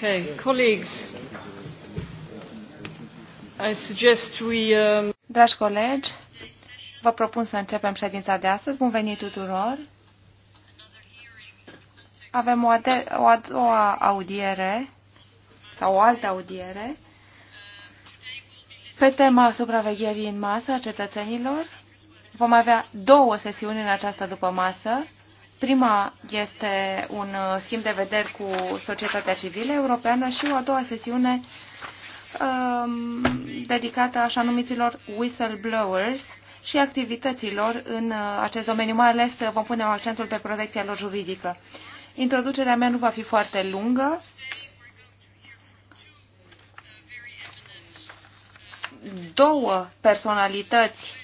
Okay, colleagues, I suggest we, um... Dragi colegi, vă propun să începem ședința de astăzi. Bun venit tuturor! Avem o, o a doua audiere sau o altă audiere pe tema supravegherii în masă a cetățenilor. Vom avea două sesiuni în această după masă Prima este un uh, schimb de vederi cu societatea civilă europeană și o a doua sesiune um, dedicată așa numiților whistleblowers și activităților în uh, acest domeniu, mai ales uh, vom pune accentul pe protecția lor juridică. Introducerea mea nu va fi foarte lungă. Două personalități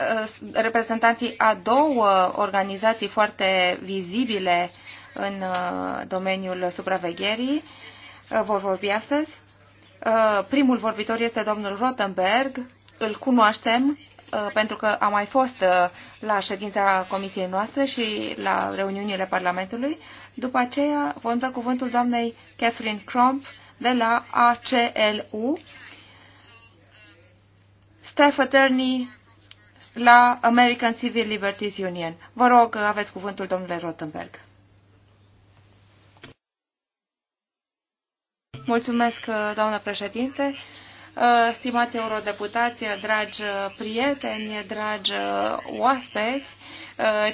Uh, reprezentanții a două organizații foarte vizibile în uh, domeniul supravegherii uh, vor vorbi astăzi. Primul vorbitor este domnul Rottenberg. Îl cunoaștem pentru că a mai fost la ședința comisiei noastre și la reuniunile Parlamentului. După aceea vom da cuvântul doamnei Catherine Cromp de la ACLU, Staff Attorney la American Civil Liberties Union. Vă rog, aveți cuvântul, domnule Rottenberg. Mulțumesc, uh, doamnă președinte. Uh, stimați eurodeputați, uh, dragi prieteni, dragi oaspeți,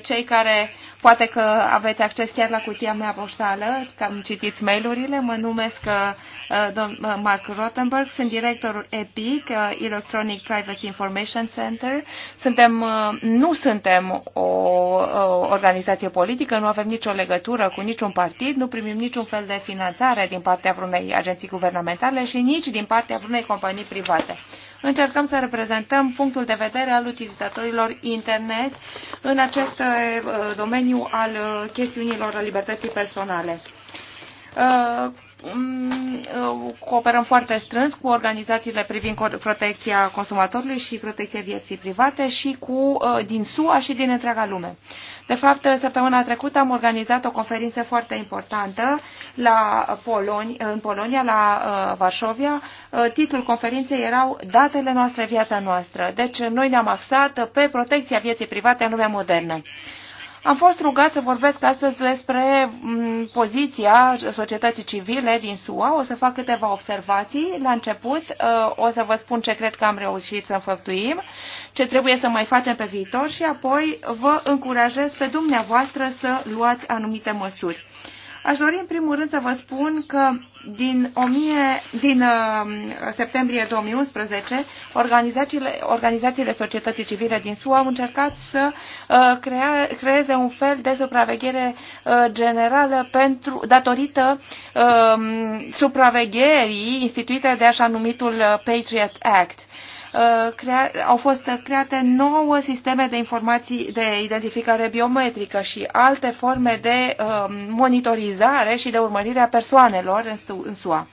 cei care poate că aveți acces chiar la cutia mea poștală, că am citit mail-urile, mă numesc Uh, uh, Mark Rottenberg, sunt directorul EPIC, uh, Electronic Privacy Information Center. Suntem, nu suntem o, organizație politică, nu avem nicio legătură cu niciun partid, nu primim niciun fel de finanțare din partea vreunei agenții guvernamentale și nici din partea vreunei companii private încercăm să reprezentăm punctul de vedere al utilizatorilor internet în acest domeniu al chestiunilor libertății personale. Mm, uh, cooperăm foarte strâns cu organizațiile privind protecția consumatorului și protecția vieții private și cu uh, din SUA și din întreaga lume. De fapt, săptămâna trecută am organizat o conferință foarte importantă la Poloni, în Polonia, la uh, Varșovia. Titlul conferinței erau Datele noastre, viața noastră. Deci noi ne-am axat pe protecția vieții private în lumea modernă. Am fost rugat să vorbesc astăzi despre mm, poziția societății civile din SUA. O să fac câteva observații. La început uh, o să vă spun ce cred că am reușit să înfăptuim, ce trebuie să mai facem pe viitor și apoi vă încurajez pe dumneavoastră să luați anumite măsuri. Aș dori în primul rând să vă spun că din, 1000, din uh, septembrie 2011, organizațiile, organizațiile societății civile din SUA au încercat să uh, crea, creeze un fel de supraveghere uh, generală pentru, datorită uh, supravegherii instituite de așa numitul uh, Patriot Act. Uh, au fost create nouă sisteme de informații de identificare biometrică și alte forme de um, monitorizare și de urmărire a persoanelor în SUA.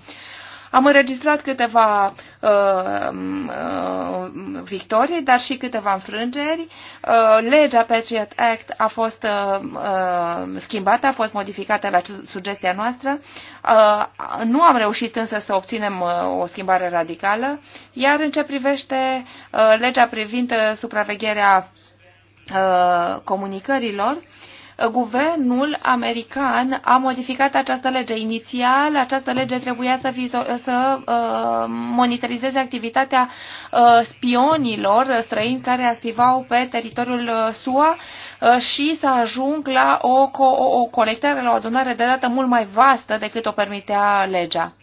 Am înregistrat câteva uh, uh, victorii, dar și câteva înfrângeri. Uh, legea Patriot Act a fost uh, uh, schimbată, a fost modificată la sugestia noastră. Uh, nu am reușit însă să obținem uh, o schimbare radicală, iar în ce privește uh, legea privind uh, supravegherea uh, comunicărilor, uh, guvernul american a modificat această lege. Inițial, această lege trebuia să, să uh, monitorizeze activitatea uh, spionilor străini care activau pe teritoriul uh, SUA uh, și să ajung la o, co o colectare, la o adunare de dată mult mai vastă decât o permitea legea.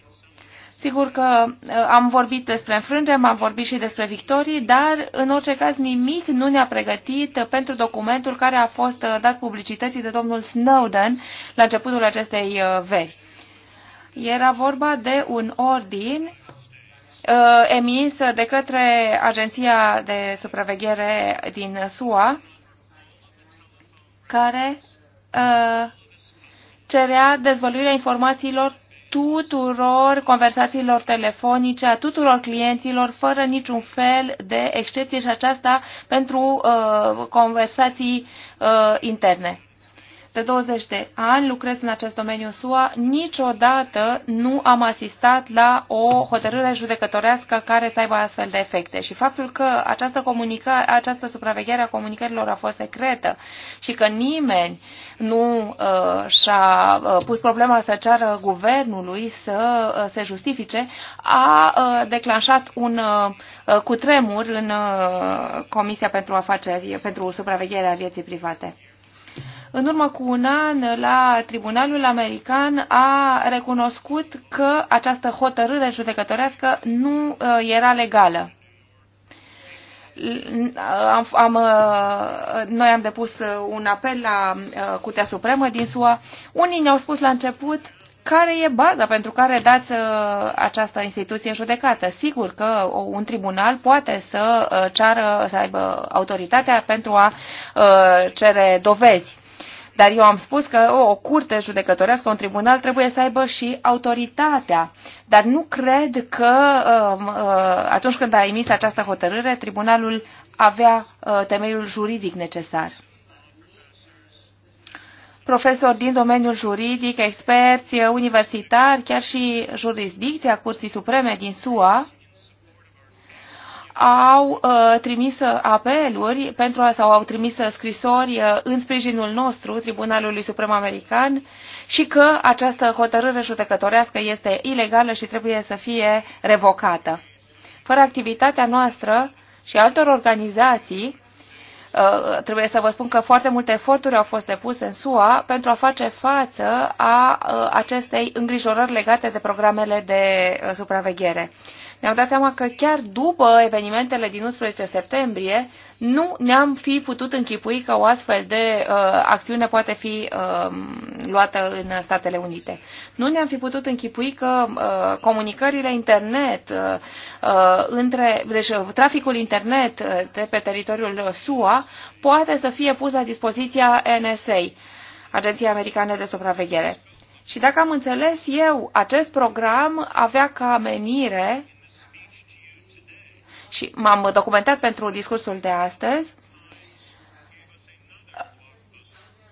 Sigur că uh, am vorbit despre înfrângem, am vorbit și despre victorii, dar în orice caz nimic nu ne-a pregătit pentru documentul care a fost uh, dat publicității de domnul Snowden la începutul acestei uh, veri. Era vorba de un ordin emis de către Agenția de Supraveghere din SUA, care cerea dezvăluirea informațiilor tuturor conversațiilor telefonice, a tuturor clienților, fără niciun fel de excepție și aceasta pentru uh, conversații uh, interne de 20 de ani lucrez în acest domeniu SUA, niciodată nu am asistat la o hotărâre judecătorească care să aibă astfel de efecte. Și faptul că această, comunica, această supraveghere a comunicărilor a fost secretă și că nimeni nu uh, și-a uh, pus problema să ceară guvernului să uh, se justifice, a uh, declanșat un uh, cutremur în uh, Comisia pentru Afaceri, pentru supravegherea vieții private în urmă cu un an la Tribunalul American a recunoscut că această hotărâre judecătorească nu uh, era legală. Am, am, uh, noi am depus uh, un apel la Curtea Supremă din SUA. Unii ne-au spus la început care e baza pentru care dați această instituție judecată? Sigur că un tribunal poate să ceară, să aibă autoritatea pentru a cere dovezi. Dar eu am spus că o, oh, o curte judecătorească, un tribunal trebuie să aibă și autoritatea. Dar nu cred că um, uh, atunci când a emis această hotărâre, tribunalul avea uh, temeiul juridic necesar profesori din domeniul juridic, experți universitari, chiar și jurisdicția Curții Supreme din SUA au uh, trimis apeluri pentru a, sau au trimis scrisori uh, în sprijinul nostru, Tribunalului Suprem American, și că această hotărâre judecătorească este ilegală și trebuie să fie revocată. Fără activitatea noastră și altor organizații, uh, trebuie să vă spun că foarte multe eforturi au fost depuse în SUA pentru a face față a uh, acestei îngrijorări legate de programele de uh, supraveghere ne-am dat seama că chiar după evenimentele din 11 septembrie nu ne-am fi putut închipui că o astfel de uh, acțiune poate fi uh, luată în Statele Unite. Nu ne-am fi putut închipui că uh, comunicările internet uh, uh, între, deci uh, traficul internet uh, de pe teritoriul SUA poate să fie pus la dispoziția NSA, Agenția Americană de Supraveghere. Și dacă am înțeles eu, acest program avea ca menire și m-am documentat pentru discursul de astăzi.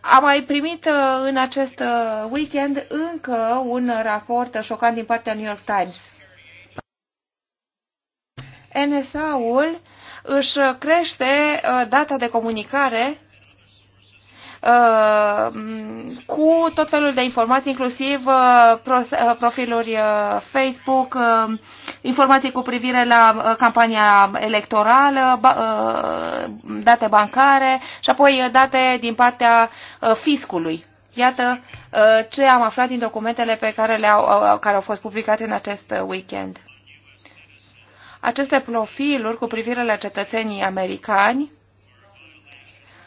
Am mai primit uh, în acest uh, weekend încă un raport șocant din partea New York Times. NSA-ul își crește uh, data de comunicare Uh, cu tot felul de informații, inclusiv uh, uh, profiluri Facebook, informații cu privire la campania electorală, date bancare și apoi date din partea fiscului. Iată ce am aflat din documentele pe care, le au, care au fost publicate în acest weekend. Aceste profiluri cu privire la cetățenii americani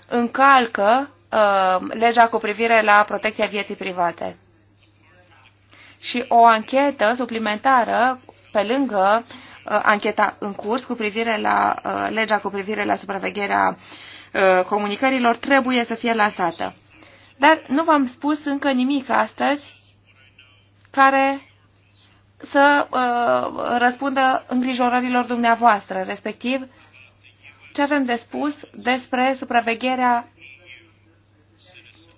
încalcă Uh, legea cu privire la protecția vieții private. Și o anchetă suplimentară pe lângă uh, ancheta în curs cu privire la uh, legea cu privire la supravegherea uh, comunicărilor trebuie să fie lansată. Dar nu v-am spus încă nimic astăzi care să uh, răspundă îngrijorărilor dumneavoastră, respectiv ce avem de spus despre supravegherea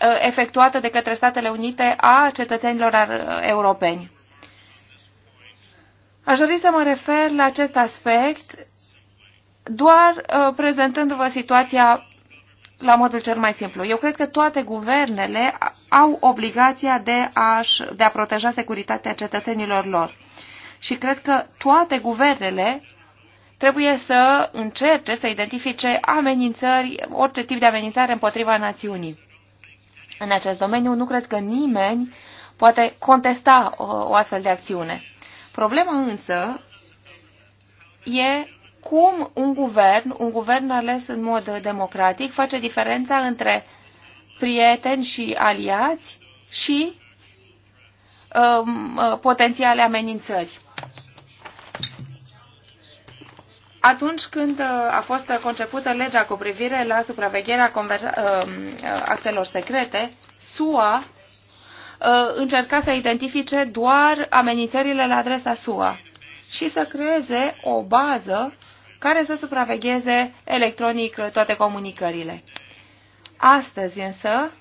Uh, efectuată de către Statele Unite a cetățenilor uh, europeni. Aș dori să mă refer la acest aspect doar uh, prezentându-vă situația la modul cel mai simplu. Eu cred că toate guvernele au obligația de a, de a proteja securitatea cetățenilor lor. Și cred că toate guvernele trebuie să încerce să identifice amenințări, orice tip de amenințare împotriva națiunii în acest domeniu, nu cred că nimeni poate contesta o, uh, o astfel de acțiune. Problema însă e cum un guvern, un guvern ales în mod democratic, face diferența între prieteni și aliați și um, uh, potențiale amenințări. atunci când uh, a fost concepută legea cu privire la supravegherea uh, uh, actelor secrete, SUA încerca să identifice doar amenințările la adresa SUA și să creeze o bază care să supravegheze electronic toate comunicările. Astăzi însă,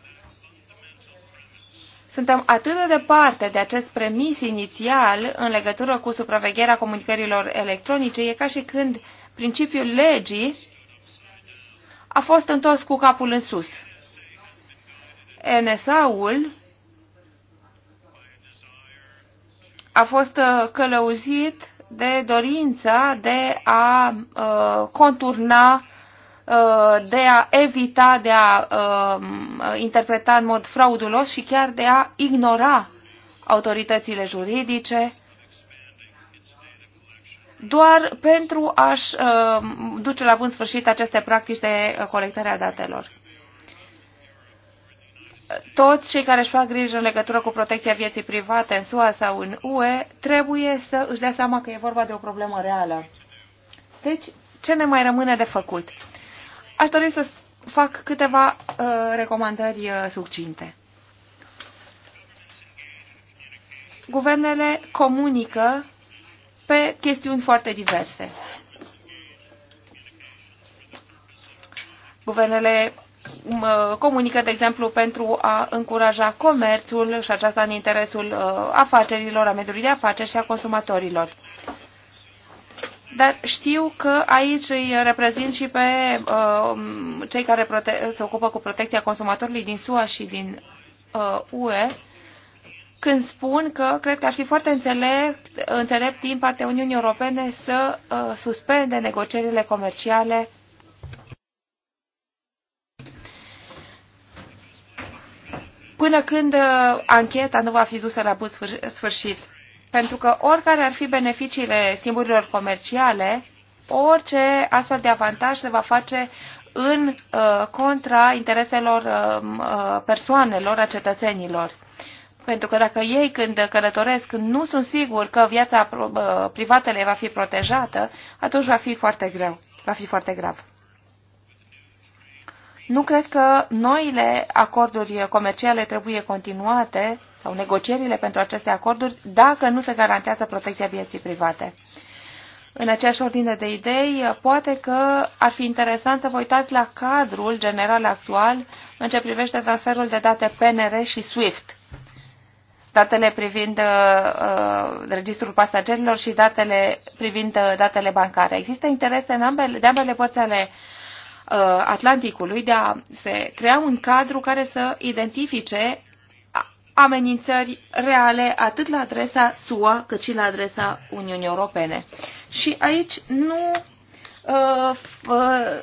suntem atât de departe de acest premis inițial în legătură cu supravegherea comunicărilor electronice, e ca și când principiul legii a fost întors cu capul în sus. NSA-ul a fost uh, călăuzit de dorința de a uh, conturna Uh, de a evita, de a uh, interpreta în mod fraudulos și chiar de a ignora autoritățile juridice doar pentru a-și uh, duce la bun sfârșit aceste practici de colectare a datelor toți cei care își fac grijă în legătură cu protecția vieții private în SUA sau în UE trebuie să își dea seama că e vorba de o problemă reală. Deci, ce ne mai rămâne de făcut? Aș dori să fac câteva uh, recomandări uh, succinte. Guvernele comunică pe chestiuni foarte diverse. Guvernele uh, comunică, de exemplu, pentru a încuraja comerțul și aceasta în interesul uh, afacerilor, a mediului de afaceri și a consumatorilor dar știu că aici îi reprezint și pe uh, cei care se ocupă cu protecția consumatorului din SUA și din uh, UE, când spun că cred că ar fi foarte înțelept, înțelept din partea Uniunii Europene să uh, suspende negocierile comerciale până când uh, ancheta nu va fi dusă la bun sfârșit. Pentru că oricare ar fi beneficiile schimburilor comerciale, orice astfel de avantaj se va face în uh, contra intereselor uh, uh persoanelor, a cetățenilor. Pentru că dacă ei când călătoresc nu sunt siguri că viața uh, privată le va fi protejată, atunci va fi foarte greu, va fi foarte grav. Nu cred că noile acorduri comerciale trebuie continuate sau negocierile pentru aceste acorduri dacă nu se garantează protecția vieții private. În aceeași ordine de idei, poate că ar fi interesant să vă uitați la cadrul general actual în ce privește transferul de date PNR și SWIFT, datele privind uh, uh, registrul pasagerilor și datele privind uh, datele bancare. Există interese în ambele, de ambele părți ale uh, Atlanticului de a se crea un cadru care să identifice amenințări reale atât la adresa SUA cât și la adresa Uniunii Europene. Și aici nu uh, uh,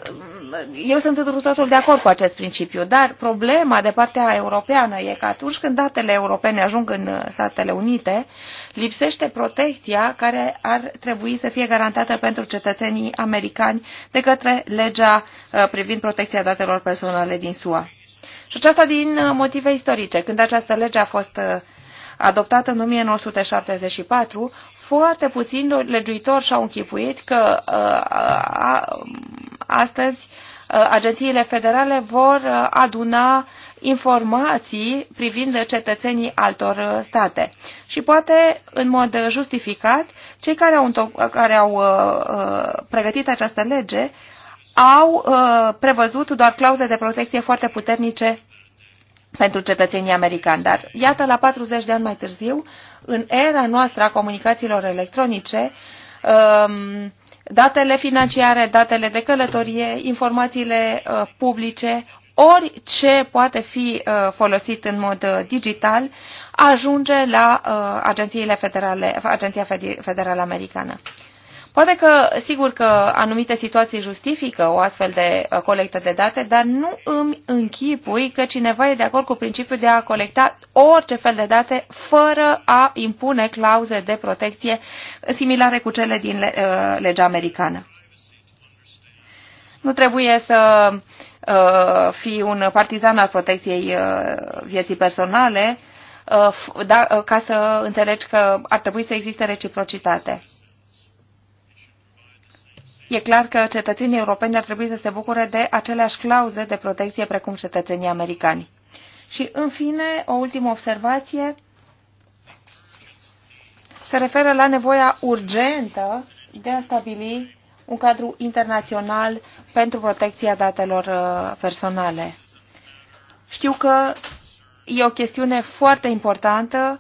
eu sunt într totul de acord cu acest principiu, dar problema de partea europeană e că atunci când datele europene ajung în uh, Statele Unite, lipsește protecția care ar trebui să fie garantată pentru cetățenii americani de către legea privind protecția datelor personale din SUA. Și aceasta din uh, motive istorice. Când această lege a fost uh, adoptată în 1974, foarte puțini legiuitori și-au închipuit că uh, astăzi agențiile federale vor aduna informații privind cetățenii altor state. Și poate, în mod justificat, cei care au, care au pregătit această lege au uh, prevăzut doar clauze de protecție foarte puternice pentru cetățenii americani. Dar iată, la 40 de ani mai târziu, în era noastră a comunicațiilor electronice, um, datele financiare, datele de călătorie, informațiile uh, publice, orice poate fi uh, folosit în mod uh, digital, ajunge la uh, agențiile federale, Agenția Federală Americană. Poate că, sigur că anumite situații justifică o astfel de uh, colectă de date, dar nu îmi închipui că cineva e de acord cu principiul de a colecta orice fel de date fără a impune clauze de protecție similare cu cele din uh, legea americană. Nu trebuie să uh, fii un partizan al protecției uh, vieții personale uh, da, uh, ca să înțelegi că ar trebui să existe reciprocitate. E clar că cetățenii europeni ar trebui să se bucure de aceleași clauze de protecție precum cetățenii americani. Și, în fine, o ultimă observație se referă la nevoia urgentă de a stabili un cadru internațional pentru protecția datelor uh, personale. Știu că e o chestiune foarte importantă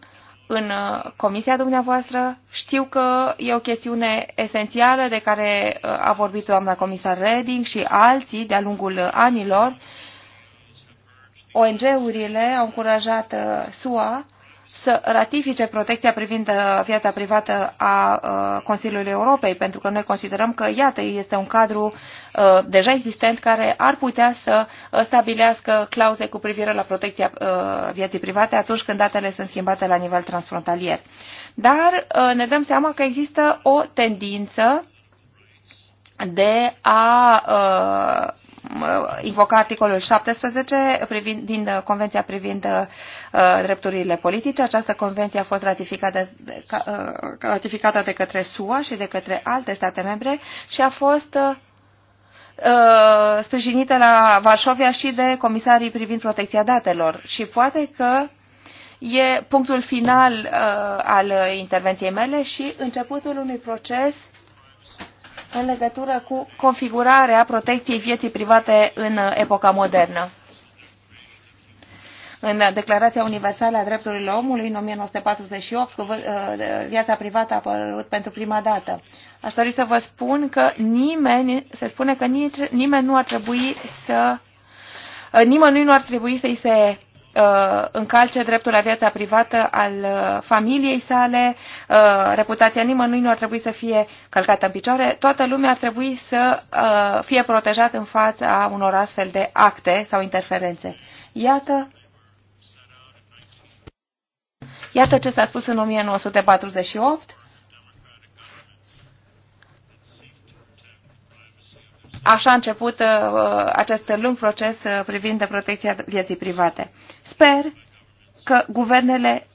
în uh, comisia dumneavoastră. Știu că e o chestiune esențială de care uh, a vorbit doamna comisar Reding și alții de-a lungul uh, anilor. ONG-urile au încurajat SUA să ratifice protecția privind uh, viața privată a uh, Consiliului Europei, pentru că noi considerăm că, iată, este un cadru uh, deja existent care ar putea să stabilească clauze cu privire la protecția vieții private atunci când datele sunt schimbate la nivel transfrontalier. Dar ne dăm seama că există o tendință de a Uh, invoca articolul 17 privind, din uh, Convenția privind uh, drepturile politice. Această convenție a fost ratificată, de, uh, ratificată de către SUA și de către alte state membre și a fost uh, uh, sprijinită la Varșovia și de comisarii privind protecția datelor. Și poate că e punctul final uh, al intervenției mele și începutul unui proces în legătură cu configurarea protecției vieții private în epoca modernă. În Declarația Universală a Drepturilor Omului, în 1948, uh, viața privată a apărut pentru prima dată. Aș dori să vă spun că nimeni, se spune că nici, nimeni nu ar trebui să, uh, nimănui nu ar trebui să-i se Uh, încalce dreptul la viața privată al uh, familiei sale, uh, reputația nimănui nu ar trebui să fie călcată în picioare, toată lumea ar trebui să fie protejată în fața unor astfel de acte sau interferențe. Iată Iată ce s-a spus în 1948 Așa a început uh, uh, acest lung proces uh, privind de protecția vieții private. Sper că guvernele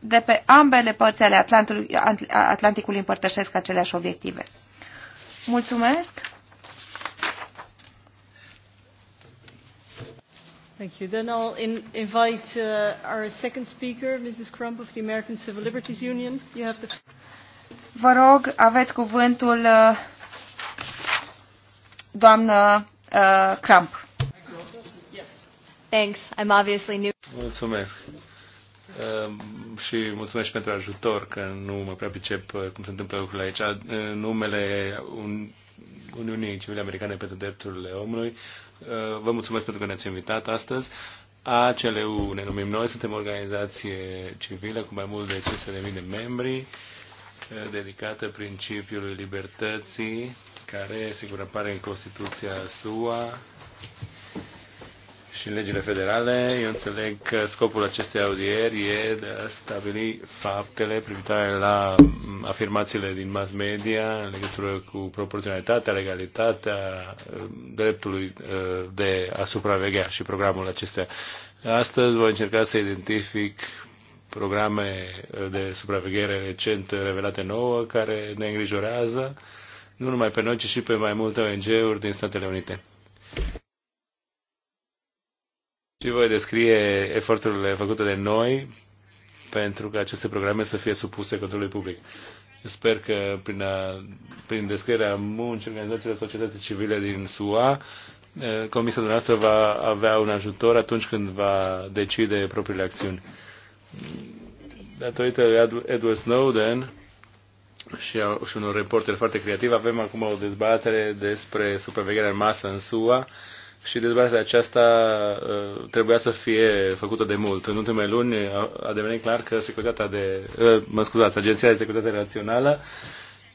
de pe ambele părți ale Atlantului, Atlanticului împărtășesc aceleași obiective. Mulțumesc! Thank you. Then I'll in invite uh, our second speaker, Mrs. Crump of the American Civil Liberties Union. You have the... Vă rog, aveți cuvântul doamnă uh, Cramp. Thanks. I'm obviously new. Mulțumesc. Uh, și mulțumesc și pentru ajutor, că nu mă prea pricep uh, cum se întâmplă lucrurile aici. Uh, numele un, Uniunii Civile Americane pentru Drepturile Omului, uh, vă mulțumesc pentru că ne-ați invitat astăzi. ACLU ne numim noi, suntem o organizație civilă cu mai mult de 500.000 de membri, uh, dedicată principiului libertății care, sigur, apare în Constituția SUA și în legile federale. Eu înțeleg că scopul acestei audieri e de a stabili faptele privitoare la mm, afirmațiile din mass media în legătură cu proporționalitatea, legalitatea mm, dreptului mm, de a supraveghea și programul acestea. Astăzi voi încerca să identific programe de supraveghere recent revelate nouă care ne îngrijorează nu numai pe noi, ci și pe mai multe ONG-uri din Statele Unite. Și voi descrie eforturile făcute de noi pentru ca aceste programe să fie supuse controlului public. Sper că prin, a, prin descrierea muncii organizațiilor societății civile din SUA, Comisia noastră va avea un ajutor atunci când va decide propriile acțiuni. Datorită Edward Snowden, și, au, și unor reporter foarte creativ Avem acum o dezbatere despre supravegherea în masă în SUA și dezbaterea aceasta uh, trebuia să fie făcută de mult. În ultimele luni a, a devenit clar că securitatea de, uh, mă scuzați, Agenția de Securitate Națională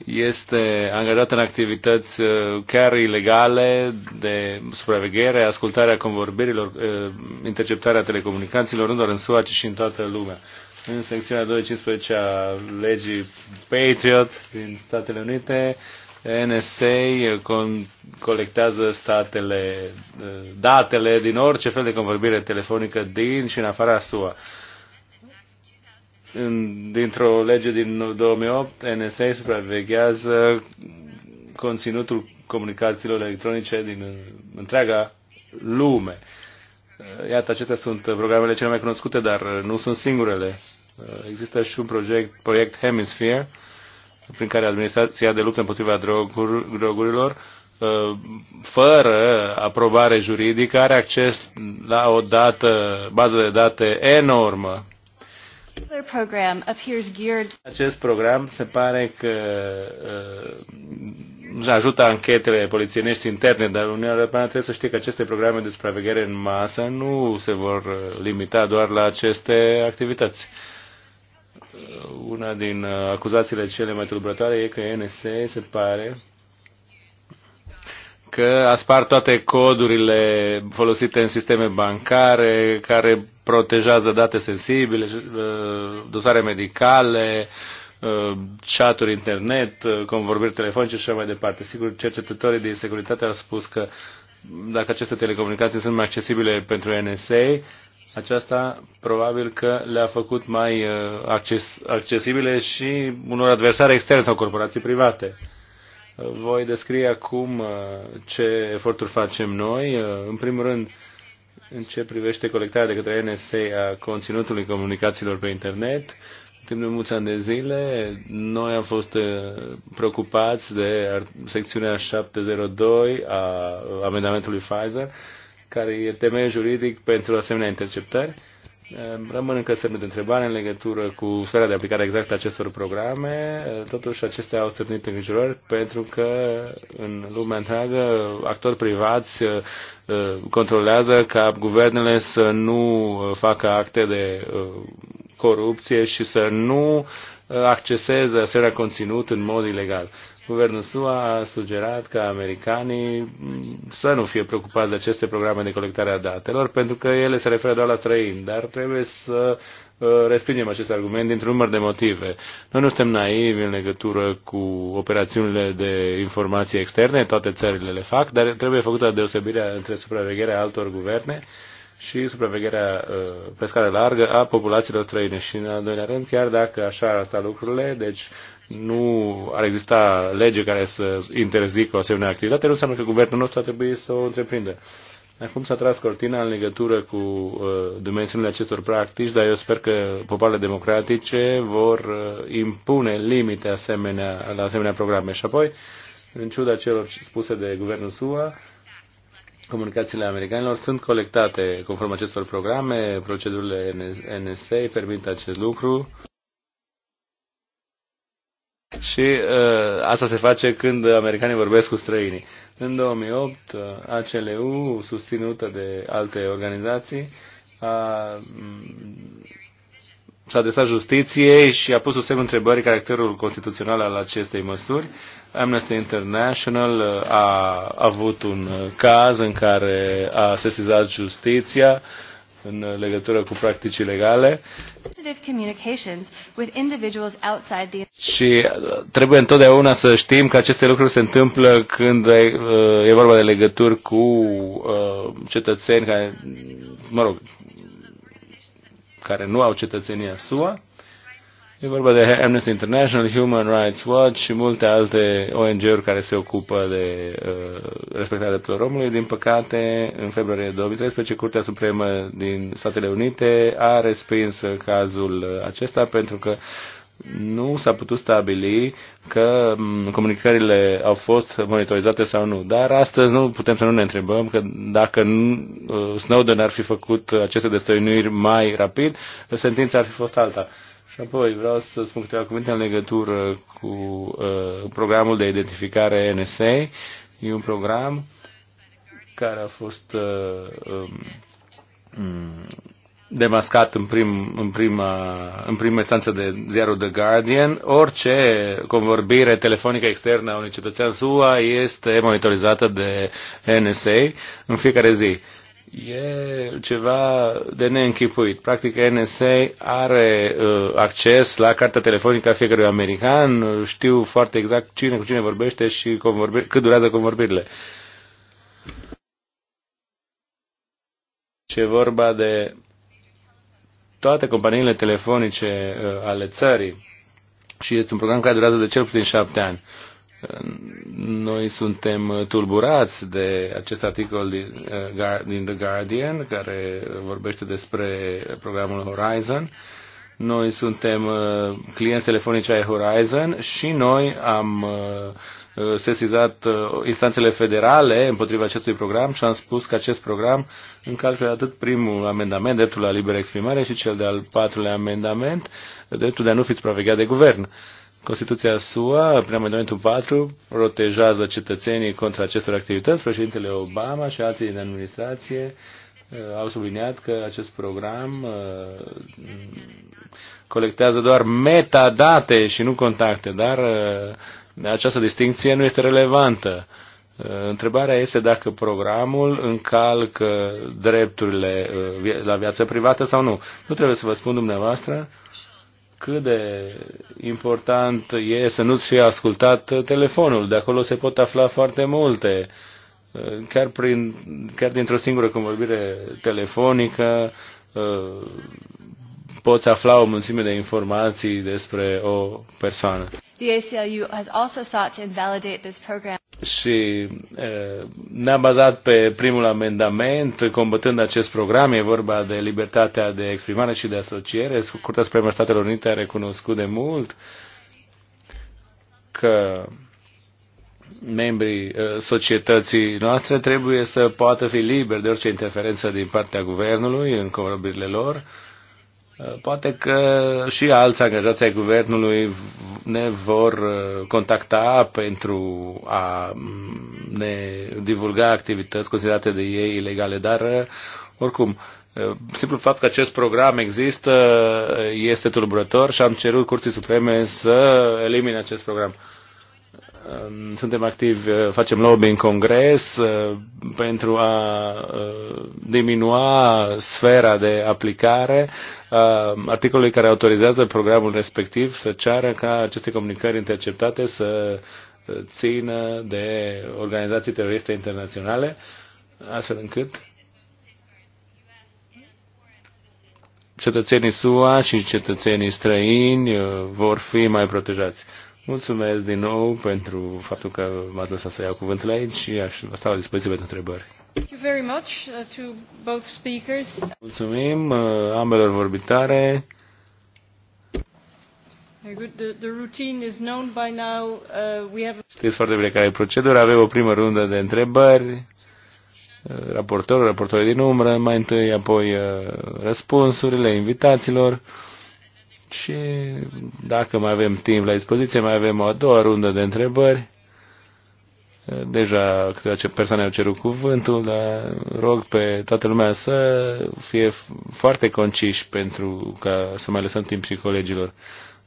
este angajată în activități uh, chiar ilegale de supraveghere, ascultarea convorbirilor, uh, interceptarea telecomunicațiilor, nu doar în SUA, ci și în toată lumea în secțiunea 2.15 a legii Patriot din Statele Unite, NSA colectează statele, eh, datele din orice fel de convorbire telefonică din și în afara SUA. Dintr-o lege din 2008, NSA supraveghează conținutul comunicațiilor electronice din eh, întreaga lume. Eh, iată, acestea sunt programele cele mai cunoscute, dar nu sunt singurele. Uh, există și un proiect, proiect Hemisphere, prin care administrația de luptă împotriva drogurilor, uh, fără aprobare juridică, are acces la o dată, bază de date enormă. Acest program se pare că uh, ajută anchetele polițienești interne, dar Uniunea Europeană trebuie să știe că aceste programe de supraveghere în masă nu se vor uh, limita doar la aceste activități. Uh, Uh, una din uh, acuzațiile cele mai tulburătoare e că NSA se pare că a spart toate codurile folosite în sisteme bancare care protejează date sensibile, uh, dosare medicale, chaturi internet, convorbiri telefonice și așa mai departe. Sigur, cercetătorii de securitate au spus că dacă aceste telecomunicații sunt mai accesibile pentru NSA, aceasta probabil că le-a făcut mai uh, acces, accesibile și unor adversari externi sau corporații private. Uh, voi descrie acum uh, ce eforturi facem noi. În primul rând, în ce privește colectarea de către NSA a conținutului comunicațiilor pe internet, timp de mulți ani de zile, noi am fost preocupați de secțiunea 702 a amendamentului Pfizer, care e temeiul juridic pentru asemenea interceptări. Ehm, Rămân încă semne de întrebare în legătură cu sfera de aplicare exactă a acestor programe. Ehm, Totuși, acestea au stârnit îngrijorări pentru că în lumea întreagă actori privați ehm, controlează ca guvernele să nu facă acte de corupție și să nu acceseze asemenea conținut în mod ilegal. Guvernul SUA a sugerat ca americanii mm, să nu fie preocupați de aceste programe de colectare a datelor, pentru că ele se referă doar la trăini, dar trebuie să uh, respingem acest argument dintr-un număr de motive. Noi nu suntem naivi în legătură cu operațiunile de informații externe, toate țările le fac, dar trebuie făcută deosebirea între supravegherea altor guverne și supravegherea uh, pe scară largă a populațiilor străine. Și în al doilea rând, chiar dacă așa sta lucrurile, deci nu ar exista lege care să interzică o asemenea activitate, nu înseamnă că guvernul nostru ar trebui să o întreprindă. Acum s-a tras cortina în legătură cu uh, dimensiunile acestor practici, dar eu sper că popoarele democratice vor uh, impune limite asemenea, la asemenea programe. Și apoi, în ciuda celor spuse de guvernul SUA, comunicațiile americanilor sunt colectate conform acestor programe, procedurile NSA permit acest lucru și uh, asta se face când americanii vorbesc cu străinii. În 2008, uh, ACLU, susținută de alte organizații, a, mm, s-a adresat justiției și a pus sub semn întrebării caracterul constituțional al acestei măsuri. Amnesty International uh, a avut un uh, caz în care a sesizat justiția uh, în legătură cu practici ilegale. Și uh, trebuie întotdeauna să știm că aceste lucruri se întâmplă când e uh, vorba de legături cu uh, cetățeni care, mă rog, care nu au cetățenia SUA E vorba de Amnesty International, Human Rights Watch și multe alte ONG-uri care se ocupă de uh, respectarea drepturilor omului. Din păcate, în februarie 2013, Curtea Supremă din Statele Unite a respins cazul acesta pentru că nu s-a putut stabili că mm, comunicările au fost monitorizate sau nu. Dar astăzi nu putem să nu ne întrebăm că dacă mm, uh, Snowden ar fi făcut aceste destăinuiri mai rapid, sentința ar fi fost alta. Și apoi vreau să spun câteva cuvinte în legătură cu uh, programul de identificare NSA. E un program care a fost uh, um, demascat în, prim, în, prima, în prima instanță de ziarul The Guardian. Orice convorbire telefonică externă a unui cetățean SUA este monitorizată de NSA în fiecare zi. Uh, e ceva de neînchipuit. Practic, NSA are uh, acces la cartea telefonică a fiecărui american, știu foarte exact cine cu cine vorbește și convorbe- cât durează convorbirile. Ce vorba de toate companiile telefonice uh, ale țării și este un program care durează de cel puțin șapte ani. Uh, noi suntem tulburați de acest articol eh, din The Guardian care vorbește despre programul Horizon. Noi suntem eh, clienți telefonici ai Horizon și noi am eh, sesizat instanțele federale împotriva acestui program și am spus că acest program încalcă atât primul amendament, dreptul la liberă exprimare, și cel de-al patrulea amendament, dreptul de a nu fi supravegheat de guvern. Uh, Constituția SUA, prin amendamentul 4, protejează cetățenii contra acestor activități. Președintele Obama și alții din administrație uh, au subliniat că acest program uh, colectează doar metadate și nu contacte, dar uh, această distinție nu este relevantă. Întrebarea este dacă programul încalcă drepturile la viață privată sau nu. Nu trebuie să vă spun dumneavoastră cât de important e să nu-ți fie ascultat telefonul. De acolo se pot afla foarte multe, chiar, prin, chiar dintr-o singură convorbire telefonică, uh, poți afla o mulțime de informații despre o persoană. The ACLU has also sought to invalidate this program și ne-am bazat pe primul amendament combătând acest program. E vorba de libertatea de exprimare și de asociere. Curtea Supremă Statelor Unite a recunoscut de mult că membrii societății noastre trebuie să poată fi liberi de orice interferență din partea guvernului în corăbirile lor Poate că și alți angajați ai guvernului ne vor uh, contacta pentru a mm, ne divulga activități considerate de ei ilegale, dar uh, oricum, uh, simplul fapt că acest program există este tulburător și am cerut Curții Supreme să elimine acest program. Ehm, suntem activi, eh, facem lobby în Congres eh, pentru a eh, diminua sfera de aplicare a ehm, articolului care autorizează programul respectiv să ceară ca aceste comunicări interceptate să țină de organizații teroriste internaționale, astfel încât cetățenii SUA și cetățenii străini vor fi mai protejați. Mulțumesc din nou pentru faptul că m-ați lăsat să iau cuvântul aici și aș sta la dispoziție pentru întrebări. Thank you very much uh, to both speakers. Mulțumim uh, ambelor vorbitare. Uh, Știți foarte bine care e procedura. Avem o primă rundă de întrebări. Raportorul, raportorul din umbră, mai întâi apoi răspunsurile invitaților. Și dacă mai avem timp la dispoziție, mai avem o a doua rundă de întrebări. Deja câteva persoane au cerut cuvântul, dar rog pe toată lumea să fie foarte conciși pentru ca să mai lăsăm timp și colegilor.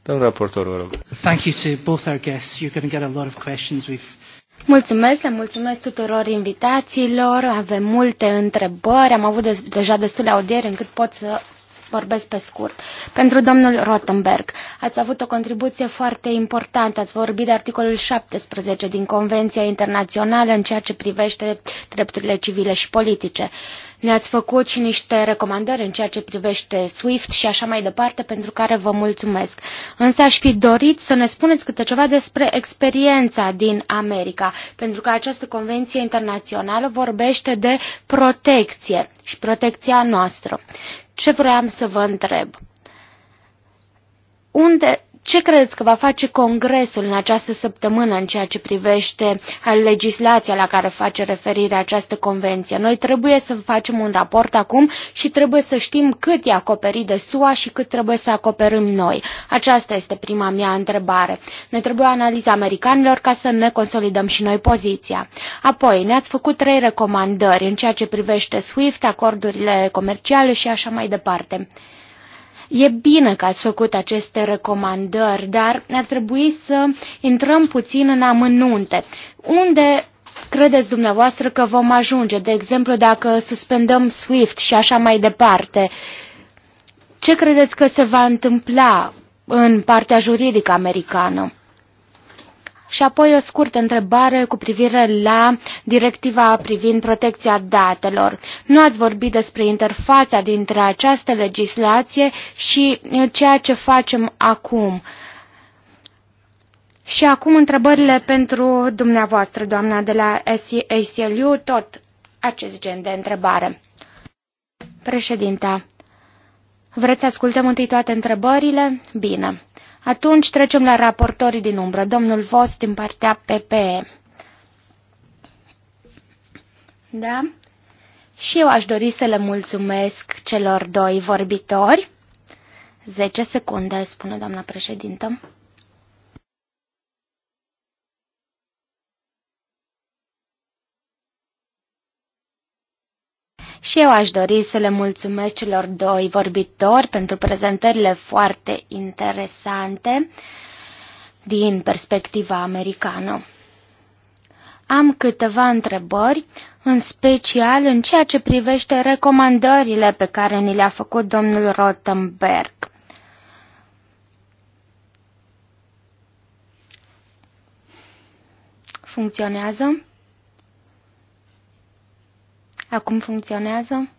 Domnul raportor, vă rog. Thank you to both our guests. You're going to get a lot of questions. We've Mulțumesc, le mulțumesc tuturor invitațiilor, avem multe întrebări, am avut de- deja destule audieri încât pot să vorbesc pe scurt. Pentru domnul Rottenberg, ați avut o contribuție foarte importantă, ați vorbit de articolul 17 din Convenția Internațională în ceea ce privește drepturile civile și politice. Ne-ați făcut și niște recomandări în ceea ce privește SWIFT și așa mai departe, pentru care vă mulțumesc. Însă aș fi dorit să ne spuneți câte ceva despre experiența din America, pentru că această convenție internațională vorbește de protecție și protecția noastră. Ce vreau să vă întreb? Unde ce credeți că va face Congresul în această săptămână în ceea ce privește legislația la care face referire această convenție? Noi trebuie să facem un raport acum și trebuie să știm cât e acoperit de SUA și cât trebuie să acoperim noi. Aceasta este prima mea întrebare. Ne trebuie analiza americanilor ca să ne consolidăm și noi poziția. Apoi, ne-ați făcut trei recomandări în ceea ce privește SWIFT, acordurile comerciale și așa mai departe. E bine că ați făcut aceste recomandări, dar ar trebui să intrăm puțin în amănunte. Unde credeți dumneavoastră că vom ajunge? De exemplu, dacă suspendăm SWIFT și așa mai departe, ce credeți că se va întâmpla în partea juridică americană? Și apoi o scurtă întrebare cu privire la directiva privind protecția datelor. Nu ați vorbit despre interfața dintre această legislație și ceea ce facem acum. Și acum întrebările pentru dumneavoastră, doamna de la ACLU, tot acest gen de întrebare. Președinta, vreți să ascultăm întâi toate întrebările? Bine. Atunci trecem la raportorii din umbră. Domnul Vos din partea PPE. Da? Și eu aș dori să le mulțumesc celor doi vorbitori. 10 secunde, spune doamna președintă. Și eu aș dori să le mulțumesc celor doi vorbitori pentru prezentările foarte interesante din perspectiva americană. Am câteva întrebări, în special în ceea ce privește recomandările pe care ni le-a făcut domnul Rottenberg. Funcționează? Acum funcționează?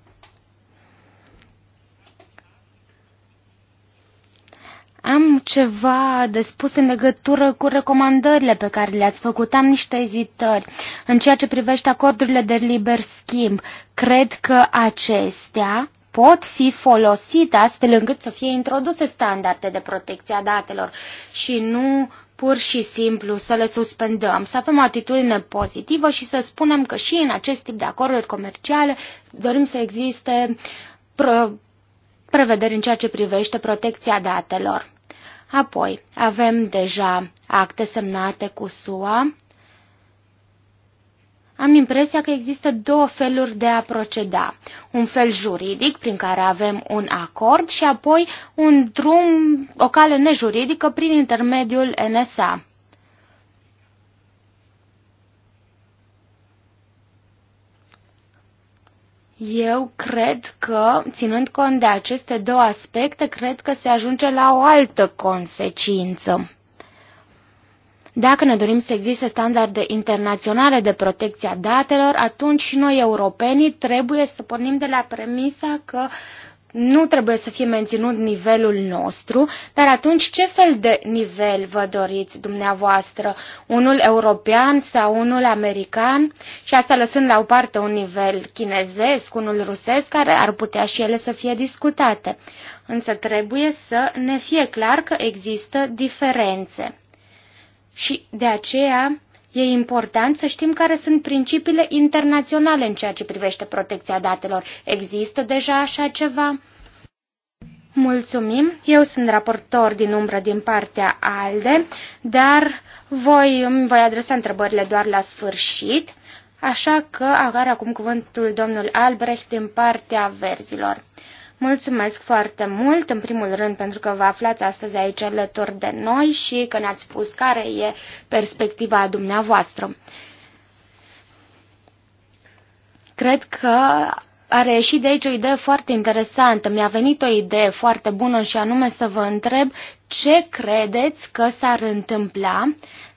Am ceva de spus în legătură cu recomandările pe care le-ați făcut. Am niște ezitări. În ceea ce privește acordurile de liber schimb, cred că acestea pot fi folosite astfel încât să fie introduse standarde de protecție a datelor și nu pur și simplu să le suspendăm, să avem o atitudine pozitivă și să spunem că și în acest tip de acorduri comerciale dorim să existe prevederi în ceea ce privește protecția datelor. Apoi, avem deja acte semnate cu SUA, am impresia că există două feluri de a proceda. Un fel juridic, prin care avem un acord, și apoi un drum, o cale nejuridică prin intermediul NSA. Eu cred că, ținând cont de aceste două aspecte, cred că se ajunge la o altă consecință. Dacă ne dorim să existe standarde internaționale de protecție a datelor, atunci și noi europenii trebuie să pornim de la premisa că nu trebuie să fie menținut nivelul nostru, dar atunci ce fel de nivel vă doriți dumneavoastră? Unul european sau unul american? Și asta lăsând la o parte un nivel chinezesc, unul rusesc, care ar putea și ele să fie discutate. Însă trebuie să ne fie clar că există diferențe. Și de aceea e important să știm care sunt principiile internaționale în ceea ce privește protecția datelor. Există deja așa ceva? Mulțumim, eu sunt raportor din umbră din partea ALDE, dar voi, îmi voi adresa întrebările doar la sfârșit, așa că are acum cuvântul domnul Albrecht din partea verzilor. Mulțumesc foarte mult, în primul rând, pentru că vă aflați astăzi aici alături de noi și că ne-ați spus care e perspectiva dumneavoastră. Cred că a reieșit de aici o idee foarte interesantă. Mi-a venit o idee foarte bună și anume să vă întreb ce credeți că s-ar întâmpla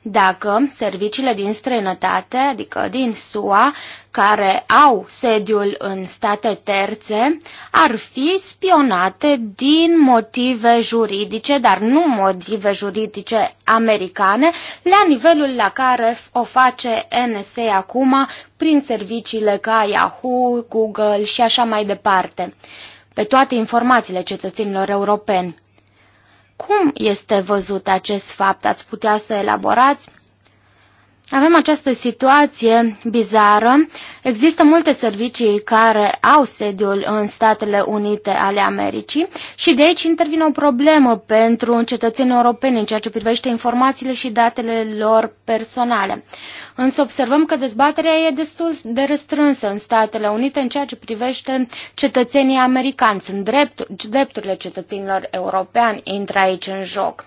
dacă serviciile din străinătate, adică din SUA, care au sediul în state terțe, ar fi spionate din motive juridice, dar nu motive juridice americane, la nivelul la care o face NSA acum prin serviciile ca Yahoo, Google și așa mai departe, pe toate informațiile cetățenilor europeni. Cum este văzut acest fapt? Ați putea să elaborați avem această situație bizară. Există multe servicii care au sediul în Statele Unite ale Americii și de aici intervine o problemă pentru cetățenii europeni în ceea ce privește informațiile și datele lor personale. Însă observăm că dezbaterea e destul de restrânsă în Statele Unite în ceea ce privește cetățenii americani. Sunt drept, drepturile cetățenilor europeani intră aici în joc.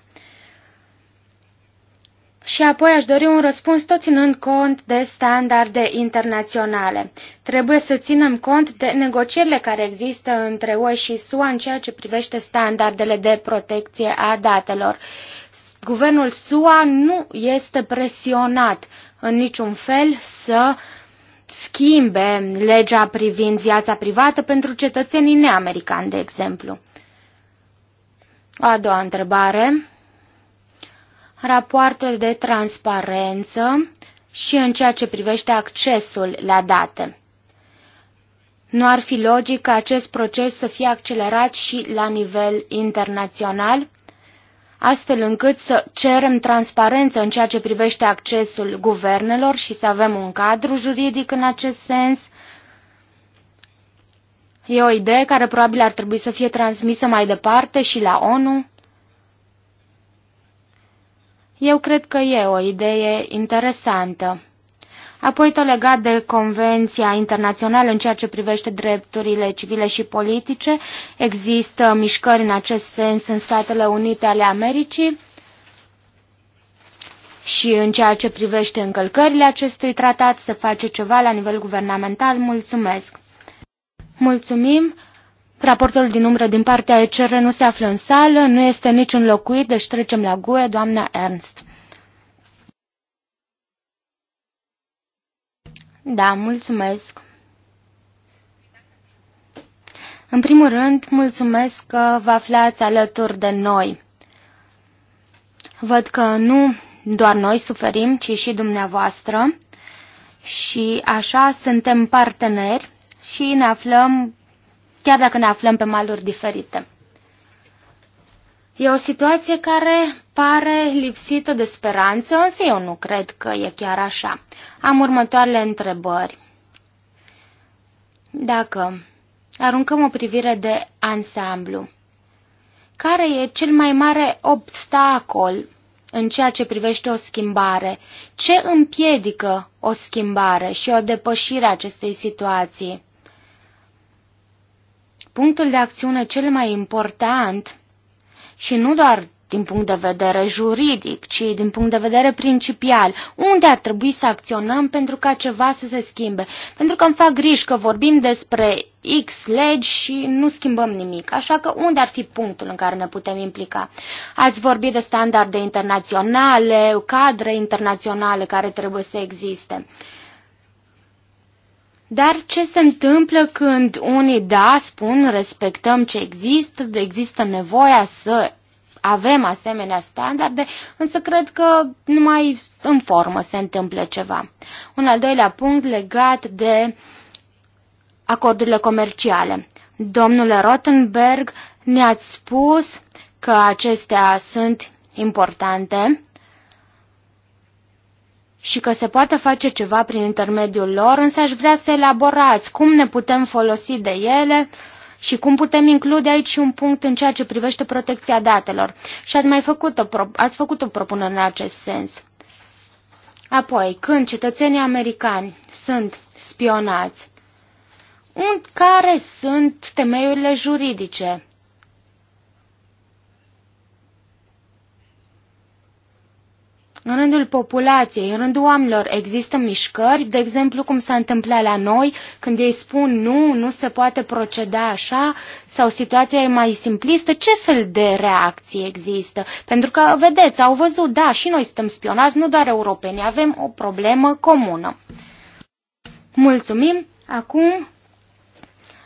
Și apoi aș dori un răspuns tot ținând cont de standarde internaționale. Trebuie să ținem cont de negocierile care există între UE și SUA în ceea ce privește standardele de protecție a datelor. Guvernul SUA nu este presionat în niciun fel să schimbe legea privind viața privată pentru cetățenii neamericani, de exemplu. A doua întrebare rapoarte de transparență și în ceea ce privește accesul la date. Nu ar fi logic ca acest proces să fie accelerat și la nivel internațional, astfel încât să cerem transparență în ceea ce privește accesul guvernelor și să avem un cadru juridic în acest sens. E o idee care probabil ar trebui să fie transmisă mai departe și la ONU. Eu cred că e o idee interesantă. Apoi tot legat de Convenția Internațională în ceea ce privește drepturile civile și politice, există mișcări în acest sens în Statele Unite ale Americii și în ceea ce privește încălcările acestui tratat se face ceva la nivel guvernamental. Mulțumesc! Mulțumim! Raportul din umbră din partea ECR nu se află în sală, nu este niciun locuit, deci trecem la GUE, doamna Ernst. Da, mulțumesc. În primul rând, mulțumesc că vă aflați alături de noi. Văd că nu doar noi suferim, ci și dumneavoastră. Și așa suntem parteneri și ne aflăm chiar dacă ne aflăm pe maluri diferite. E o situație care pare lipsită de speranță, însă eu nu cred că e chiar așa. Am următoarele întrebări. Dacă aruncăm o privire de ansamblu, care e cel mai mare obstacol în ceea ce privește o schimbare? Ce împiedică o schimbare și o depășire a acestei situații? Punctul de acțiune cel mai important și nu doar din punct de vedere juridic, ci din punct de vedere principial, unde ar trebui să acționăm pentru ca ceva să se schimbe. Pentru că îmi fac griji că vorbim despre X legi și nu schimbăm nimic, așa că unde ar fi punctul în care ne putem implica? Ați vorbit de standarde internaționale, cadre internaționale care trebuie să existe. Uh, dar ce se întâmplă când unii da, spun, respectăm ce există, există nevoia să avem asemenea standarde, însă cred că numai în formă se întâmplă ceva. Un al doilea punct legat de acordurile comerciale. Domnule Rottenberg, ne-ați spus că acestea sunt importante și că se poate face ceva prin intermediul lor, însă aș vrea să elaborați cum ne putem folosi de ele și cum putem include aici un punct în ceea ce privește protecția datelor. Și ați mai făcut o, ați făcut o propunere în acest sens. Apoi, când cetățenii americani sunt spionați, care sunt temeiurile juridice? În rândul populației, în rândul oamenilor există mișcări, de exemplu cum s-a întâmplat la noi, când ei spun nu, nu se poate proceda așa, sau situația e mai simplistă, ce fel de reacții există? Pentru că, vedeți, au văzut, da, și noi suntem spionați, nu doar europeni, avem o problemă comună. Mulțumim! Acum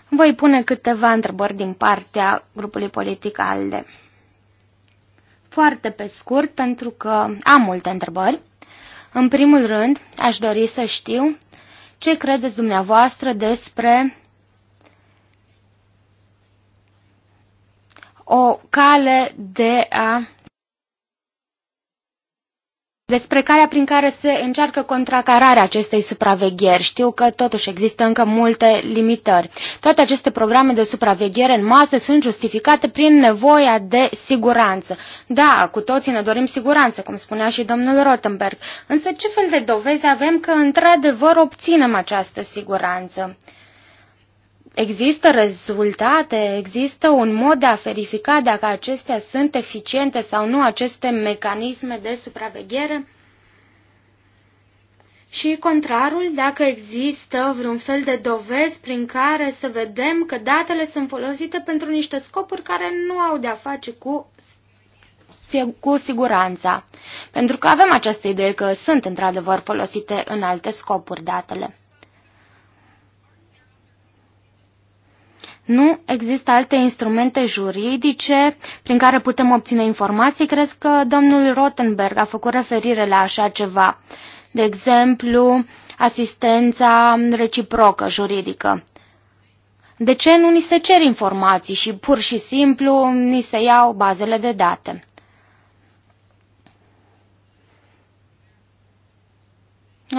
voi pune câteva întrebări din partea grupului politic ALDE. Foarte pe scurt, pentru că am multe întrebări. În primul rând, aș dori să știu ce credeți dumneavoastră despre o cale de a despre calea prin care se încearcă contracararea acestei supravegheri. Știu că totuși există încă multe limitări. Toate aceste programe de supraveghere în masă sunt justificate prin nevoia de siguranță. Da, cu toții ne dorim siguranță, cum spunea și domnul Rottenberg, însă ce fel de dovezi avem că într-adevăr obținem această siguranță? Există rezultate, există un mod de a verifica dacă acestea sunt eficiente sau nu, aceste mecanisme de supraveghere? Și contrarul, dacă există vreun fel de dovezi prin care să vedem că datele sunt folosite pentru niște scopuri care nu au de-a face cu, cu siguranța. Pentru că avem această idee că sunt într-adevăr folosite în alte scopuri datele. Nu există alte instrumente juridice prin care putem obține informații? Cred că domnul Rottenberg a făcut referire la așa ceva. De exemplu, asistența reciprocă juridică. De ce nu ni se cer informații și pur și simplu ni se iau bazele de date?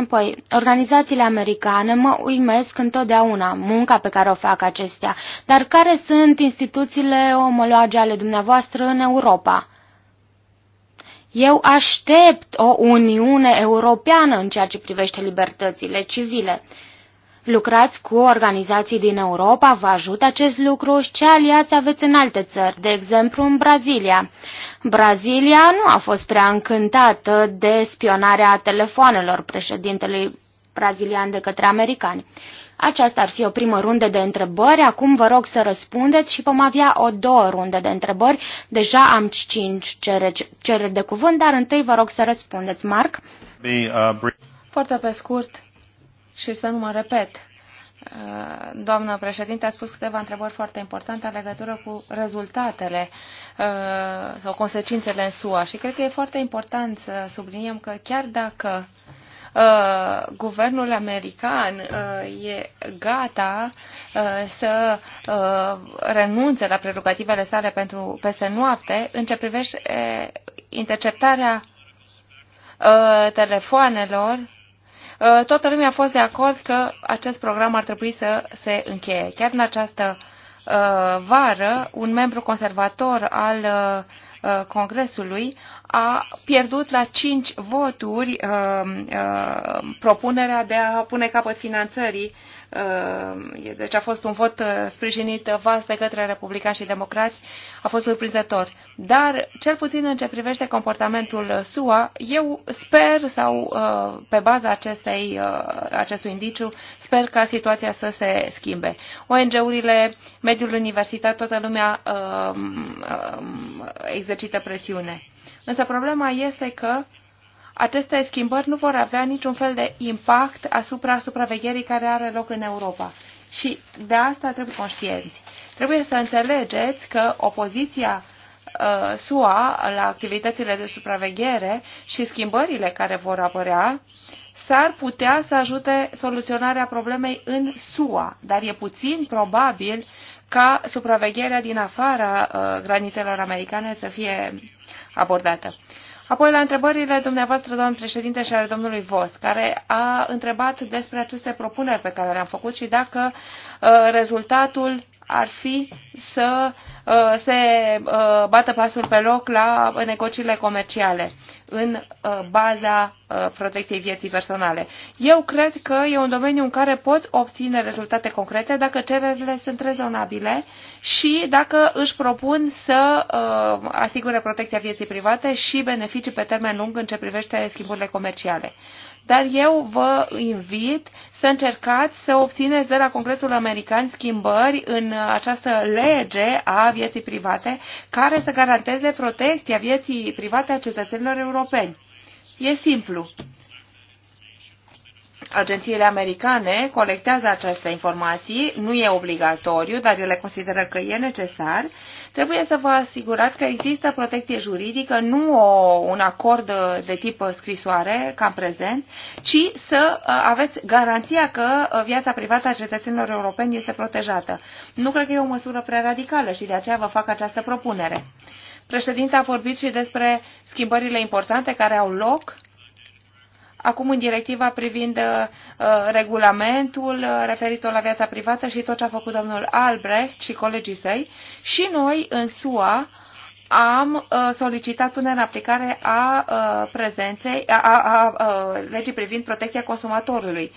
Păi, organizațiile americane mă uimesc întotdeauna munca pe care o fac acestea, dar care sunt instituțiile omologe ale dumneavoastră în Europa? Eu aștept o Uniune Europeană în ceea ce privește libertățile civile. Lucrați cu organizații din Europa, vă ajută acest lucru și ce aliați aveți în alte țări, de exemplu în Brazilia. Brazilia nu a fost prea încântată de spionarea telefoanelor președintelui brazilian de către americani. Aceasta ar fi o primă rundă de întrebări, acum vă rog să răspundeți și vom avea o două runde de întrebări. Deja am cinci cereri, cereri de cuvânt, dar întâi vă rog să răspundeți. Marc? Uh, Foarte pe scurt, și să nu mă repet. Uh, doamna președinte, a spus câteva întrebări foarte importante în legătură cu rezultatele uh, sau consecințele în SUA și cred că e foarte important să subliniem că chiar dacă uh, guvernul american e gata să renunțe la prerogativele sale pentru peste noapte, în ce privește interceptarea telefoanelor Uh, toată lumea a fost de acord că acest program ar trebui să se încheie. Chiar în această uh, vară, un membru conservator al uh, Congresului a pierdut la cinci voturi propunerea de a pune capăt finanțării Uh, deci a fost un vot uh, sprijinit uh, vast de către republicani și democrați, a fost surprinzător. Dar, cel puțin în ce privește comportamentul SUA, eu sper sau pe baza acestei, acestui indiciu, sper ca situația să se schimbe. ONG-urile, mediul universitar, toată lumea um, exercită presiune. Însă problema este că aceste schimbări nu vor avea niciun fel de impact asupra supravegherii care are loc în Europa. Și de asta trebuie conștienți. Trebuie să înțelegeți că opoziția uh, SUA la activitățile de supraveghere și schimbările care vor apărea s-ar putea să ajute soluționarea problemei în SUA, dar e puțin probabil ca supravegherea din afara uh, granițelor americane să fie abordată. Apoi la întrebările dumneavoastră, domnul președinte, și ale domnului Vos, care a întrebat despre aceste propuneri pe care le-am făcut și dacă uh, rezultatul ar fi să uh, se uh, bată pasul pe loc la negocierile comerciale în uh, baza uh, protecției vieții personale. Eu cred că e un domeniu în care poți obține rezultate concrete dacă cererile sunt rezonabile și dacă își propun să uh, asigure protecția vieții private și beneficii pe termen lung în ce privește schimburile comerciale dar eu vă invit să încercați să obțineți de la Congresul American schimbări în această lege a vieții private care să garanteze protecția vieții private a cetățenilor europeni. E simplu. Agențiile americane colectează aceste informații, nu e obligatoriu, dar ele consideră că e necesar Trebuie să vă asigurați că există protecție juridică, nu o, un acord de tip scrisoare, ca în prezent, ci să uh, aveți garanția că uh, viața privată a cetățenilor europeni este protejată. Nu cred că e o măsură prea radicală și de aceea vă fac această propunere. Președinta a vorbit și despre schimbările importante care au loc acum în directiva privind uh, regulamentul uh, referitor la viața privată și tot ce a făcut domnul Albrecht și colegii săi. Și noi în SUA am uh, solicitat punerea în aplicare a prezenței, a, a, a legii privind protecția consumatorului.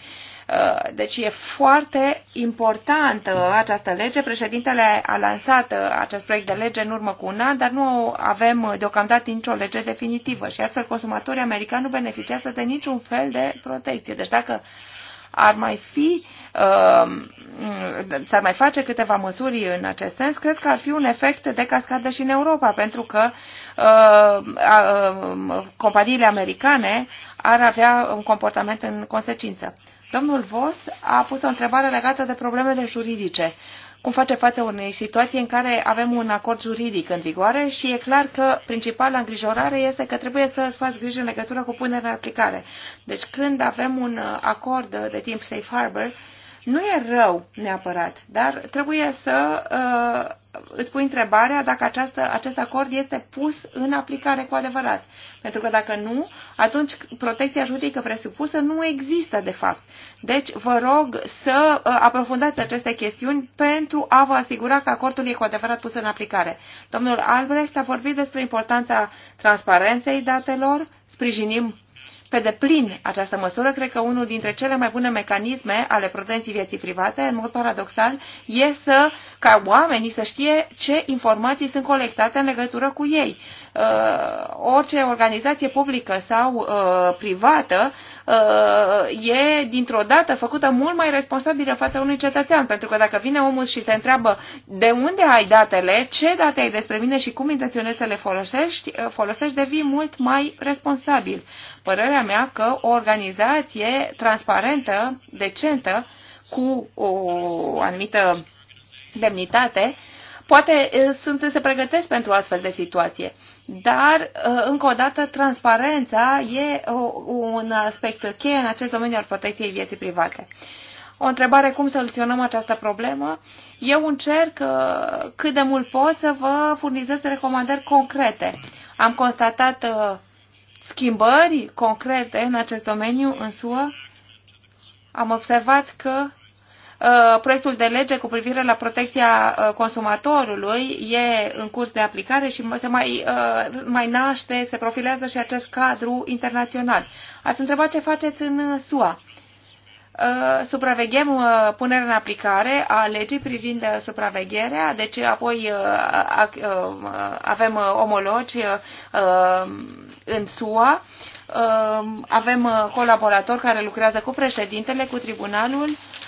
Uh, deci e foarte importantă această lege. Președintele a lansat uh, acest proiect de lege în urmă cu un an, dar nu avem deocamdată nicio lege definitivă și astfel consumatorii americani nu beneficiază de niciun fel de protecție. Deci dacă ar mai fi, uh, s-ar mai face câteva măsuri în acest sens, cred că ar fi un efect de cascadă și în Europa, pentru că companiile americane ar avea un comportament în consecință. Domnul Vos a pus o întrebare legată de problemele juridice. Cum face față unei situații în care avem un acord juridic în vigoare și e clar că principala îngrijorare este că trebuie să îți faci grijă în legătură cu punerea în aplicare. Deci când avem un acord de timp safe harbor, nu e rău neapărat, dar trebuie să uh, îți pui întrebarea dacă această, acest acord este pus în aplicare cu adevărat. Pentru că dacă nu, atunci protecția juridică presupusă nu există de fapt. Deci vă rog să uh, aprofundați aceste chestiuni pentru a vă asigura că acordul e cu adevărat pus în aplicare. Domnul Albrecht a vorbit despre importanța transparenței datelor, sprijinim pe deplin această măsură, cred că unul dintre cele mai bune mecanisme ale protecției vieții private, în mod paradoxal, e să, ca oamenii să știe ce informații sunt colectate în legătură cu ei. Uh, orice organizație publică sau uh, privată uh, e dintr-o dată făcută mult mai responsabilă față unui cetățean, pentru că dacă vine omul și te întreabă de unde ai datele, ce date ai despre mine și cum intenționezi să le folosești, folosești devii mult mai responsabil. Părerea mea că o organizație transparentă, decentă, cu o anumită demnitate, poate sunt, se pregătesc pentru astfel de situație. Dar, uh, încă o dată, transparența e uh, un aspect cheie în acest domeniu al protecției vieții private. O întrebare cum soluționăm această problemă. Eu încerc uh, cât de mult pot să vă furnizez recomandări concrete. Am constatat schimbări concrete în acest domeniu în SUA. Am observat că Uh, proiectul de lege cu privire la protecția uh, consumatorului e în curs de aplicare și se mai, uh, mai naște, se profilează și acest cadru internațional. Ați întrebat ce faceți în SUA. Supraveghem punerea în aplicare a legii privind supravegherea, deci apoi avem omologi în SUA, avem colaboratori care lucrează cu președintele, cu tribunalul,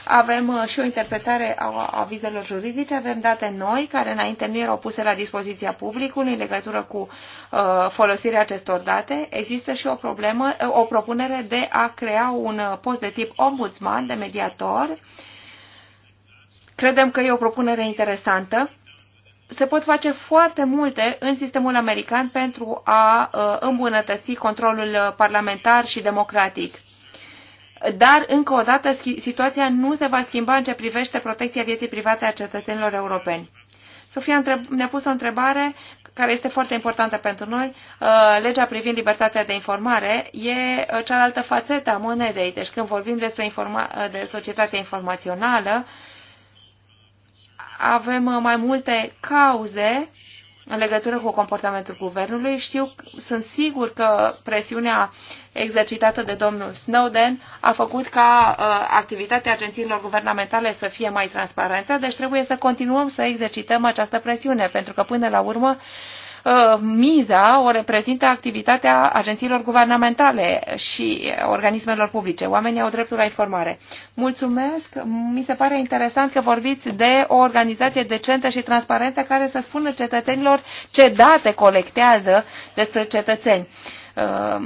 avem uh, și o interpretare a avizelor juridice, avem date noi care înainte nu erau puse la dispoziția publicului în legătură cu uh, folosirea acestor date. Există și o, problemă, o propunere de a crea un uh, post de tip ombudsman, de mediator. Credem că e o propunere interesantă se pot face foarte multe în sistemul american pentru a îmbunătăți controlul parlamentar și democratic dar, încă o dată, situația nu se va schimba în ce privește protecția vieții private a cetățenilor europeni. Sofia ne-a pus o întrebare care este foarte importantă pentru noi. Uh, legea privind libertatea de informare e uh, cealaltă fațetă a monedei. Deci când vorbim despre informa uh, de societatea informațională, avem mai multe cauze în legătură cu comportamentul guvernului. Știu, sunt sigur că presiunea exercitată de domnul Snowden a făcut ca uh, activitatea agențiilor guvernamentale să fie mai transparentă, deci trebuie să continuăm să exercităm această presiune, pentru că până la urmă uh, Ă, miza o reprezintă activitatea agențiilor guvernamentale și organismelor publice. Oamenii au dreptul la informare. Mulțumesc! Mi se pare interesant că vorbiți de o organizație decentă și transparentă care să spună cetățenilor ce date colectează despre cetățeni. Ă,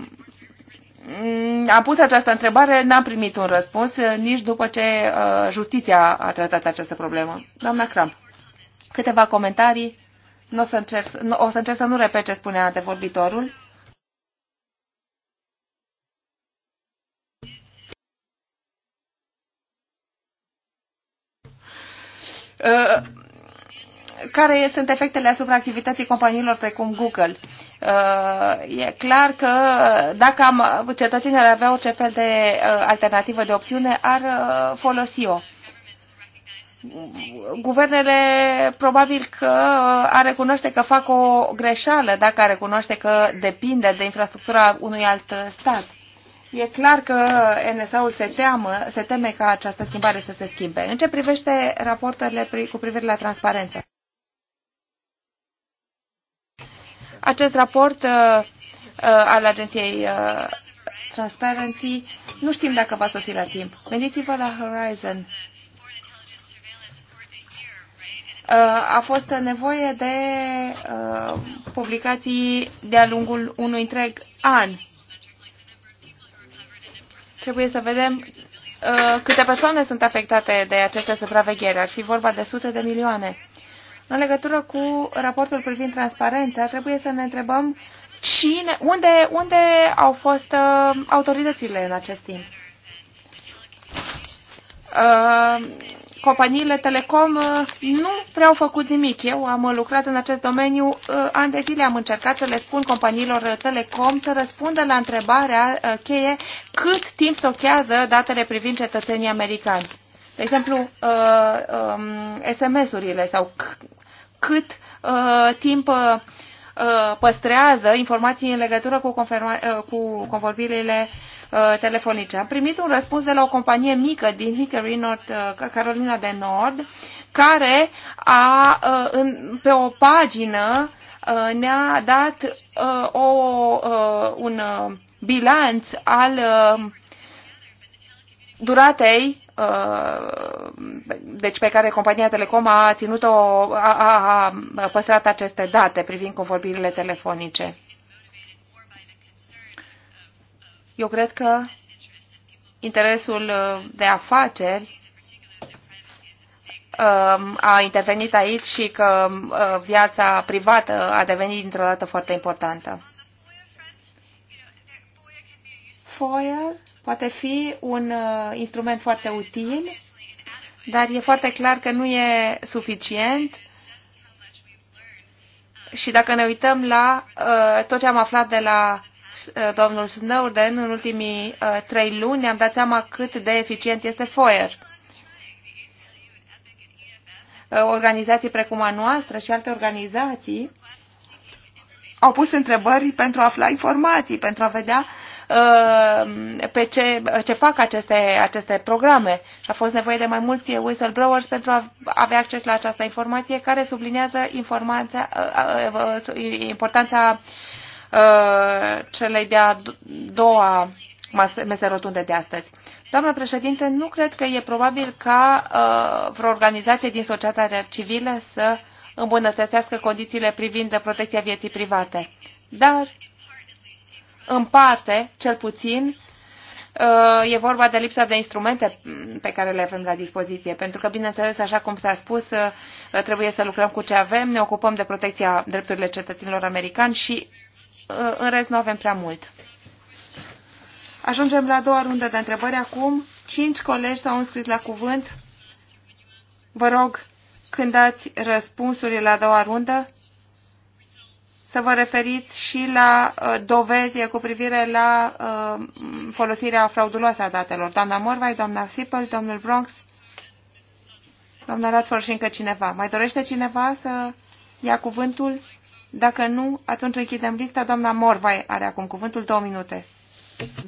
mm, am pus această întrebare, n-am primit un răspuns nici după ce ă, justiția a tratat această problemă. Doamna Cramp, câteva comentarii o să încerc, o să, încerc să nu repet ce spunea vorbitorul. Uh, care sunt efectele asupra activității companiilor precum Google. Uh, e clar că dacă am, cetățenii ar avea orice fel de uh, alternativă de opțiune, ar folosi-o guvernele probabil că uh, ar recunoaște că fac o greșeală dacă ar recunoaște că depinde de infrastructura unui alt stat. E clar că NSA-ul se, teamă, se teme ca această schimbare să se schimbe. În ce privește raportele cu privire la transparență? Acest raport uh, uh, al agenției uh, Transparency, nu știm dacă va sosi la timp. Gândiți-vă la Horizon Uh, a fost nevoie de uh, publicații de-a lungul unui întreg an. Trebuie să vedem uh, câte persoane sunt afectate de aceste supravegheri. Ar fi vorba de sute de milioane. În legătură cu raportul privind transparența, trebuie să ne întrebăm cine, unde, unde au fost autoritățile în acest timp companiile telecom uh, nu prea au făcut nimic. Eu am lucrat în acest domeniu, uh, ani de zile am încercat să le spun companiilor uh, telecom să răspundă la întrebarea cheie cât timp stochează datele privind cetățenii americani. De exemplu, um, SMS-urile sau cât timp păstrează informații în legătură cu, cu convorbirile Uh, telefonice. Am primit un răspuns de la o companie mică din Hickory, North, uh, Carolina de Nord, care a, uh, pe o pagină ne-a dat o, un bilanț al duratei deci pe care compania Telecom a ținut-o, a, a, a păstrat aceste date privind convorbirile telefonice. Eu cred că interesul uh, de afaceri um, a intervenit aici și că um, uh, viața privată a devenit dintr-o dată foarte importantă. Foia poate fi un uh, instrument foarte util, dar e foarte clar că nu e suficient și dacă ne uităm la tot ce am aflat de la Uh, domnul Snowden în ultimii uh, trei luni, ne-am dat seama cât de eficient este FOIR. Uh, organizații precum a noastră și alte organizații au pus întrebări pentru a afla informații, pentru a vedea pe ce, ce fac aceste, aceste programe. Și a fost nevoie de mai mulți whistleblowers pentru a avea acces la această informație care sublinează importanța, importanța Uh, celei de-a doua mese rotunde de astăzi. Doamnă președinte, nu cred că e probabil ca uh, vreo organizație din societatea civilă să îmbunătățească condițiile privind de protecția vieții private. Dar, în parte, cel puțin, uh, e vorba de lipsa de instrumente pe care le avem la dispoziție. Pentru că, bineînțeles, așa cum s-a spus, uh, trebuie să lucrăm cu ce avem, ne ocupăm de protecția drepturilor cetățenilor americani și în rest nu avem prea mult. Ajungem la a doua rundă de întrebări acum. Cinci colegi s-au înscris la cuvânt. Vă rog, când dați răspunsurile la a doua rundă, să vă referiți și la uh, dovezi cu privire la uh, folosirea frauduloasă a datelor. Doamna Morvai, doamna Sipel, domnul Bronx, doamna Radford și încă cineva. Mai dorește cineva să ia cuvântul? Dacă nu, atunci închidem lista. Doamna Morvai are acum cuvântul două minute.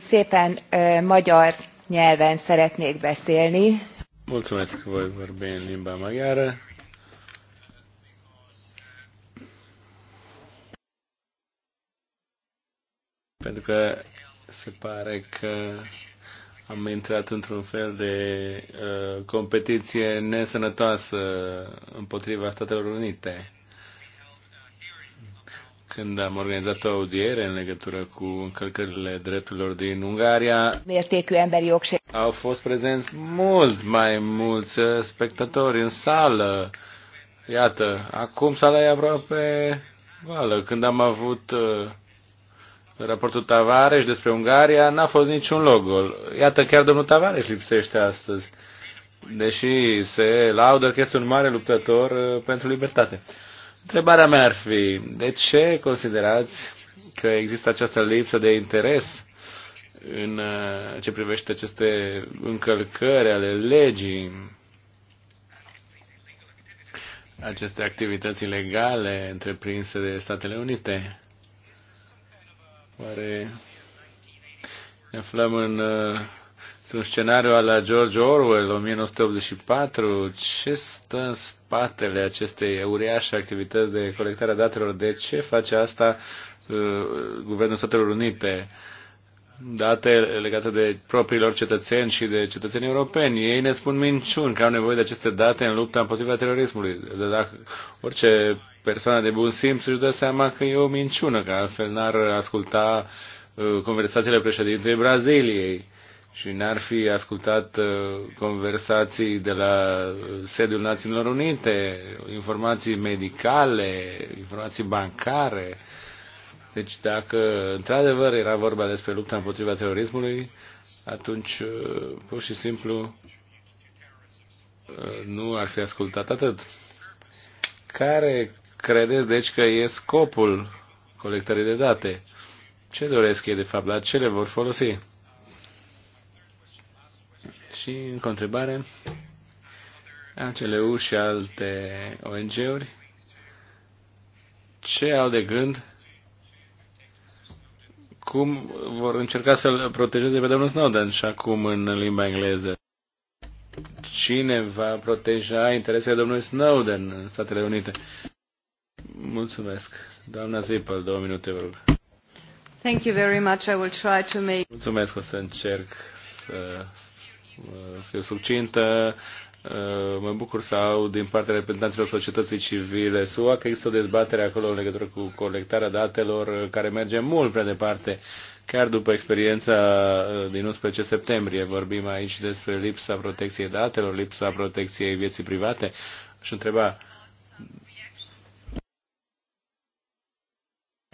Szépen magyar nyelven szeretnék beszélni. Mulțumesc, voi vorbi în limba maghiară. Pentru că se pare că am intrat într-un fel de uh, competiție nesănătoasă împotriva Statelor Unite când am organizat o audiere în legătură cu încălcările drepturilor din Ungaria, au fost prezenți mult mai mulți spectatori în sală. Iată, acum sala e aproape goală. Când am avut uh, raportul Tavares despre Ungaria, n-a fost niciun loc Iată, chiar domnul Tavares lipsește astăzi, deși se laudă că este un mare luptător uh, pentru libertate. Întrebarea mea ar fi, de ce considerați că există această lipsă de interes în uh, ce privește aceste încălcări ale legii, aceste activități ilegale întreprinse de Statele Unite? Oare ne aflăm în uh, într-un scenariu al la George Orwell, 1984, ce stă în spatele acestei uriașe activități de colectare a datelor? De ce face asta uh, Guvernul Statelor Unite? date legate de propriilor cetățeni și de cetățenii europeni. Ei ne spun minciuni că au nevoie de aceste date în lupta împotriva terorismului. De dacă orice persoană de bun simț își dă seama că e o minciună, că altfel n-ar asculta uh, conversațiile președintelui Braziliei și n ar fi ascultat uh, conversații de la sediul Națiunilor Unite, informații medicale, informații bancare. Deci dacă într-adevăr era vorba despre lupta împotriva terorismului, atunci uh, pur și simplu uh, nu ar fi ascultat atât. Care credeți deci că e scopul colectării de date? Ce doresc ei de fapt? La ce le vor folosi? Și, în întrebare, ACLU și alte ONG-uri, ce au de gând, cum vor încerca să-l protejeze pe domnul Snowden și acum în limba engleză. Cine va proteja interesele domnului Snowden în Statele Unite? Mulțumesc. Doamna Zippel, două minute, vă rog. Thank you very much. I will try to make... Mulțumesc, o să încerc să fie uh, succintă. Uh, mă bucur să aud din partea reprezentanților societății civile SUA că există o dezbatere acolo în legătură cu colectarea datelor uh, care merge mult prea departe. Chiar după experiența din 11 septembrie vorbim aici despre lipsa protecției datelor, lipsa protecției vieții private. Și întreba,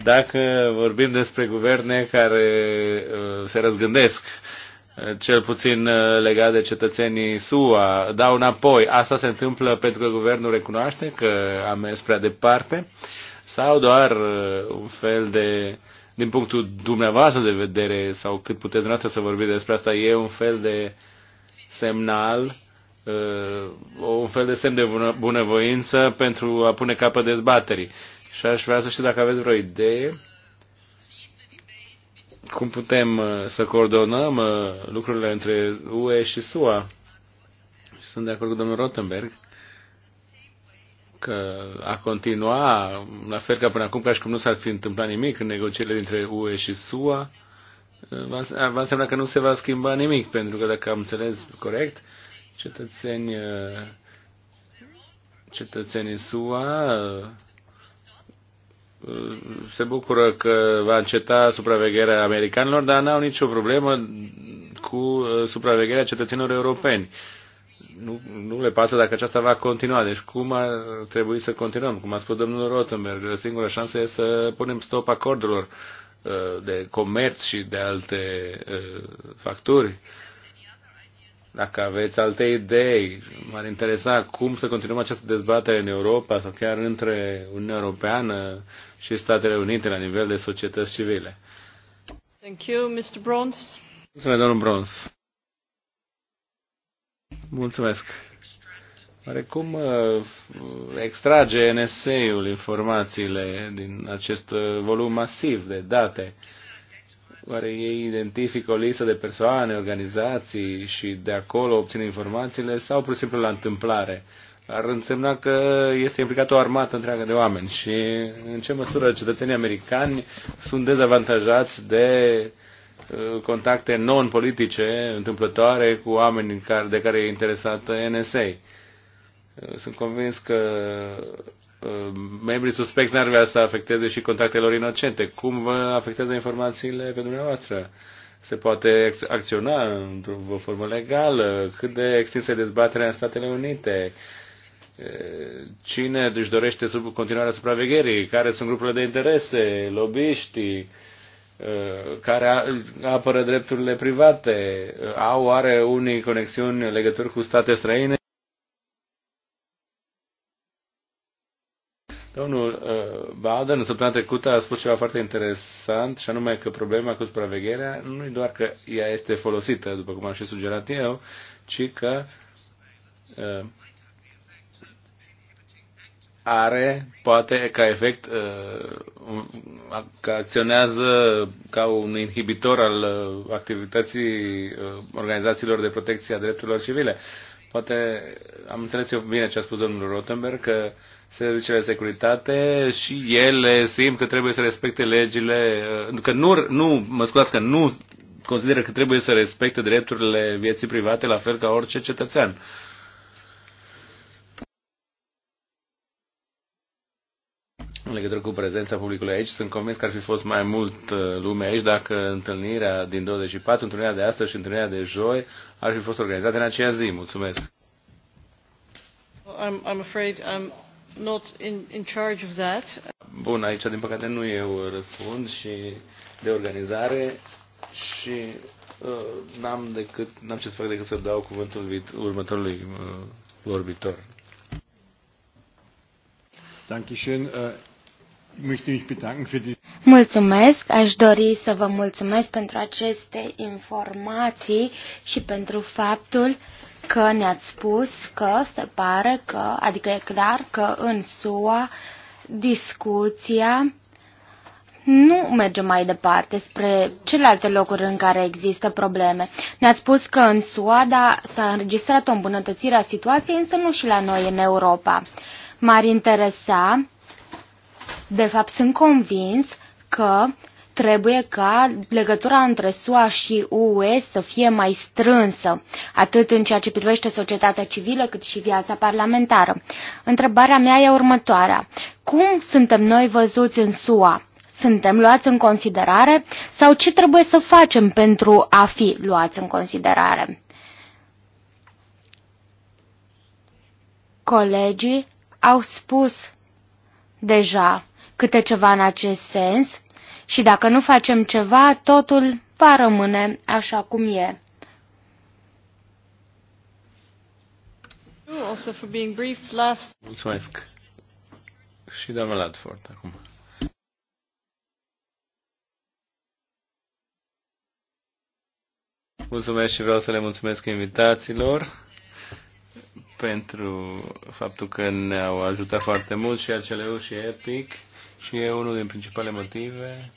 dacă vorbim despre guverne care se răzgândesc cel puțin uh, legat de cetățenii SUA, dau înapoi. Asta se întâmplă pentru că guvernul recunoaște că a mers prea departe sau doar uh, un fel de, din punctul dumneavoastră de vedere sau cât puteți dumneavoastră să vorbiți despre asta, e un fel de semnal, uh, un fel de semn de bunăvoință pentru a pune capăt dezbaterii. Și aș vrea să știu dacă aveți vreo idee cum putem uh, să coordonăm uh, lucrurile între UE și SUA. Și sunt de acord cu domnul Rottenberg că a continua, la fel ca până acum, ca și cum nu s-ar fi întâmplat nimic în negocierile dintre UE și SUA, uh, va însemna că nu se va schimba nimic, pentru că, dacă am înțeles corect, cetățenii, cetățenii SUA se bucură că va înceta supravegherea americanilor, dar n-au nicio problemă cu uh, supravegherea cetățenilor europeni. Nu, nu le pasă dacă aceasta va continua. Deci cum ar trebui să continuăm? Cum a spus domnul Rottenberg, singura șansă este să punem stop acordurilor uh, de comerț și de alte uh, facturi dacă aveți alte idei, m-ar interesa cum să continuăm această dezbatere în Europa sau chiar între Uniunea Europeană și Statele Unite la nivel de societăți civile. Thank you, Mr. Bronze. Mulțumesc, domnul Bronze. Mulțumesc. cum uh, extrage NSA-ul informațiile din acest uh, volum masiv de date? Oare ei identifică o listă de persoane, organizații și de acolo obțin informațiile sau pur și simplu la întâmplare? Ar însemna că este implicată o armată întreagă de oameni și în ce măsură cetățenii americani sunt dezavantajați de uh, contacte non-politice, întâmplătoare, cu oameni de care e interesată NSA. Uh, sunt convins că Uh, membrii suspecți n-ar vrea să afecteze și contactelor inocente. Cum vă afectează informațiile pe dumneavoastră? Se poate acționa într-o formă legală? Cât de extinsă dezbaterea în Statele Unite? Uh, cine își dorește sub continuarea supravegherii? Care sunt grupurile de interese? Lobiștii? Uh, care apără drepturile private? Au, are unii conexiuni, legături cu state străine? Domnul uh, Baden, în săptămâna trecută, a spus ceva foarte interesant, și anume că problema cu supravegherea nu e doar că ea este folosită, după cum am și sugerat eu, ci că uh, are, poate, ca efect, uh, că acționează ca un inhibitor al activității organizațiilor de protecție a drepturilor civile. Poate am înțeles eu bine ce a spus domnul Rottenberg, că uh, serviciile de securitate și ele simt că trebuie să respecte legile, uh, că nu, nu mă scuzați, că nu consideră că trebuie să respecte drepturile vieții private la fel ca orice cetățean. În legătură cu prezența publicului aici, sunt convins că ar fi fost mai mult uh, lume aici dacă întâlnirea din 24, întâlnirea de astăzi și întâlnirea de joi ar fi fost organizate în aceea zi. Mulțumesc! I'm, I'm afraid um not in, in charge of that. Bun, aici din păcate nu eu răspund și de organizare și uh, n-am decât n-am ce să fac decât să dau cuvântul vit, următorului uh, vorbitor. Dankeschön. Uh, Mulțumesc, aș dori să vă mulțumesc pentru aceste informații și pentru faptul că ne-ați spus că se pare că, adică e clar că în SUA discuția nu merge mai departe spre celelalte locuri în care există probleme. Ne-ați spus că în SUA da, s-a înregistrat o îmbunătățire a situației, însă nu și la noi în Europa. M-ar interesa de fapt, sunt convins că trebuie ca legătura între SUA și UE să fie mai strânsă, atât în ceea ce privește societatea civilă, cât și viața parlamentară. Întrebarea mea e următoarea. Cum suntem noi văzuți în SUA? Suntem luați în considerare sau ce trebuie să facem pentru a fi luați în considerare? Colegii au spus deja câte ceva în acest sens și dacă nu facem ceva, totul va rămâne așa cum e. Oh, mulțumesc. Și doamna Ladford acum. Mulțumesc și vreau să le mulțumesc invitațiilor pentru faptul că ne-au ajutat foarte mult și acele și Epic și e unul din principale motive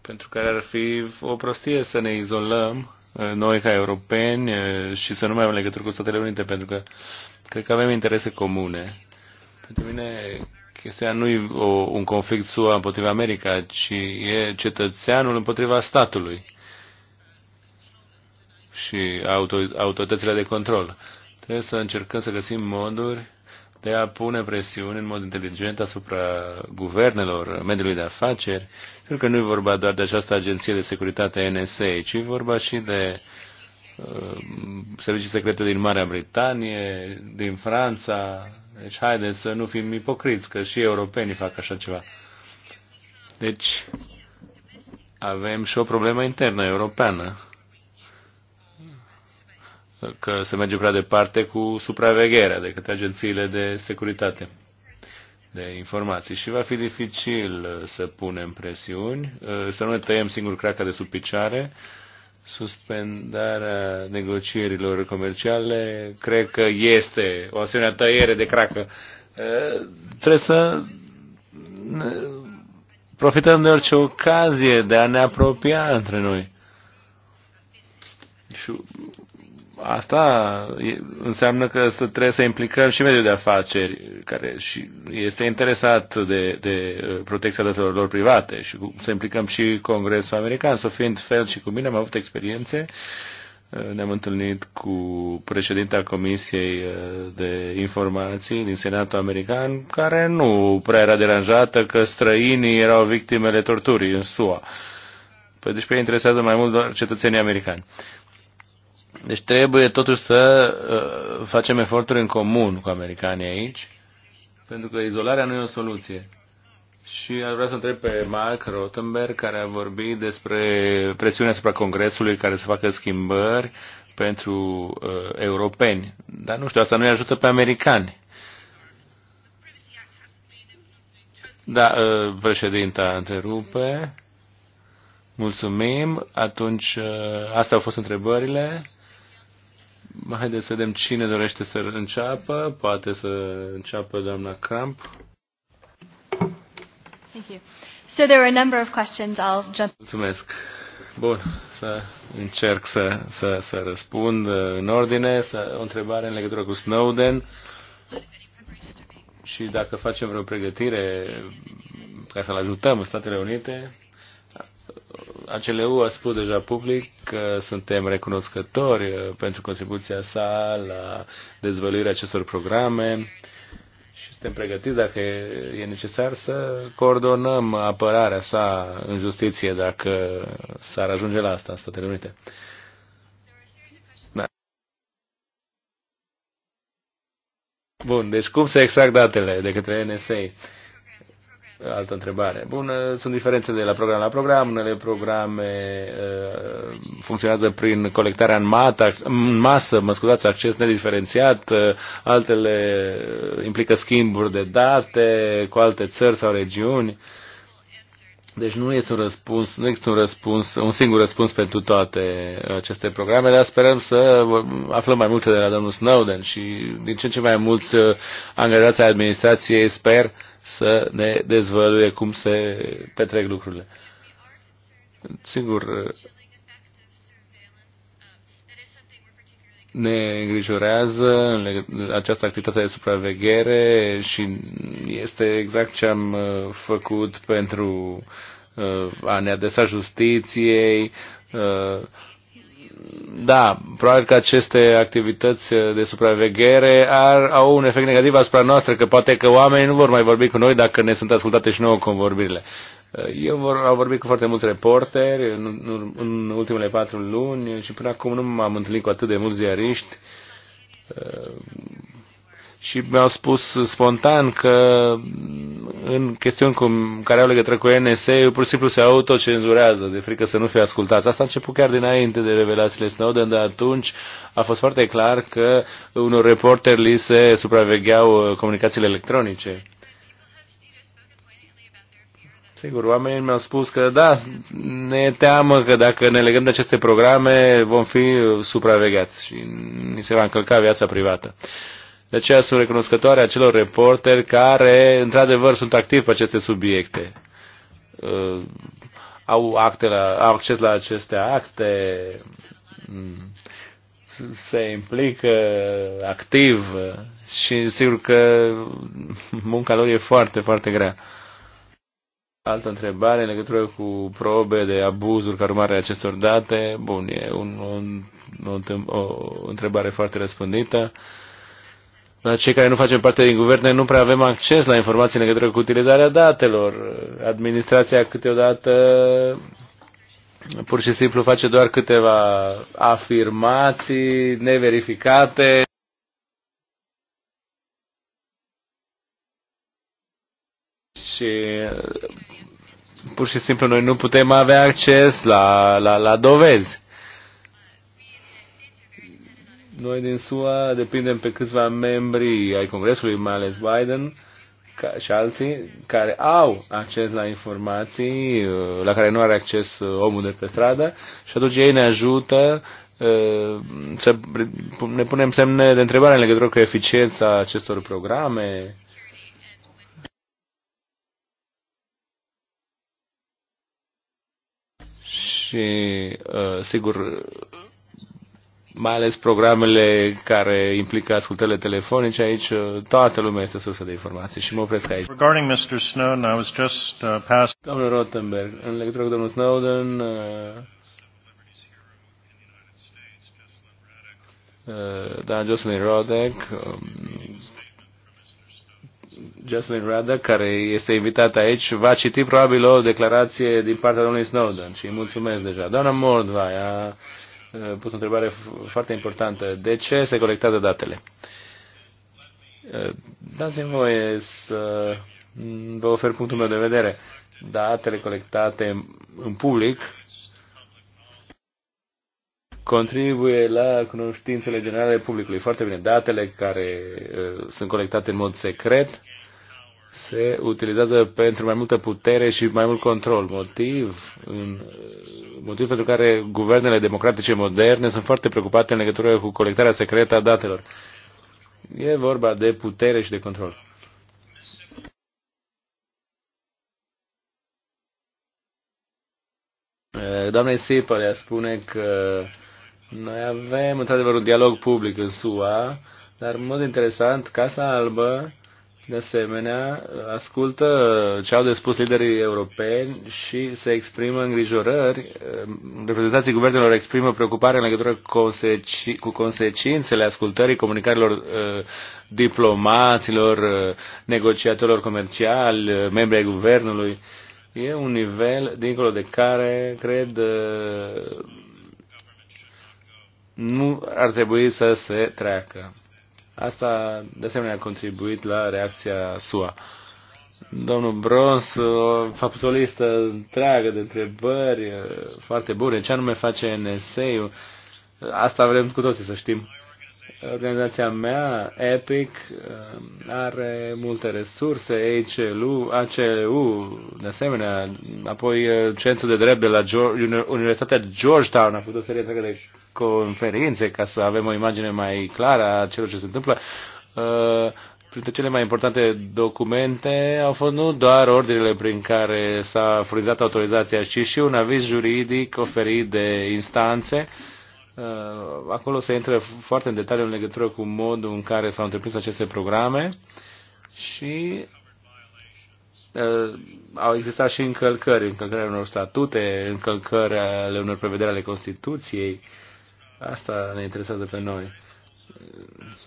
pentru care ar fi o prostie să ne izolăm uh, noi ca europeni uh, și să nu mai avem legătură cu Statele Unite, pentru că cred că avem interese comune. Pentru mine chestia nu e o, un conflict SUA împotriva America, ci e cetățeanul împotriva statului și autoritățile de control. Trebuie să încercăm să găsim moduri de a pune presiune în mod inteligent asupra guvernelor, mediului de afaceri. Sigur că nu e vorba doar de această agenție de securitate NSA, ci e vorba și de uh, servicii secrete din Marea Britanie, din Franța. Deci haideți să nu fim ipocriți, că și europenii fac așa ceva. Deci avem și o problemă internă europeană că se merge prea departe cu supravegherea de către agențiile de securitate de informații și va fi dificil uh, să punem presiuni, uh, să nu ne tăiem singur craca de sub picioare. Suspendarea negocierilor comerciale cred că este o asemenea tăiere de cracă. Uh, trebuie să profităm de orice ocazie de a ne apropia între noi. Și asta înseamnă că să trebuie să implicăm și mediul de afaceri, care și este interesat de, de uh, protecția datelor lor private și să implicăm și Congresul American. Să fiind fel și cu mine, am avut experiențe uh, ne-am întâlnit cu președinta Comisiei uh, de Informații din Senatul American, care nu prea era deranjată că străinii erau victimele torturii în SUA. Păi deci pe interesează mai mult doar cetățenii americani. Deci trebuie totuși să uh, facem eforturi în comun cu americanii aici, pentru că izolarea nu e o soluție. Și aș vrea să întreb pe Mark Rottenberg, care a vorbit despre presiunea asupra Congresului care să facă schimbări pentru uh, europeni. Dar nu știu, asta nu-i ajută pe americani. Da, uh, președinta întrerupe. Mulțumim. Atunci, uh, astea au fost întrebările. Haideți să vedem cine dorește să înceapă. Poate să înceapă doamna Cramp. Thank you. So there were a number of questions. I'll jump. Mulțumesc. Bun, să încerc să, să, să răspund în ordine. Să, o întrebare în legătură cu Snowden și dacă facem vreo pregătire ca să-l ajutăm în Statele Unite ACLU a spus deja public că suntem recunoscători uh, pentru contribuția sa la dezvăluirea acestor programe și suntem pregătiți, dacă e necesar, să coordonăm apărarea sa în justiție dacă s-ar ajunge la asta în Statele Unite. Da. Bun, deci cum se exact datele de către NSA? altă întrebare. Bun, uh, sunt diferențe de la program la program. Unele programe uh, funcționează prin colectarea în, mata, în masă, mă scuzați, acces nediferențiat, uh, altele uh, implică schimburi de date cu alte țări sau regiuni. Deci nu este un răspuns, nu există un răspuns, un singur răspuns pentru toate aceste programe, dar sperăm să aflăm mai multe de la domnul Snowden și din ce în ce mai mulți uh, angajați ai administrației sper să ne dezvăluie cum se petrec lucrurile. Singur, ne îngrijorează această activitate de supraveghere și este exact ce am uh, făcut pentru uh, a ne adresa justiției, uh, da, probabil că aceste activități de supraveghere ar, au un efect negativ asupra noastră, că poate că oamenii nu vor mai vorbi cu noi dacă ne sunt ascultate și nouă convorbirile. Eu vor, am vorbit cu foarte mulți reporteri în, în ultimele patru luni și până acum nu m-am întâlnit cu atât de mulți ziariști și mi-au spus spontan că în chestiuni cum, care au legătură cu NS, pur și simplu se autocenzurează de frică să nu fie ascultați. Asta a început chiar dinainte de revelațiile Snowden, dar atunci a fost foarte clar că unor reporteri li se supravegheau uh, comunicațiile electronice. Sigur, oamenii mi-au spus că da, ne teamă că dacă ne legăm de aceste programe vom fi uh, supravegheați și ni se va încălca viața privată. De aceea sunt recunoscătoare acelor reporteri care, într-adevăr, sunt activi pe aceste subiecte. Uh, au, acte la, au acces la aceste acte, mm, se implică activ și sigur că munca lor e foarte, foarte grea. Altă întrebare în legătură cu probe de abuzuri ca urmare a acestor date. Bun, e un, un, o, o întrebare foarte răspândită. Uh, la cei care nu facem parte din guverne nu prea avem acces la informații în legătură cu utilizarea datelor. Administrația câteodată pur și simplu face doar câteva afirmații neverificate. Și pur și simplu noi nu putem avea acces la, la, la dovezi. Noi din SUA depindem pe câțiva membri ai Congresului, mai ales Biden, ca, și alții care au acces la informații la care nu are acces uh, omul de pe stradă și atunci ei ne ajută uh, să ne punem semne de întrebare în legătură cu eficiența acestor programe. Și, uh, sigur, mai ales programele care implică ascultările telefonice, aici uh, toată lumea este sursă de informații și mă opresc aici. Regarding Mr. Snowden, I was just uh, past... Domnul Rottenberg, în legătură cu domnul Snowden, uh, uh, da, Jocelyn Rodek, um, Jocelyn Rodek, care este invitat aici, va citi probabil o declarație din partea domnului Snowden și îi mulțumesc deja. Doamna Mordvai a Eh, pus o întrebare foarte importantă. De ce se colectează datele? Eh, dați-mi voie să vă ofer punctul meu de vedere. Datele colectate în public contribuie la cunoștințele generale publicului. Foarte bine. Datele care eh, sunt colectate în mod secret se utilizează pentru mai multă putere și mai mult control. Motiv, în, motiv pentru care guvernele democratice moderne sunt foarte preocupate în legătură cu colectarea secretă a datelor. E vorba de putere și de control. Doamnei Sipă le spune că noi avem într-adevăr un dialog public în SUA, dar în mod interesant, Casa Albă de asemenea, ascultă ce au de spus liderii europeni și se exprimă îngrijorări. Reprezentanții guvernelor exprimă preocupare în legătură cu consecințele ascultării comunicărilor uh, diplomaților, uh, negociatorilor comerciali, uh, membri ai guvernului. E un nivel dincolo de care, cred, nu ar trebui să se treacă. Asta, de asemenea, a contribuit la reacția SUA. Domnul Brons a pus o listă întreagă de întrebări foarte bune. Ce anume face NSA-ul? Asta vrem cu toții să știm. Organizația mea, EPIC, are multe resurse, ACLU, ACLU, de asemenea, apoi uh, Centrul de Drept de la Universitatea Georgetown a făcut o serie întreagă de conferințe ca să avem o imagine mai clară a celor ce se întâmplă. Uh, printre cele mai importante documente au fost nu doar ordinele prin care s-a furnizat autorizația, ci și un aviz juridic oferit de instanțe, uh, Uh, acolo se intră foarte în detaliu în legătură cu modul în care s-au întreprins aceste programe și uh, au existat și încălcări, încălcări ale unor statute, încălcări ale unor prevederi ale Constituției. Asta ne interesează pe noi.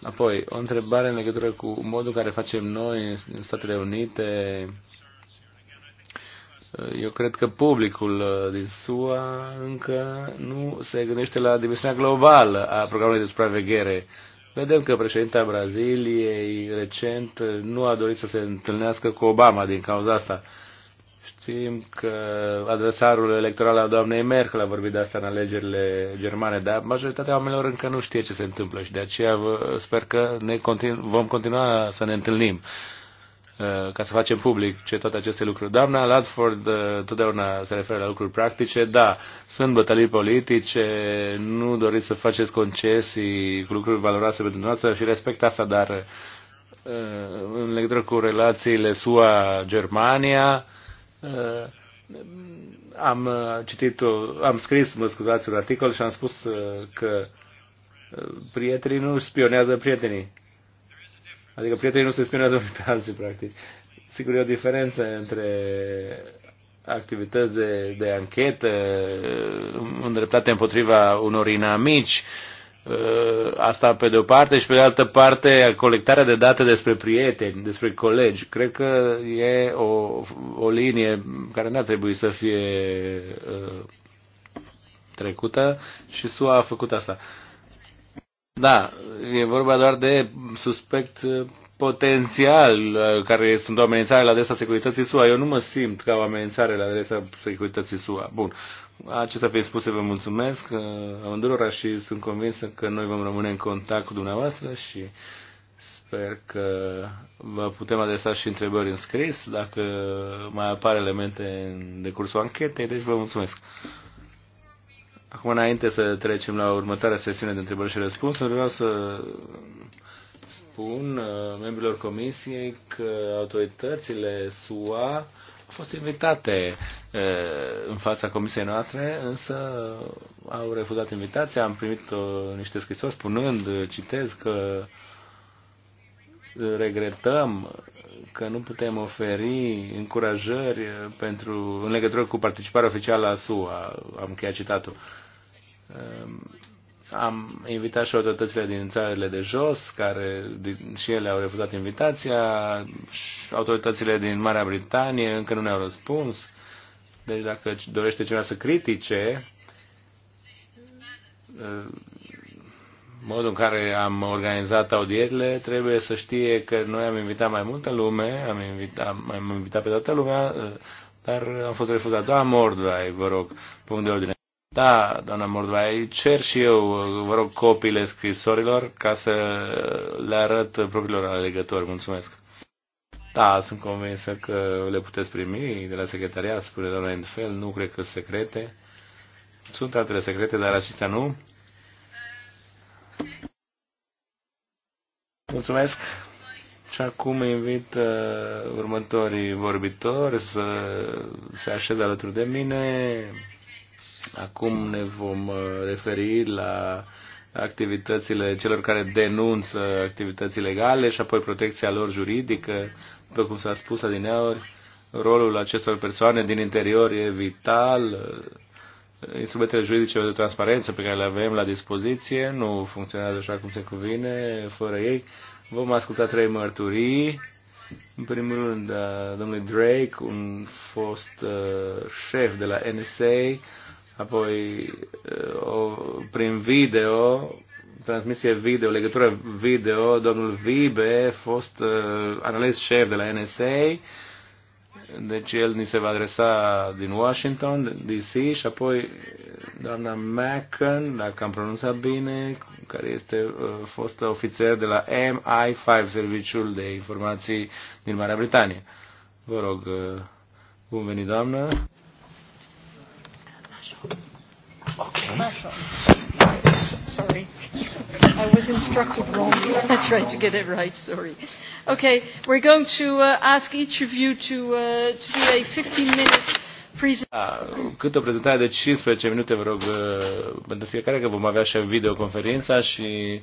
Apoi, o întrebare în legătură cu modul în care facem noi în Statele Unite eu cred că publicul uh, din SUA încă nu se gândește la dimensiunea globală a programului de supraveghere. Vedem că președinta Braziliei recent nu a dorit să se întâlnească cu Obama din cauza asta. Știm că adversarul electoral al doamnei Merkel a vorbit de asta în alegerile germane, dar majoritatea oamenilor încă nu știe ce se întâmplă și de aceea sper că ne continu- vom continua să ne întâlnim. Uh, ca să facem public ce toate aceste lucruri. Doamna Ladford uh, totdeauna se referă la lucruri practice, da, sunt bătălii politice, nu doriți să faceți concesii cu lucruri valoroase pentru noastră și respect asta, dar uh, în legătură cu relațiile SUA-Germania, am citit, am scris, mă scuzați, un articol și am spus că prietenii nu spionează prietenii Adică prietenii nu se spionează unii pe alții, practic. Sigur, e o diferență între activități de, de anchetă îndreptate împotriva unor inamici, ă, asta pe de o parte și pe de altă parte colectarea de date despre prieteni, despre colegi. Cred că e o, o linie care nu ar trebui să fie uh, trecută și SUA a făcut asta. Uh, da, e vorba doar de suspect uh, potențial uh, care sunt o amenințare la adresa securității SUA. Eu nu mă simt ca o amenințare la adresa securității SUA. Bun. Acestea fiind spuse, vă mulțumesc uh, amândurora și sunt convins că noi vom rămâne în contact cu dumneavoastră și sper că vă putem adresa și întrebări în scris dacă mai apar elemente în decursul anchetei. Deci vă mulțumesc. Acum, înainte să trecem la următoarea sesiune de întrebări și răspunsuri, vreau să spun uh, membrilor comisiei că autoritățile SUA au fost invitate uh, în fața comisiei noastre, însă au refuzat invitația. Am primit niște scrisori spunând, citez, că regretăm că nu putem oferi încurajări pentru, în legătură cu participarea oficială a SUA, am încheiat citatul. Ehm, am invitat și autoritățile din țările de jos, care și ele au refuzat invitația, și autoritățile din Marea Britanie încă nu ne-au răspuns. Deci dacă dorește cineva să critique ehm, modul în care am organizat audierile, trebuie să știe că noi am invitat mai multă lume, am invitat, am invitat pe toată lumea, uh, dar am fost refuzat. Doamna Mordvai, vă rog, punct de ordine. Da, doamna Mordvai, cer și eu, uh, vă rog, copiile scrisorilor ca să le arăt propriilor alegători. Mulțumesc. Da, sunt convinsă că le puteți primi de la secretariat, spune doamna Endfel, nu cred că secrete. Sunt altele secrete, dar acestea nu. Mulțumesc! Și acum invit uh, următorii vorbitori să se așeze alături de mine. Acum ne vom uh, referi la activitățile celor care denunță activități legale și apoi protecția lor juridică. După cum s-a spus adineauri, rolul acestor persoane din interior e vital instrumentele juridice de transparență pe care le avem la dispoziție nu funcționează așa cum se cuvine, fără ei. Vom asculta trei mărturii. În primul rând, domnul Drake, un fost uh, șef de la NSA, apoi uh, o, prin video, transmisie video, legătură video, domnul Vibe, fost uh, analist șef de la NSA, deci el ni se va adresa din Washington, D.C. și apoi eh, doamna Macken, dacă am pronunțat bine, care este uh, eh, fost ofițer de la MI5, Serviciul de Informații din Marea Britanie. Vă rog, uh, bun venit, doamnă. Okay. Sorry. I was instructed wrong. I tried to get it right, sorry. Okay, we're going to uh, ask each of you to, uh, to do a 15-minute uh, Cât o prezentare de 15 minute, vă rog, uh, pentru fiecare, că vom avea și videoconferința și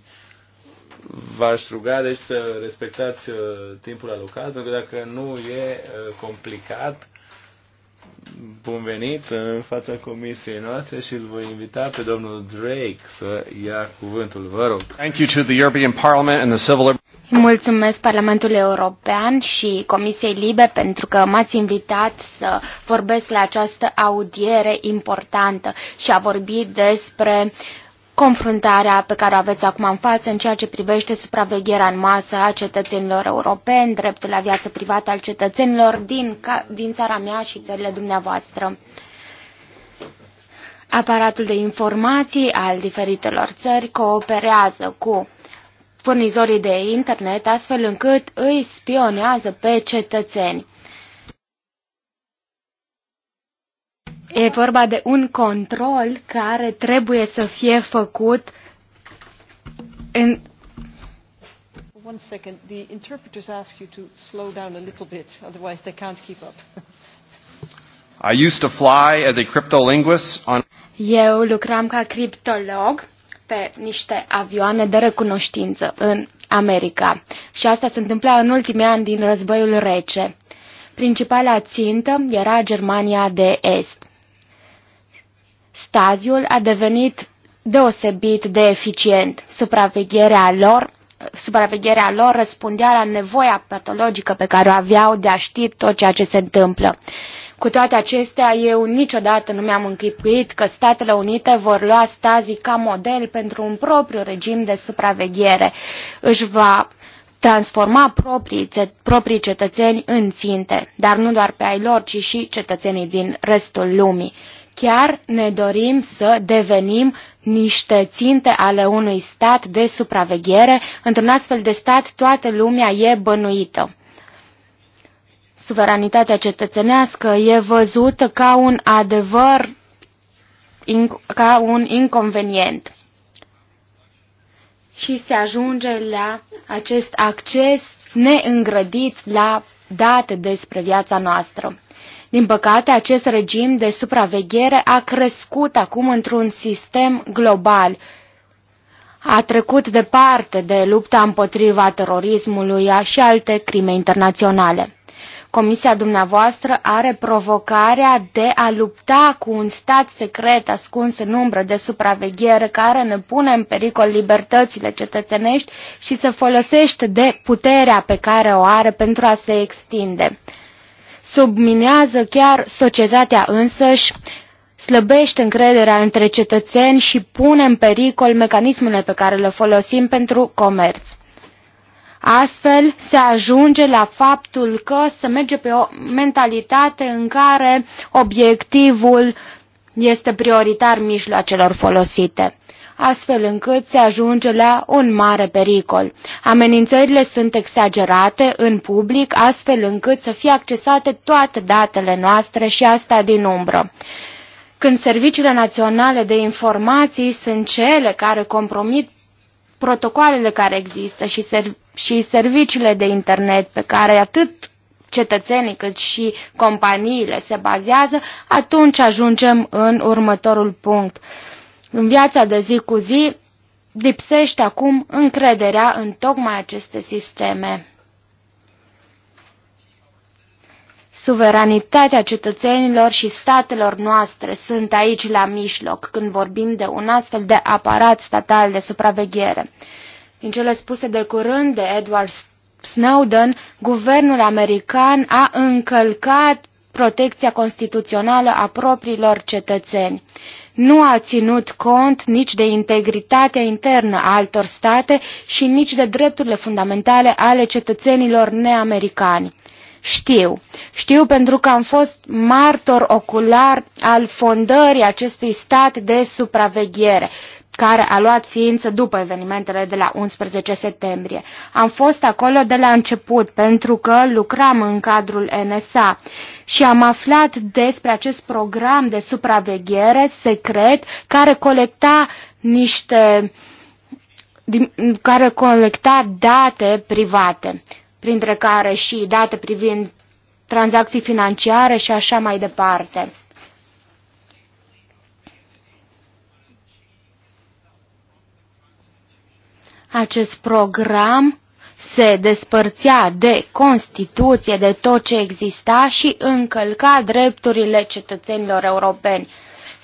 v-aș ruga deci să respectați uh, timpul alocat, pentru că dacă nu e complicat, uh, bun venit în fața comisiei noastre și îl voi invita pe domnul Drake să ia cuvântul. Vă rog. Thank you to the European Parliament and the Civil Mulțumesc Parlamentului European și Comisiei Libe pentru că m-ați invitat să vorbesc la această audiere importantă și a vorbit despre uh, confruntarea pe care o aveți acum în față în ceea ce privește supravegherea în masă a cetățenilor europeni, dreptul la viață privată al cetățenilor din, din țara mea și țările dumneavoastră. Aparatul de informații al diferitelor țări cooperează cu furnizorii de internet astfel încât îi spionează pe cetățeni. E vorba de un control care trebuie să fie făcut în One second, the interpreters ask you to slow down a little bit, otherwise they can't keep up. I used to fly as a cryptolinguist on Eu lucram ca criptolog pe niște avioane de recunoștință în America și asta se întâmpla în ultimii ani din războiul rece. Principala țintă era Germania de Est. Staziul a devenit deosebit de eficient. Supravegherea lor supravegherea lor răspundea la nevoia patologică pe care o aveau de a ști tot ceea ce se întâmplă. Cu toate acestea, eu niciodată nu mi-am închipuit că Statele Unite vor lua stazii ca model pentru un propriu regim de supraveghere. Își va transforma proprii, proprii cetățeni în ținte, dar nu doar pe ai lor, ci și cetățenii din restul lumii. Chiar ne dorim să devenim niște ținte ale unui stat de supraveghere. Într-un astfel de stat, toată lumea e bănuită. Suveranitatea cetățenească e văzută ca un adevăr, ca un inconvenient și se ajunge la acest acces neîngrădit la date despre viața noastră. Din păcate, acest regim de supraveghere a crescut acum într-un sistem global. A trecut departe de lupta împotriva terorismului și alte crime internaționale. Comisia dumneavoastră are provocarea de a lupta cu un stat secret ascuns în umbră de supraveghere care ne pune în pericol libertățile cetățenești și se folosește de puterea pe care o are pentru a se extinde subminează chiar societatea însăși, slăbește încrederea între cetățeni și pune în pericol mecanismele pe care le folosim pentru comerț. Astfel se ajunge la faptul că se merge pe o mentalitate în care obiectivul este prioritar mijloacelor folosite astfel încât se ajunge la un mare pericol. Amenințările sunt exagerate în public, astfel încât să fie accesate toate datele noastre și asta din umbră când serviciile naționale de informații sunt cele care compromit protocoalele care există și, ser- și serviciile de internet pe care atât cetățenii cât și companiile se bazează, atunci ajungem în următorul punct. În viața de zi cu zi lipsește acum încrederea în tocmai aceste sisteme. Suveranitatea cetățenilor și statelor noastre sunt aici la mijloc când vorbim de un astfel de aparat statal de supraveghere. Din cele spuse de curând de Edward Snowden, guvernul american a încălcat protecția constituțională a propriilor cetățeni nu a ținut cont nici de integritatea internă a altor state și nici de drepturile fundamentale ale cetățenilor neamericani. Știu. Știu pentru că am fost martor ocular al fondării acestui stat de supraveghere care a luat ființă după evenimentele de la 11 septembrie. Am fost acolo de la început pentru că lucram în cadrul NSA și am aflat despre acest program de supraveghere secret care colecta niște care colecta date private, printre care și date privind tranzacții financiare și așa mai departe. Acest program se despărțea de Constituție, de tot ce exista și încălca drepturile cetățenilor europeni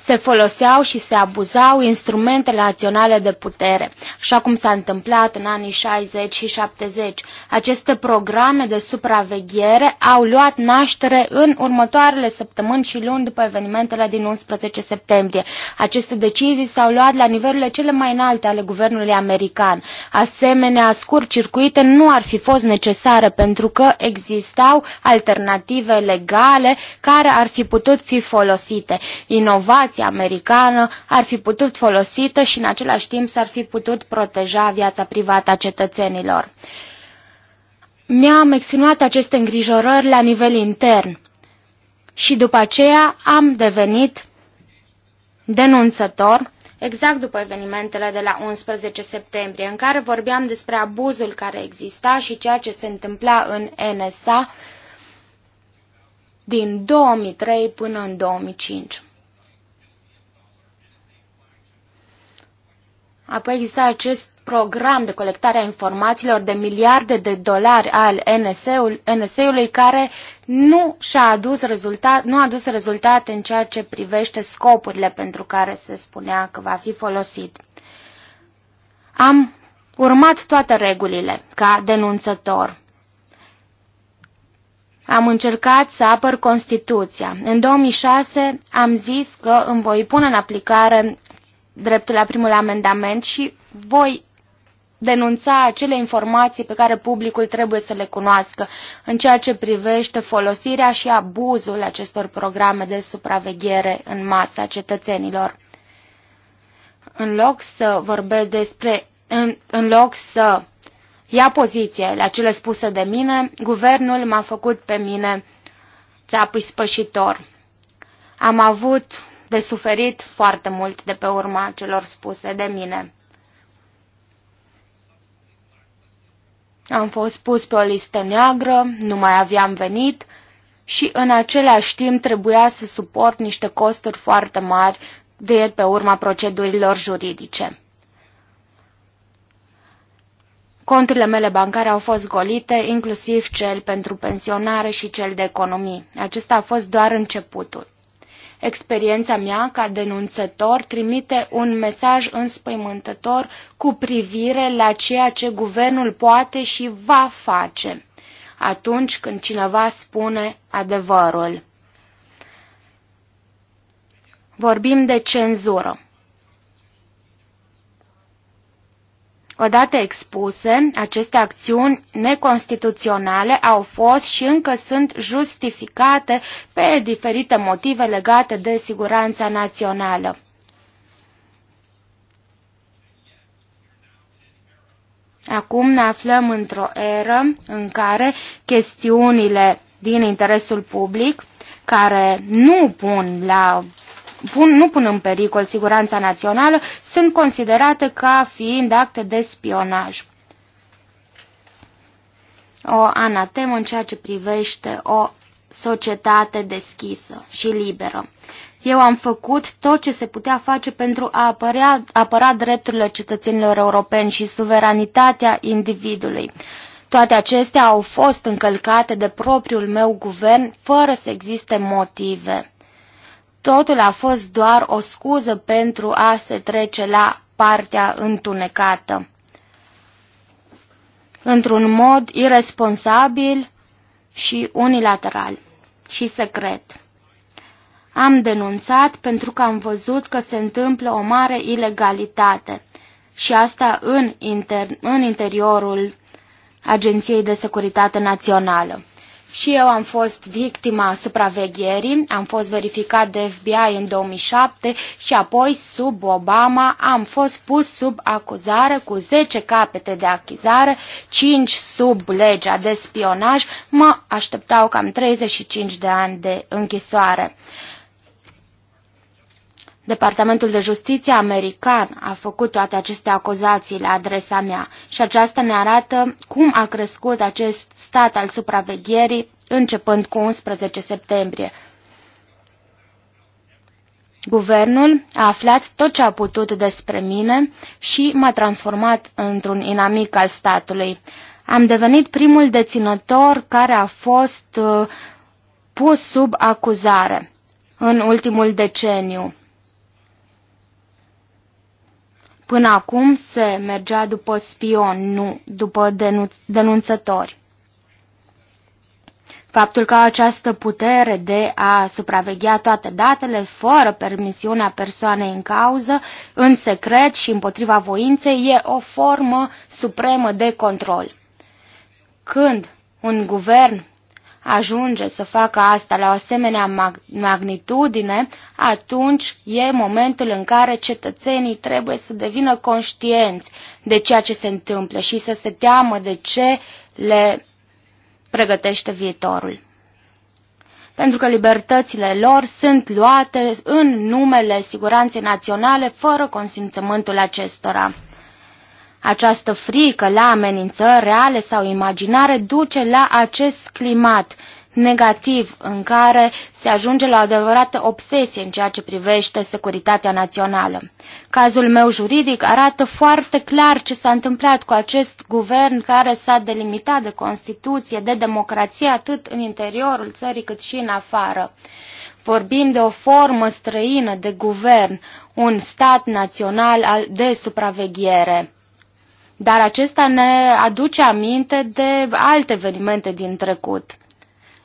se foloseau și se abuzau instrumentele naționale de putere, așa cum s-a întâmplat în anii 60 și 70. Aceste programe de supraveghere au luat naștere în următoarele săptămâni și luni după evenimentele din 11 septembrie. Aceste decizii s-au luat la nivelurile cele mai înalte ale guvernului american. Asemenea, scurt circuite nu ar fi fost necesare pentru că existau alternative legale care ar fi putut fi folosite. Inovații aviația americană ar fi putut folosită și în același timp s-ar fi putut proteja viața privată a cetățenilor. Mi-am exprimat aceste îngrijorări la nivel intern și după aceea am devenit denunțător exact după evenimentele de la 11 septembrie, în care vorbeam despre abuzul care exista și ceea ce se întâmpla în NSA din 2003 până în 2005. Apoi există acest program de colectare a informațiilor de miliarde de dolari al NSA-ului NSA care nu și-a adus rezultat, nu a adus rezultate în ceea ce privește scopurile pentru care se spunea că va fi folosit. Am urmat toate regulile ca denunțător. Am încercat să apăr Constituția. În 2006 am zis că îmi voi pune în aplicare dreptul la primul amendament și voi denunța acele informații pe care publicul trebuie să le cunoască în ceea ce privește folosirea și abuzul acestor programe de supraveghere în masă cetățenilor. În loc să vorbesc despre, în, în loc să ia poziție la cele spuse de mine, guvernul m-a făcut pe mine țapui spășitor. Am avut de suferit foarte mult de pe urma celor spuse de mine. Am fost pus pe o listă neagră, nu mai aveam venit și în același timp trebuia să suport niște costuri foarte mari de pe urma procedurilor juridice. Conturile mele bancare au fost golite, inclusiv cel pentru pensionare și cel de economii. Acesta a fost doar începutul. Experiența mea ca denunțător trimite un mesaj înspăimântător cu privire la ceea ce guvernul poate și va face atunci când cineva spune adevărul. Vorbim de cenzură. Odată expuse, aceste acțiuni neconstituționale au fost și încă sunt justificate pe diferite motive legate de siguranța națională. Acum ne aflăm într-o eră în care chestiunile din interesul public, care nu pun la pun, nu pun în pericol siguranța națională, sunt considerate ca fiind acte de spionaj. O anatemă în ceea ce privește o societate deschisă și liberă. Eu am făcut tot ce se putea face pentru a apărea, apăra drepturile cetățenilor europeni și suveranitatea individului. Toate acestea au fost încălcate de propriul meu guvern fără să existe motive. Totul a fost doar o scuză pentru a se trece la partea întunecată. Într-un mod irresponsabil și unilateral și secret. Am denunțat pentru că am văzut că se întâmplă o mare ilegalitate și asta în, inter în interiorul Agenției de Securitate Națională. Și eu am fost victima supravegherii, am fost verificat de FBI în 2007 și apoi sub Obama am fost pus sub acuzare cu 10 capete de achizare, 5 sub legea de spionaj, mă așteptau cam 35 de ani de închisoare. Departamentul de Justiție american a făcut toate aceste acuzații la adresa mea și aceasta ne arată cum a crescut acest stat al supravegherii începând cu 11 septembrie. Guvernul a aflat tot ce a putut despre mine și m-a transformat într-un inamic al statului. Am devenit primul deținător care a fost uh, pus sub acuzare în ultimul deceniu. Până acum se mergea după spion, nu după denunțători. Faptul că această putere de a supraveghea toate datele fără permisiunea persoanei în cauză, în secret și împotriva voinței, e o formă supremă de control. Când un guvern ajunge să facă asta la o asemenea magnitudine, atunci e momentul în care cetățenii trebuie să devină conștienți de ceea ce se întâmplă și să se teamă de ce le pregătește viitorul. Pentru că libertățile lor sunt luate în numele siguranței naționale fără consimțământul acestora. Această frică la amenințări reale sau imaginare duce la acest climat negativ în care se ajunge la o adevărată obsesie în ceea ce privește securitatea națională. Cazul meu juridic arată foarte clar ce s-a întâmplat cu acest guvern care s-a delimitat de Constituție, de democrație, atât în interiorul țării cât și în afară. Vorbim de o formă străină de guvern, un stat național de supraveghere dar acesta ne aduce aminte de alte evenimente din trecut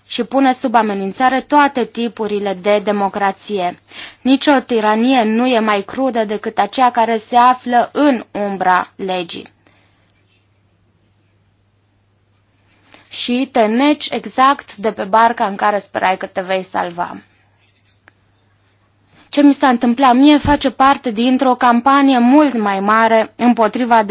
și pune sub amenințare toate tipurile de democrație. Nici o tiranie nu e mai crudă decât aceea care se află în umbra legii. Și te neci exact de pe barca în care sperai că te vei salva. Ce mi s-a întâmplat mie face parte dintr-o campanie mult mai mare împotriva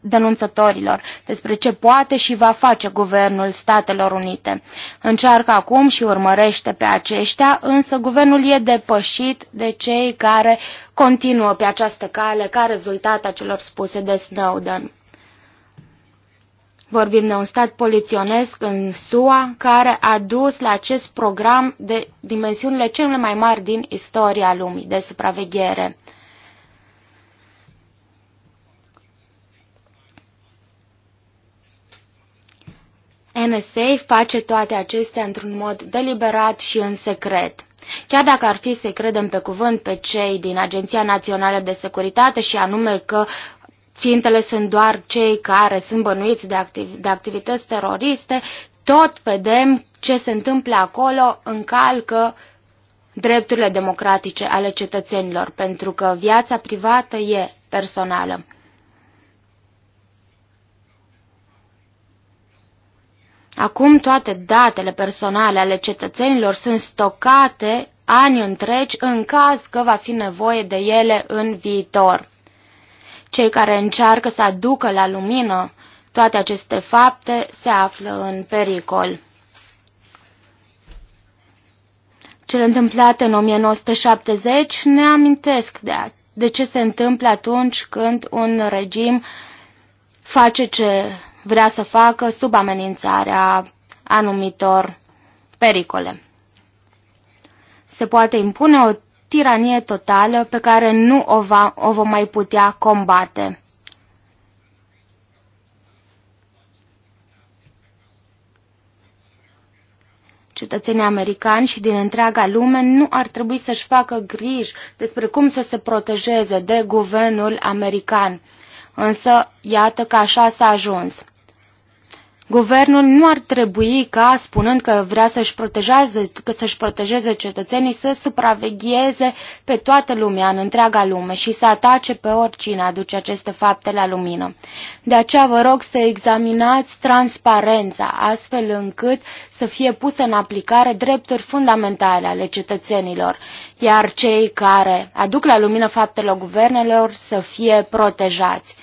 denunțătorilor despre ce poate și va face Guvernul Statelor Unite. Încearcă acum și urmărește pe aceștia, însă guvernul e depășit de cei care continuă pe această cale ca rezultat a celor spuse de Snowden. Vorbim de un stat poliționesc în SUA care a dus la acest program de dimensiunile cele mai mari din istoria lumii de supraveghere. NSA face toate acestea într-un mod deliberat și în secret. Chiar dacă ar fi să credem pe cuvânt pe cei din Agenția Națională de Securitate și anume că țintele sunt doar cei care sunt bănuiți de, activ, de activități teroriste, tot vedem ce se întâmplă acolo, încalcă drepturile democratice ale cetățenilor, pentru că viața privată e personală. Acum toate datele personale ale cetățenilor sunt stocate ani întregi în caz că va fi nevoie de ele în viitor. Cei care încearcă să aducă la lumină toate aceste fapte se află în pericol. Cele întâmplate în 1970 ne amintesc de, de ce se întâmplă atunci când un regim face ce vrea să facă sub amenințarea anumitor pericole. Se poate impune o tiranie totală pe care nu o, va, o vom mai putea combate. Cetățenii americani și din întreaga lume nu ar trebui să-și facă griji despre cum să se protejeze de guvernul american. Însă, iată că așa s-a ajuns. Guvernul nu ar trebui ca, spunând că vrea să-și protejeze, că să-și protejeze cetățenii, să supravegheze pe toată lumea, în întreaga lume și să atace pe oricine aduce aceste fapte la lumină. De aceea vă rog să examinați transparența, astfel încât să fie puse în aplicare drepturi fundamentale ale cetățenilor, iar cei care aduc la lumină faptele guvernelor să fie protejați.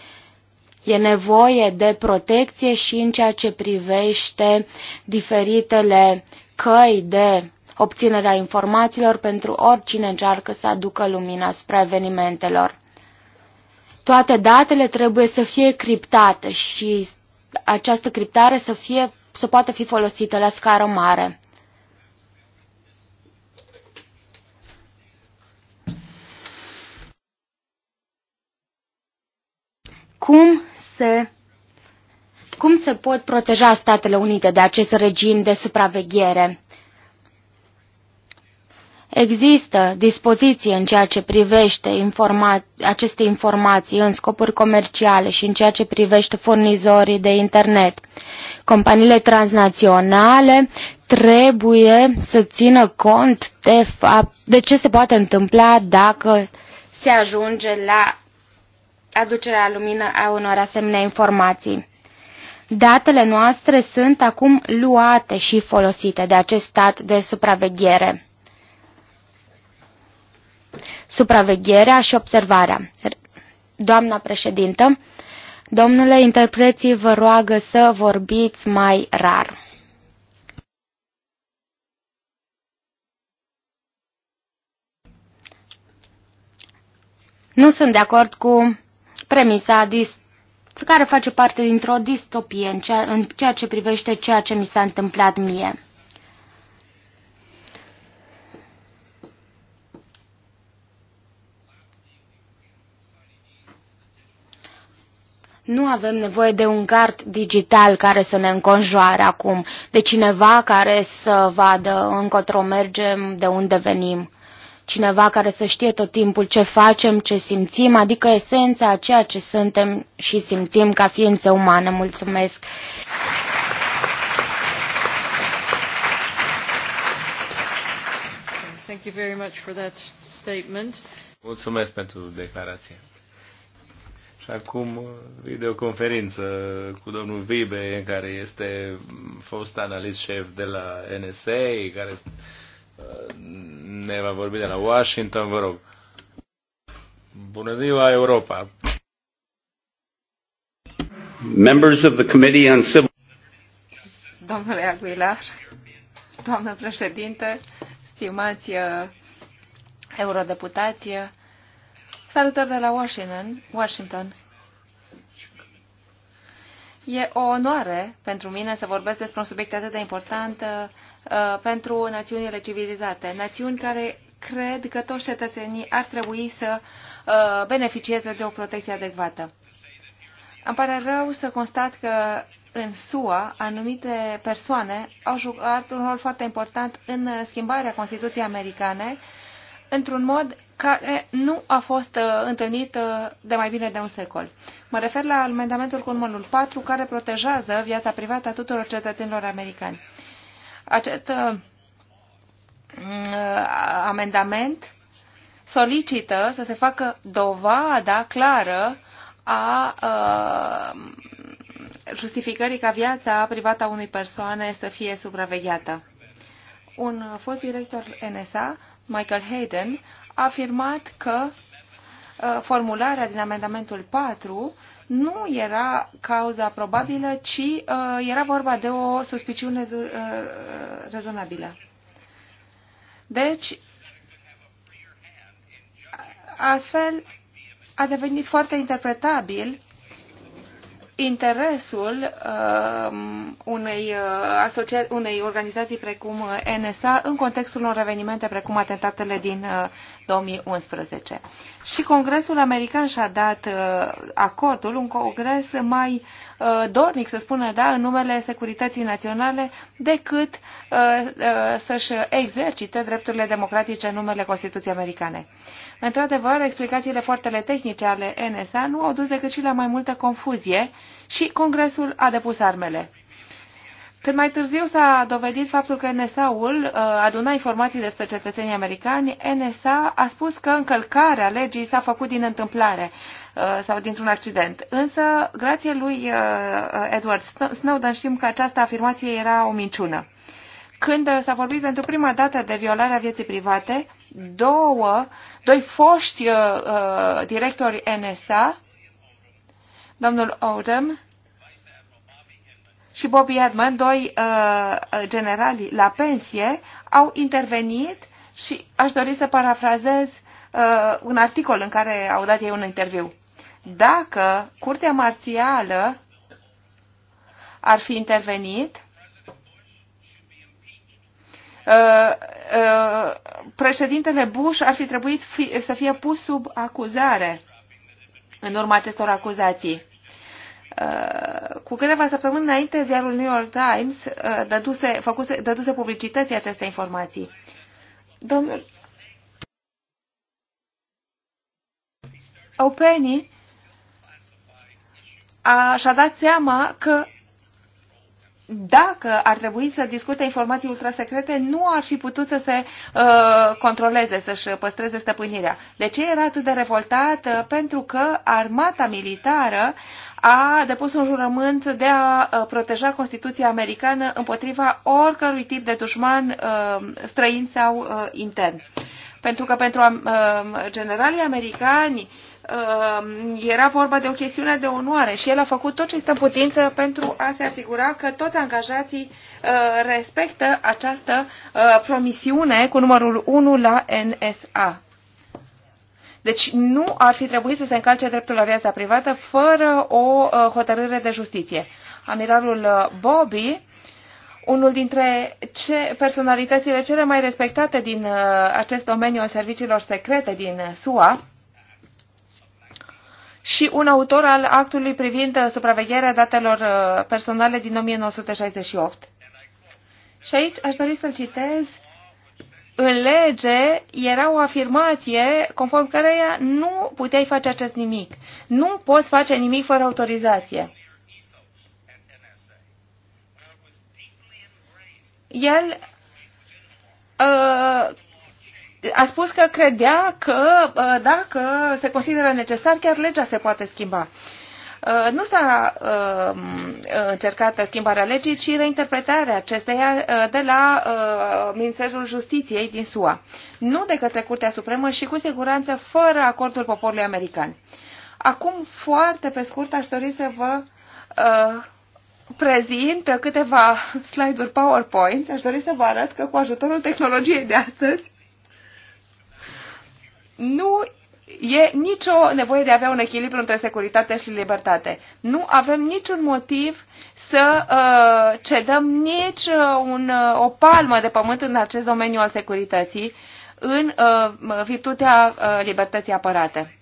E nevoie de protecție și în ceea ce privește diferitele căi de obținerea informațiilor pentru oricine încearcă să aducă lumina spre evenimentelor. Toate datele trebuie să fie criptate și această criptare să, fie, să poată fi folosită la scară mare. Cum se, cum se pot proteja Statele Unite de acest regim de supraveghere? Există dispoziție în ceea ce privește informa aceste informații în scopuri comerciale și în ceea ce privește furnizorii de internet. Companiile transnaționale trebuie să țină cont de, de ce se poate întâmpla dacă se ajunge la aducerea lumină a unor asemenea informații. Datele noastre sunt acum luate și folosite de acest stat de supraveghere. Supravegherea și observarea. Doamna președintă, domnule, interpreții vă roagă să vorbiți mai rar. Nu sunt de acord cu premisa care face parte dintr-o distopie în ceea, în ceea ce privește ceea ce mi s-a întâmplat mie. Nu avem nevoie de un gard digital care să ne înconjoare acum, de cineva care să vadă încotro mergem, de unde venim cineva care să știe tot timpul ce facem, ce simțim, adică esența a ceea ce suntem și simțim ca ființe umane. Mulțumesc! Thank you very much for that statement. Mulțumesc pentru declarație. Și acum uh, videoconferință cu domnul Vibe, care este fost analist șef de la NSA, care Uh, ne va vorbi de la Washington, vă rog. Bună ziua, Europa! Members of the Committee on Civil Domnule Aguilar, doamnă președinte, stimați uh, eurodeputați, uh, salutări de la Washington. Washington. E o onoare pentru mine să vorbesc despre un subiect atât de important Uh, pentru națiunile civilizate, națiuni care cred că toți cetățenii ar trebui să uh, beneficieze de o protecție adecvată. Îmi pare rău să constat că în SUA, anumite persoane au jucat un rol foarte important în schimbarea Constituției americane într-un mod care nu a fost uh, întâlnit de mai bine de un secol. Mă refer la amendamentul cu numărul 4, care protejează viața privată a tuturor cetățenilor americani. Acest uh, uh, amendament solicită să se facă dovada clară a uh, justificării ca viața privată a unei persoane să fie supravegheată. Un fost director NSA, Michael Hayden, a afirmat că formularea din amendamentul 4 nu era cauza probabilă, ci uh, era vorba de o suspiciune uh, rezonabilă. Deci, astfel a devenit foarte interpretabil interesul uh, unei, uh, unei organizații precum uh, NSA în contextul unor evenimente precum atentatele din uh, 2011. Și Congresul American și-a dat uh, acordul, un congres mai uh, dornic, să spună da, în numele securității naționale, decât uh, uh, să-și exercite drepturile democratice în numele Constituției Americane. Într-adevăr, explicațiile foarte tehnice ale NSA nu au dus decât și la mai multă confuzie și Congresul a depus armele. Când mai târziu s-a dovedit faptul că NSA-ul uh, aduna informații despre cetățenii americani, NSA a spus că încălcarea legii s-a făcut din întâmplare uh, sau dintr-un accident. Însă, grație lui uh, Edward Snowden, știm că această afirmație era o minciună. Când s-a vorbit pentru prima dată de violarea vieții private, două, doi foști uh, uh directori NSA, domnul Odom și Bobby Edman, doi uh, uh, generali la pensie, au intervenit și aș dori să parafrazez uh, un articol în care au dat ei un interviu. Dacă Curtea Marțială ar fi intervenit, președintele Bush ar fi trebuit fi, să fie pus sub acuzare în urma acestor acuzații. Uh, cu câteva săptămâni înainte, ziarul New York Times uh, dăduse, făcuse, dăduse publicității aceste informații. Domnul Openi și-a dat seama că dacă ar trebui să discute informații ultrasecrete, nu ar fi putut să se uh, controleze, să-și păstreze stăpânirea. De ce era atât de revoltat? Uh, pentru că armata militară a depus un jurământ de a uh, proteja Constituția americană împotriva oricărui tip de dușman uh, străin sau uh, intern. Pentru că pentru uh, generalii americani uh, Um, era vorba de o chestiune de onoare și el a făcut tot ce este în putință pentru a se asigura că toți angajații uh, respectă această uh, promisiune cu numărul 1 la NSA. Deci nu ar fi trebuit să se încalce dreptul la viața privată fără o uh, hotărâre de justiție. Amiralul Bobby unul dintre ce, personalitățile cele mai respectate din acest domeniu al serviciilor secrete din SUA, și un autor al actului privind uh, supravegherea datelor uh, personale din 1968. Și aici aș dori să-l citez. În lege era o afirmație conform căreia nu puteai face acest nimic. Nu poți face nimic fără autorizație. El uh, a spus că credea că uh, dacă se consideră necesar, chiar legea se poate schimba. Uh, nu s-a uh, încercat schimbarea legii, ci reinterpretarea acesteia de la Ministerul Justiției din SUA, nu de către Curtea Supremă și cu siguranță fără acordul poporului american. Acum, foarte pe scurt, aș dori să vă prezint câteva slide-uri PowerPoint. Aș dori să vă arăt că cu ajutorul tehnologiei de astăzi nu e nicio nevoie de a avea un echilibru între securitate și libertate. Nu avem niciun motiv să uh, cedăm nici uh, un, uh, o palmă de pământ în acest domeniu al securității în uh, virtutea uh, libertății apărate.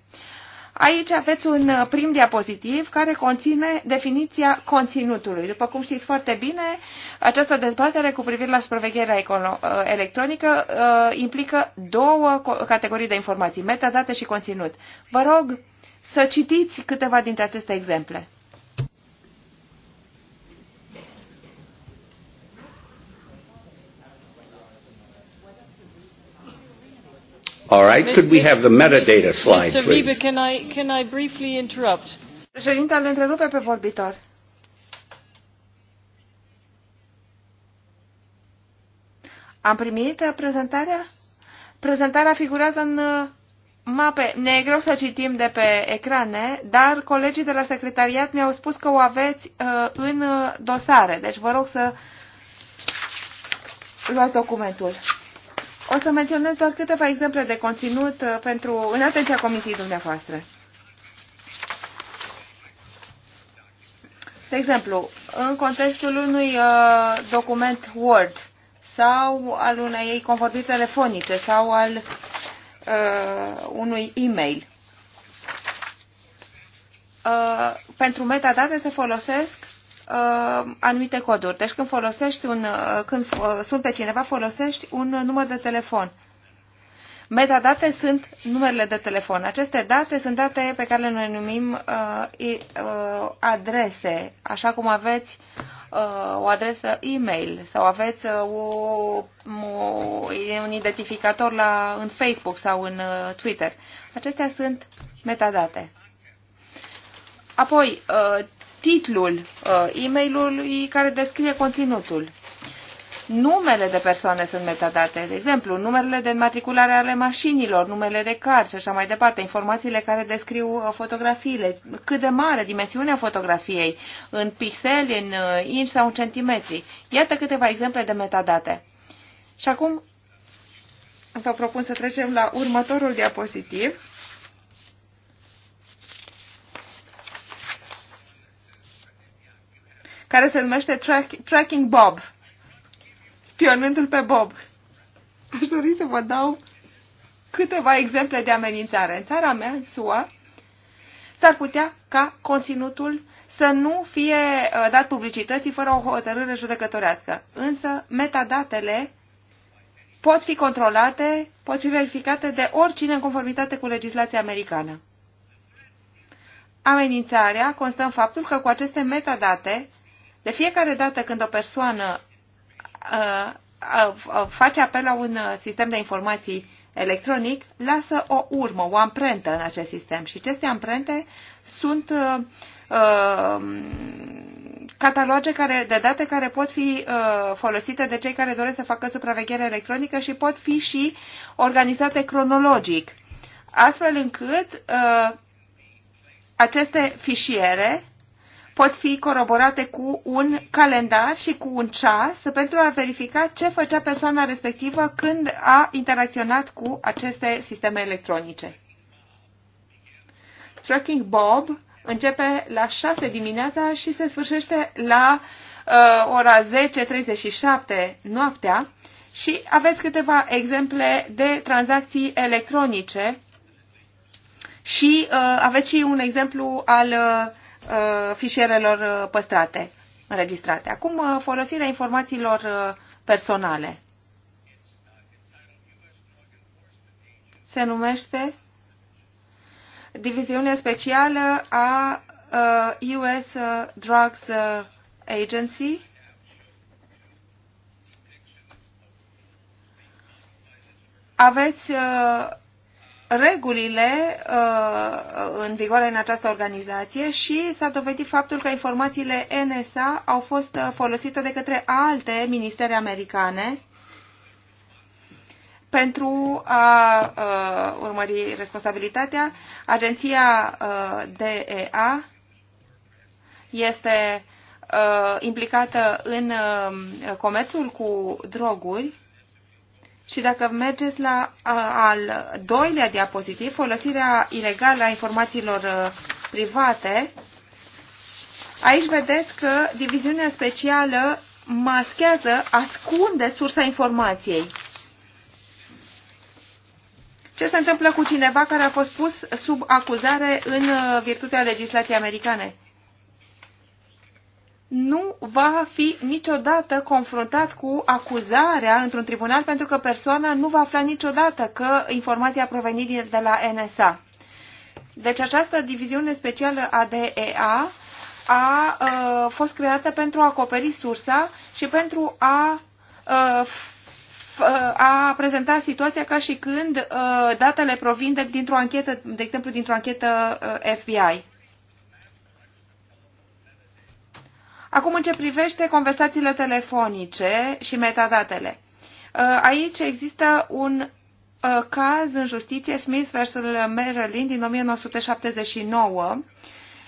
Aici aveți un uh, prim diapozitiv care conține definiția conținutului. După cum știți foarte bine, această dezbatere cu privire la supravegherea uh, electronică uh, implică două categorii de informații, metadate și conținut. Vă rog să citiți câteva dintre aceste exemple. All right, could we have the metadata slide, please? Mr. Liebe, can I, can I briefly interrupt? Președintele întrerupe pe vorbitor. Am primit uh, prezentarea? Prezentarea figurează în uh, mape. Ne e greu să citim de pe ecrane, dar colegii de la secretariat mi-au spus că o aveți uh, în uh, dosare. Deci vă rog să luați documentul. O să menționez doar câteva exemple de conținut uh, pentru, în atenția comisiei dumneavoastră. De exemplu, în contextul unui uh, document Word sau al unei convorbiri telefonice sau al uh, unui e-mail. Uh, pentru metadate se folosesc uh, anumite coduri. Deci când folosești un, uh, când uh, sunt pe cineva, folosești un uh, număr de telefon. Metadate sunt numerele de telefon. Aceste date sunt date pe care noi numim uh, uh, adrese, așa cum aveți uh, o adresă e-mail sau aveți uh, o, o, un identificator la, în Facebook sau în uh, Twitter. Acestea sunt metadate. Apoi, uh, titlul uh, e mail care descrie conținutul. Numele de persoane sunt metadate, de exemplu, numerele de înmatriculare ale mașinilor, numele de car și așa mai departe, informațiile care descriu uh, fotografiile, cât de mare dimensiunea fotografiei, în pixeli, în uh, inci sau în centimetri. Iată câteva exemple de metadate. Și acum vă propun să trecem la următorul diapozitiv care se numește Track, Tracking Bob. Spionându-l pe Bob. Aș dori să vă dau câteva exemple de amenințare. În țara mea, în SUA, s-ar putea ca conținutul să nu fie uh, dat publicității fără o hotărâre judecătorească. Însă metadatele pot fi controlate, pot fi verificate de oricine în conformitate cu legislația americană. Amenințarea constă în faptul că cu aceste metadate de fiecare dată când o persoană uh, uh, uh, face apel la un sistem de informații electronic, lasă o urmă, o amprentă în acest sistem. Și aceste amprente sunt uh, cataloge care, de date care pot fi uh, folosite de cei care doresc să facă supraveghere electronică și pot fi și organizate cronologic, astfel încât uh, aceste fișiere pot fi coroborate cu un calendar și cu un ceas pentru a verifica ce făcea persoana respectivă când a interacționat cu aceste sisteme electronice. Tracking Bob începe la 6 dimineața și se sfârșește la uh, ora 10.37 noaptea și aveți câteva exemple de tranzacții electronice și uh, aveți și un exemplu al uh, Uh, fișierelor uh, păstrate, înregistrate. Acum, uh, folosirea informațiilor personale. Se numește diviziunea Specială a US Drugs Agency. Aveți regulile uh, în vigoare în această organizație și s-a dovedit faptul că informațiile NSA au fost uh, folosite de către alte ministere americane pentru a uh, urmări responsabilitatea. Agenția DEA este implicată în comerțul cu droguri și dacă mergeți la al doilea diapozitiv, folosirea ilegală a informațiilor uh, private, aici vedeți că diviziunea specială maschează, ascunde sursa informației. Ce se întâmplă cu cineva care a fost pus sub acuzare în uh, virtutea legislației americane? nu va fi niciodată confruntat cu acuzarea într-un tribunal pentru că persoana nu va afla niciodată că informația a provenit de la NSA. Deci această diviziune specială a DEA a, a ă, fost creată pentru a acoperi sursa și pentru a, a, ă, ă, a prezenta situația ca și când a, datele provin de, dintr-o anchetă, de exemplu dintr-o anchetă FBI. Acum, în ce privește conversațiile telefonice și metadatele, uh, aici există un uh, caz în justiție Smith vs. Maryland din 1979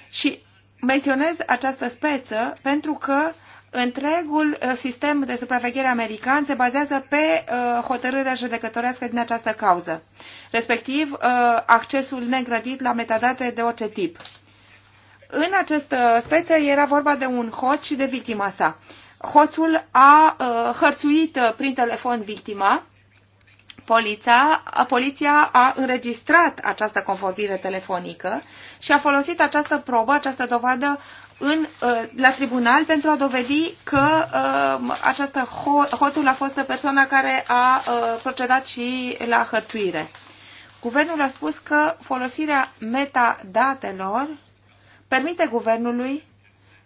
și menționez această speță pentru că întregul uh, sistem de supraveghere american se bazează pe hotărârea judecătorească din această cauză, respectiv accesul negrădit la metadate de orice tip în această speță era vorba de un hoț și de victima sa. Hoțul a uh, hărțuit uh, prin telefon victima. Poliția, poliția a înregistrat această convorbire telefonică și a folosit această probă, această dovadă în, uh, la tribunal pentru a dovedi că uh, această hotul a fost persoana care a uh, procedat și la hărțuire. Guvernul a spus că folosirea metadatelor permite guvernului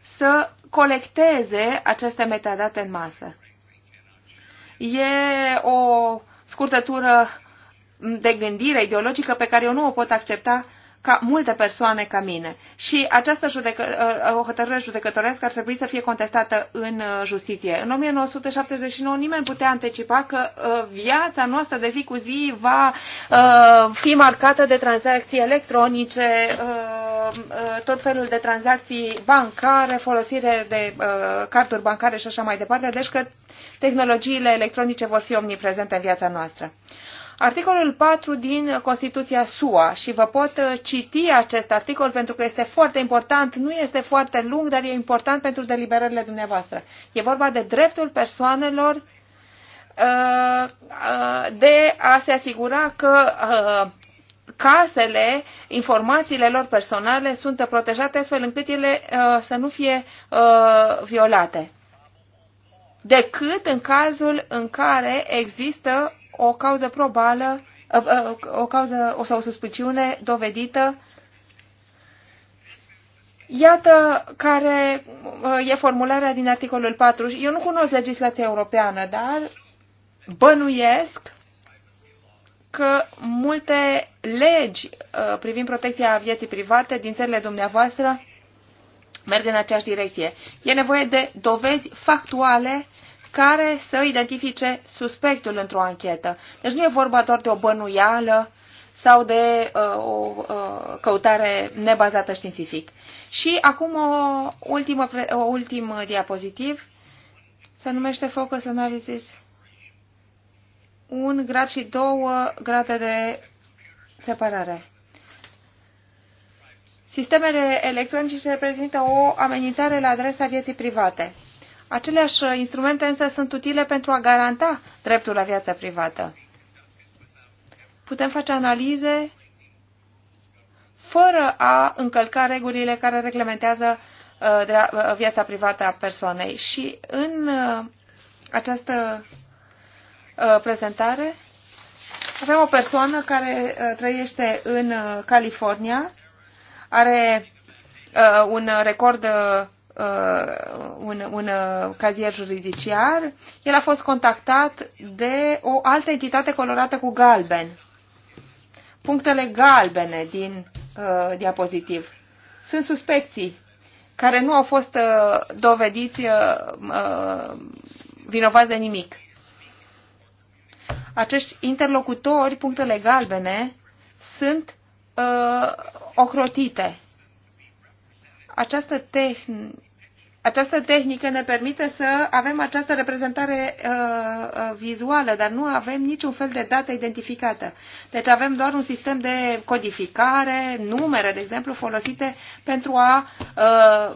să colecteze aceste metadate în masă. E o scurtătură de gândire ideologică pe care eu nu o pot accepta ca multe persoane ca mine. Și această judecă, uh, o hotărâre judecătorească ar trebui să fie contestată în uh, justiție. În 1979 nimeni putea anticipa că uh, viața noastră de zi cu zi va fi marcată de tranzacții electronice, tot felul de tranzacții bancare, folosire de carduri bancare și așa mai departe. Deci că tehnologiile electronice vor fi omniprezente în viața noastră. Articolul 4 din Constituția SUA și vă pot uh, citi acest articol pentru că este foarte important, nu este foarte lung, dar e important pentru deliberările dumneavoastră. E vorba de dreptul persoanelor uh, uh, de a se asigura că casele, informațiile lor personale sunt protejate astfel încât ele să nu fie violate decât în cazul în care există o cauză probală, ă, ă, o cauză o, sau o suspiciune dovedită. Iată care ă, e formularea din articolul 4. Eu nu cunosc legislația europeană, dar bănuiesc că multe legi privind protecția vieții private din țările dumneavoastră merg în aceeași direcție. E nevoie de dovezi factuale care să identifice suspectul într-o anchetă. Deci nu e vorba doar de o bănuială sau de uh, o uh, căutare nebazată științific. Și acum o ultimă, o ultimă diapozitiv se numește Focus Analysis. Un grad și două grade de separare. Sistemele electronice reprezintă o amenințare la adresa vieții private. Aceleași instrumente însă sunt utile pentru a garanta dreptul la viața privată. Putem face analize fără a încălca regulile care reglementează uh, uh, viața privată a persoanei. Și în uh, această prezentare avem o persoană care trăiește în California, are un record Uh, un, un uh, cazier juridiciar, el a fost contactat de o altă entitate colorată cu galben. Punctele galbene din uh, diapozitiv sunt suspecții care nu au fost uh, dovediți uh, uh vinovați de nimic. Acești interlocutori, punctele galbene, sunt uh, ocrotite această tehn această tehnică ne permite să avem această reprezentare uh, uh, vizuală, dar nu avem niciun fel de dată identificată. Deci avem doar un sistem de codificare, numere, de exemplu, folosite pentru a uh,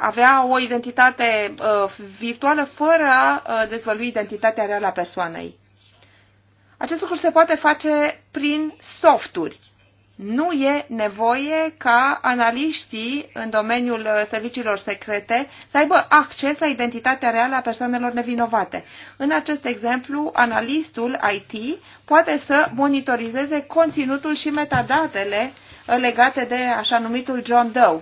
avea o identitate uh, virtuală fără a uh, dezvălui identitatea reală a persoanei. Acest lucru se poate face prin softuri nu e nevoie ca analiștii în domeniul uh, serviciilor secrete să aibă acces la identitatea reală a persoanelor nevinovate. În acest exemplu, analistul IT poate să monitorizeze conținutul și metadatele uh, legate de așa numitul John Doe.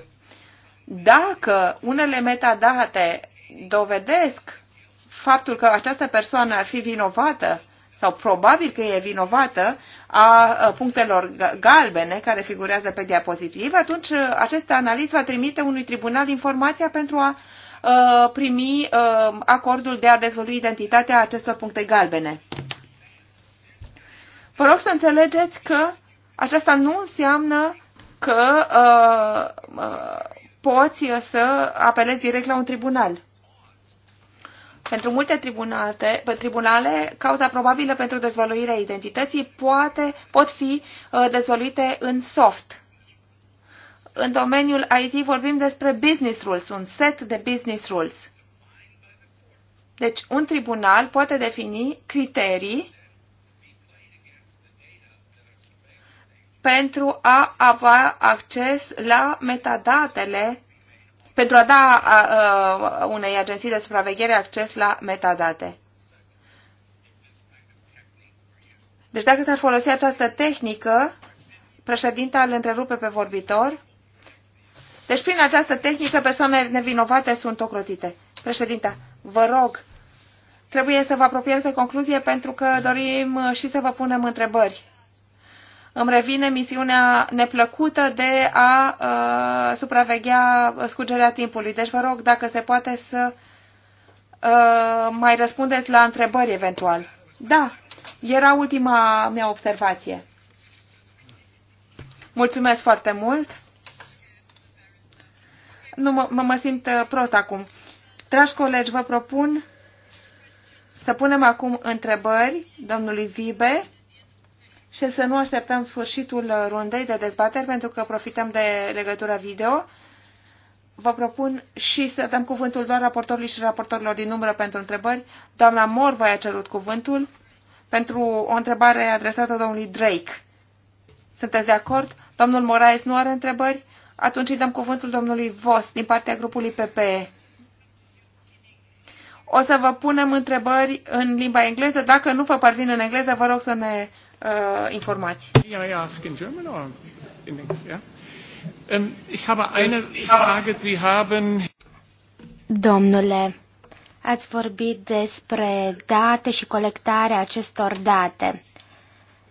Dacă unele metadate dovedesc faptul că această persoană ar fi vinovată, sau probabil că e vinovată a punctelor galbene care figurează pe diapozitiv, atunci uh, acest analist va trimite unui tribunal informația pentru a uh, primi uh, acordul de a dezvălui identitatea acestor puncte galbene. Vă rog să înțelegeți că aceasta nu înseamnă că uh, uh, poți să apelezi direct la un tribunal. Pentru multe tribunate, tribunale, cauza probabilă pentru dezvăluirea identității poate, pot fi uh, dezvăluite în soft. În domeniul IT vorbim despre business rules, un set de business rules. Deci un tribunal poate defini criterii pentru a avea acces la metadatele pentru a da a, unei agenții de supraveghere acces la metadate. Deci dacă s-ar folosi această tehnică, președinta îl întrerupe pe vorbitor. Deci prin această tehnică persoane nevinovate sunt ocrotite. Președinta, vă rog, trebuie să vă apropiați de concluzie pentru că dorim și să vă punem întrebări îmi revine misiunea neplăcută de a uh, supraveghea scurgerea timpului. Deci vă rog dacă se poate să uh, mai răspundeți la întrebări eventual. Da, era ultima mea observație. Mulțumesc foarte mult. Nu mă, mă simt uh, prost acum. Dragi colegi, vă propun să punem acum întrebări domnului Vibe și să nu așteptăm sfârșitul rundei de dezbateri pentru că profităm de legătura video. Vă propun și să dăm cuvântul doar raportorului și raportorilor din umbră pentru întrebări. Doamna Morva a cerut cuvântul pentru o întrebare adresată domnului Drake. Sunteți de acord? Domnul Moraes nu are întrebări? Atunci îi dăm cuvântul domnului Vos din partea grupului PPE. O să vă punem întrebări în limba engleză. Dacă nu vă parvin în engleză, vă rog să ne uh, informați. Domnule, ați vorbit despre date și colectarea acestor date.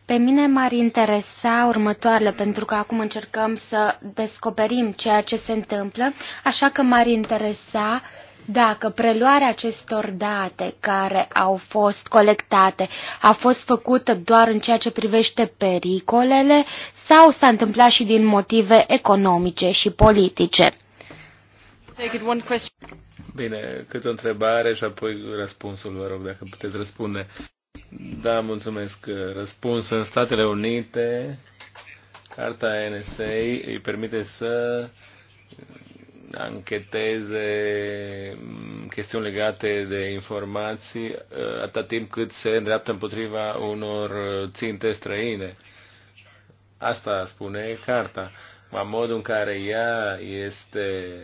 Pe mine m-ar interesa următoarele, pentru că acum încercăm să descoperim ceea ce se întâmplă, așa că m-ar interesa uh, dacă preluarea acestor date care au fost colectate a fost făcută doar în ceea ce privește pericolele sau s-a întâmplat și din motive economice și politice? Bine, câte o întrebare și apoi răspunsul, vă rog, dacă puteți răspunde. Da, mulțumesc. Răspuns în Statele Unite, Carta NSA îi permite să ancheteze mm, chestiuni legate de informații uh, atât timp cât se îndreaptă împotriva unor uh, ținte străine. Asta spune carta. Ma modul în care ea este,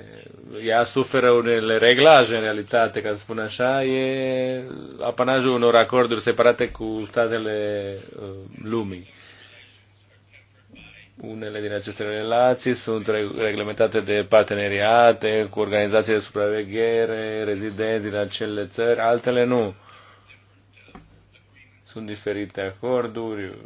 ea suferă unele reglaje în realitate, ca să spun așa, e apanajul unor acorduri separate cu statele uh, lumii. Unele din aceste relații sunt reglementate de parteneriate cu organizații de supraveghere, rezidenți din acele țări, altele nu. Sunt diferite acorduri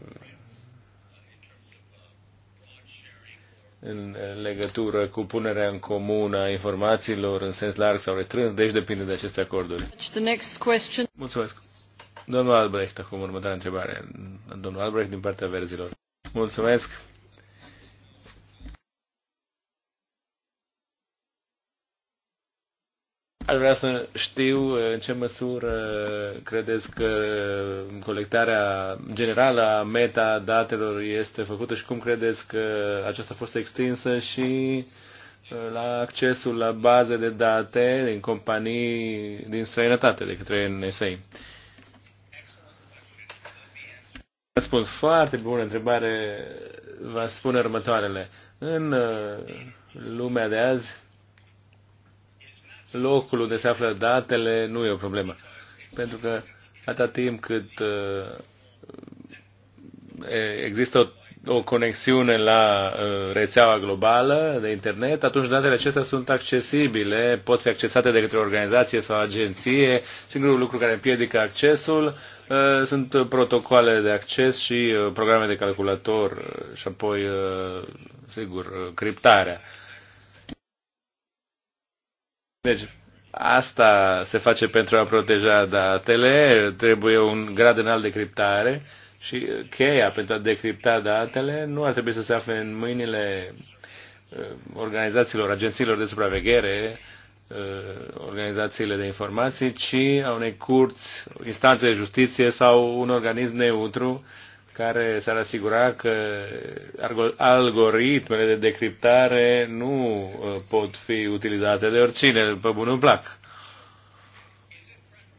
în legătură cu punerea în comun a informațiilor în sens larg sau restrâns, deci depinde de aceste acorduri. Mulțumesc. Domnul Albrecht, acum următoarea întrebare. Domnul Albrecht, din partea verzilor. Mulțumesc. Aș vrea să știu uh, în ce măsură credeți că uh, colectarea generală a metadatelor este făcută și cum credeți că aceasta a fost extinsă și uh, la accesul la baze de date din companii din străinătate de către NSA. Răspuns foarte bună întrebare. Vă spun următoarele. În lumea de azi, locul unde se află datele nu e o problemă. Pentru că atâta timp cât uh, există o o conexiune la uh, rețeaua globală de internet, atunci datele acestea sunt accesibile, pot fi accesate de către o organizație sau agenție. Singurul lucru care împiedică accesul uh, sunt protocoale de acces și programe de calculator și apoi, sigur, criptarea. Deci, asta se face pentru a proteja datele, trebuie un grad înalt de criptare și cheia pentru a decripta datele nu ar trebui să se afle în mâinile uh, organizațiilor, agențiilor de supraveghere, uh, organizațiile de informații, ci a unei curți, instanțe de justiție sau un organism neutru care s-ar asigura că algoritmele de decriptare nu uh, pot fi utilizate de oricine, pe bunul plac.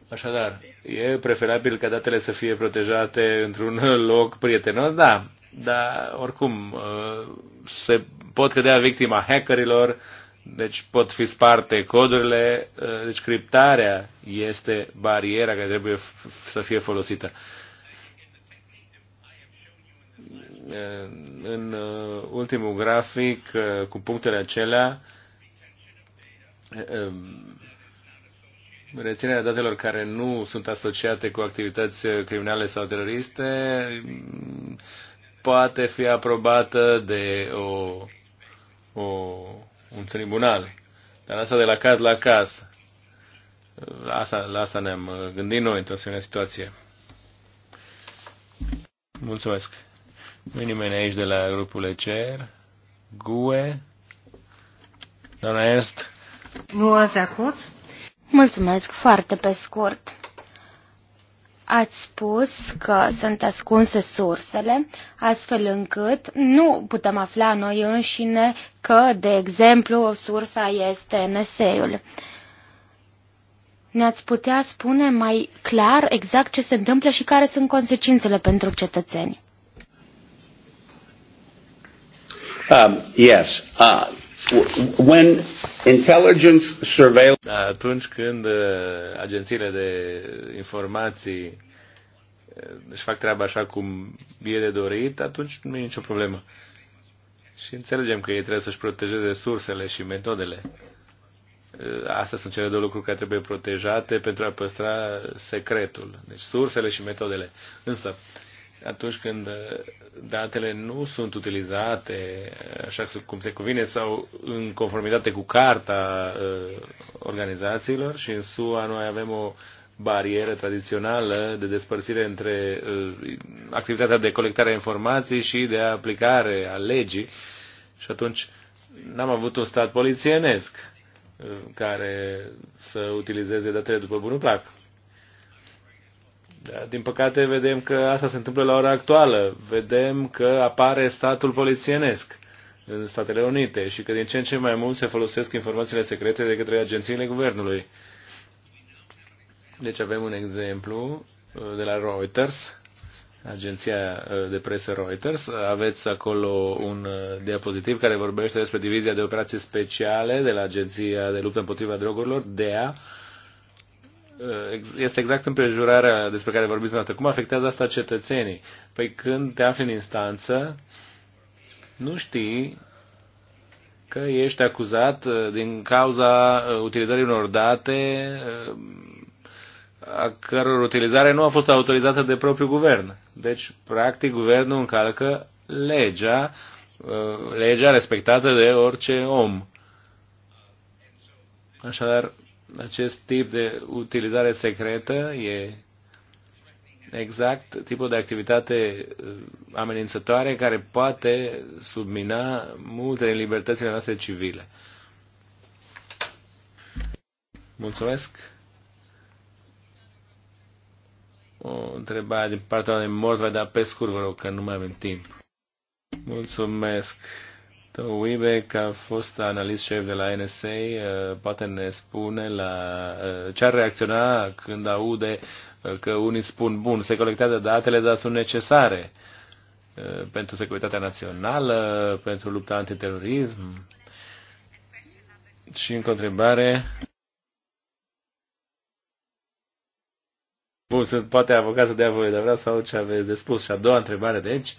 Așadar, e preferabil ca datele să fie protejate într-un loc prietenos, da, dar oricum uh, se pot cădea victima hackerilor, deci pot fi sparte codurile, uh, deci criptarea este bariera care trebuie să fie folosită. Eh, în eh, ultimul grafic, eh, cu punctele acelea, reținerea datelor care nu sunt asociate cu activități criminale sau teroriste poate fi aprobată de o, o, un tribunal. Dar asta de la caz la caz. La asta, la asta ne-am gândit noi într-o asemenea situație. Mulțumesc. Nu e nimeni aici de la grupul ECR. GUE. Doamna Ernst. Bună ziua, Mulțumesc foarte pe scurt. Ați spus că sunt ascunse sursele, astfel încât nu putem afla noi înșine că, de exemplu, sursa este NSE-ul. Ne-ați putea spune mai clar exact ce se întâmplă și care sunt consecințele pentru cetățeni. Um, yes. Uh, when intelligence surveillance... Da, atunci când uh, agențiile de informații uh, își fac treaba așa cum e de dorit, atunci nu e nicio problemă. Și înțelegem că ei trebuie să-și protejeze sursele și metodele. Uh, astea sunt cele două lucruri care trebuie protejate pentru a păstra secretul. Deci sursele și metodele. Însă, atunci când uh, datele nu sunt utilizate uh, așa cum se cuvine sau în conformitate cu carta uh, organizațiilor și în SUA noi avem o barieră tradițională de despărțire între activitatea de colectare a informații și de aplicare a legii și atunci n-am avut un stat polițienesc care să utilizeze datele după bunul plac. Da, din păcate vedem că asta se întâmplă la ora actuală. Vedem că apare statul polițienesc în Statele Unite și că din ce în ce mai mult se folosesc informațiile secrete de către agențiile guvernului. Deci avem un exemplu uh, de la Reuters, agenția uh, de presă Reuters. Aveți acolo un uh, diapozitiv care vorbește despre divizia de operații speciale de la Agenția de luptă împotriva drogurilor, DEA, este exact împrejurarea despre care vorbim dumneavoastră. Cum afectează asta cetățenii? Păi când te afli în instanță, nu știi că ești acuzat uh, din cauza uh, utilizării unor date uh, a căror utilizare nu a fost autorizată de propriul guvern. Deci, practic, guvernul încalcă legea, legea respectată de orice om. Așadar, acest tip de utilizare secretă e exact tipul de activitate uh, amenințătoare care poate submina multe din libertățile noastre civile. Mulțumesc. O întrebare din partea de Mordva, dar pe scurt vă rog că nu mai avem timp. Mulțumesc. Uibe, că a fost analist șef de la NSA, uh, poate ne spune la uh, ce ar reacționa când aude uh, că unii spun, bun, se colectează datele, dar sunt necesare pentru securitatea națională, pentru lupta antiterorism. Și încă o întrebare. Bun, sunt poate avocatul de voi, dar vreau să aud ce aveți de spus. Și a doua întrebare, deci, uh,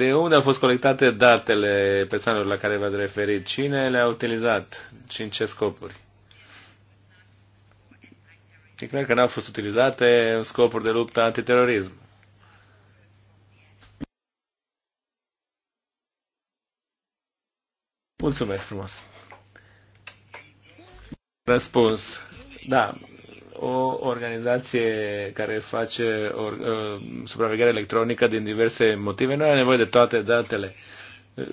de unde au fost colectate datele persoanelor la care v-ați referit? Cine le-a utilizat și în ce scopuri? E clar că n-au fost utilizate în scopuri de luptă antiterorism. Mulțumesc frumos. Răspuns. Da, o organizație care face or, uh, supraveghere electronică din diverse motive nu are nevoie de toate datele. Uh,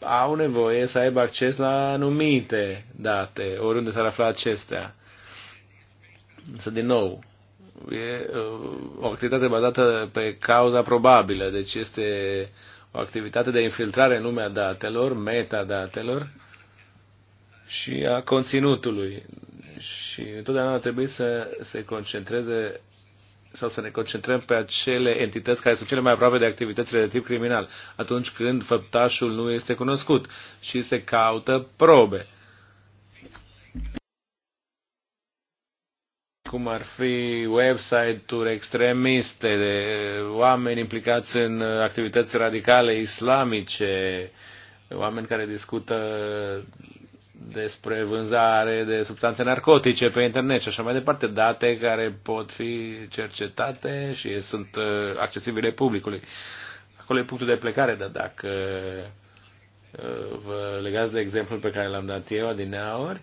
au nevoie să aibă acces la anumite date, oriunde s-ar afla acestea. Însă, din nou, e uh, o activitate bazată pe cauza probabilă, deci este o activitate de infiltrare în lumea datelor, metadatelor și a conținutului și întotdeauna trebuie să se concentreze sau să ne concentrăm pe acele entități care sunt cele mai aproape de activitățile de tip criminal, atunci când făptașul nu este cunoscut și se caută probe. cum ar fi website-uri extremiste, de oameni implicați în activități radicale islamice, oameni care discută despre vânzare de substanțe narcotice pe internet și așa mai departe, date care pot fi cercetate și sunt uh, accesibile publicului. Acolo e punctul de plecare, dar dacă uh, vă legați de exemplul pe care l-am dat eu adineauri,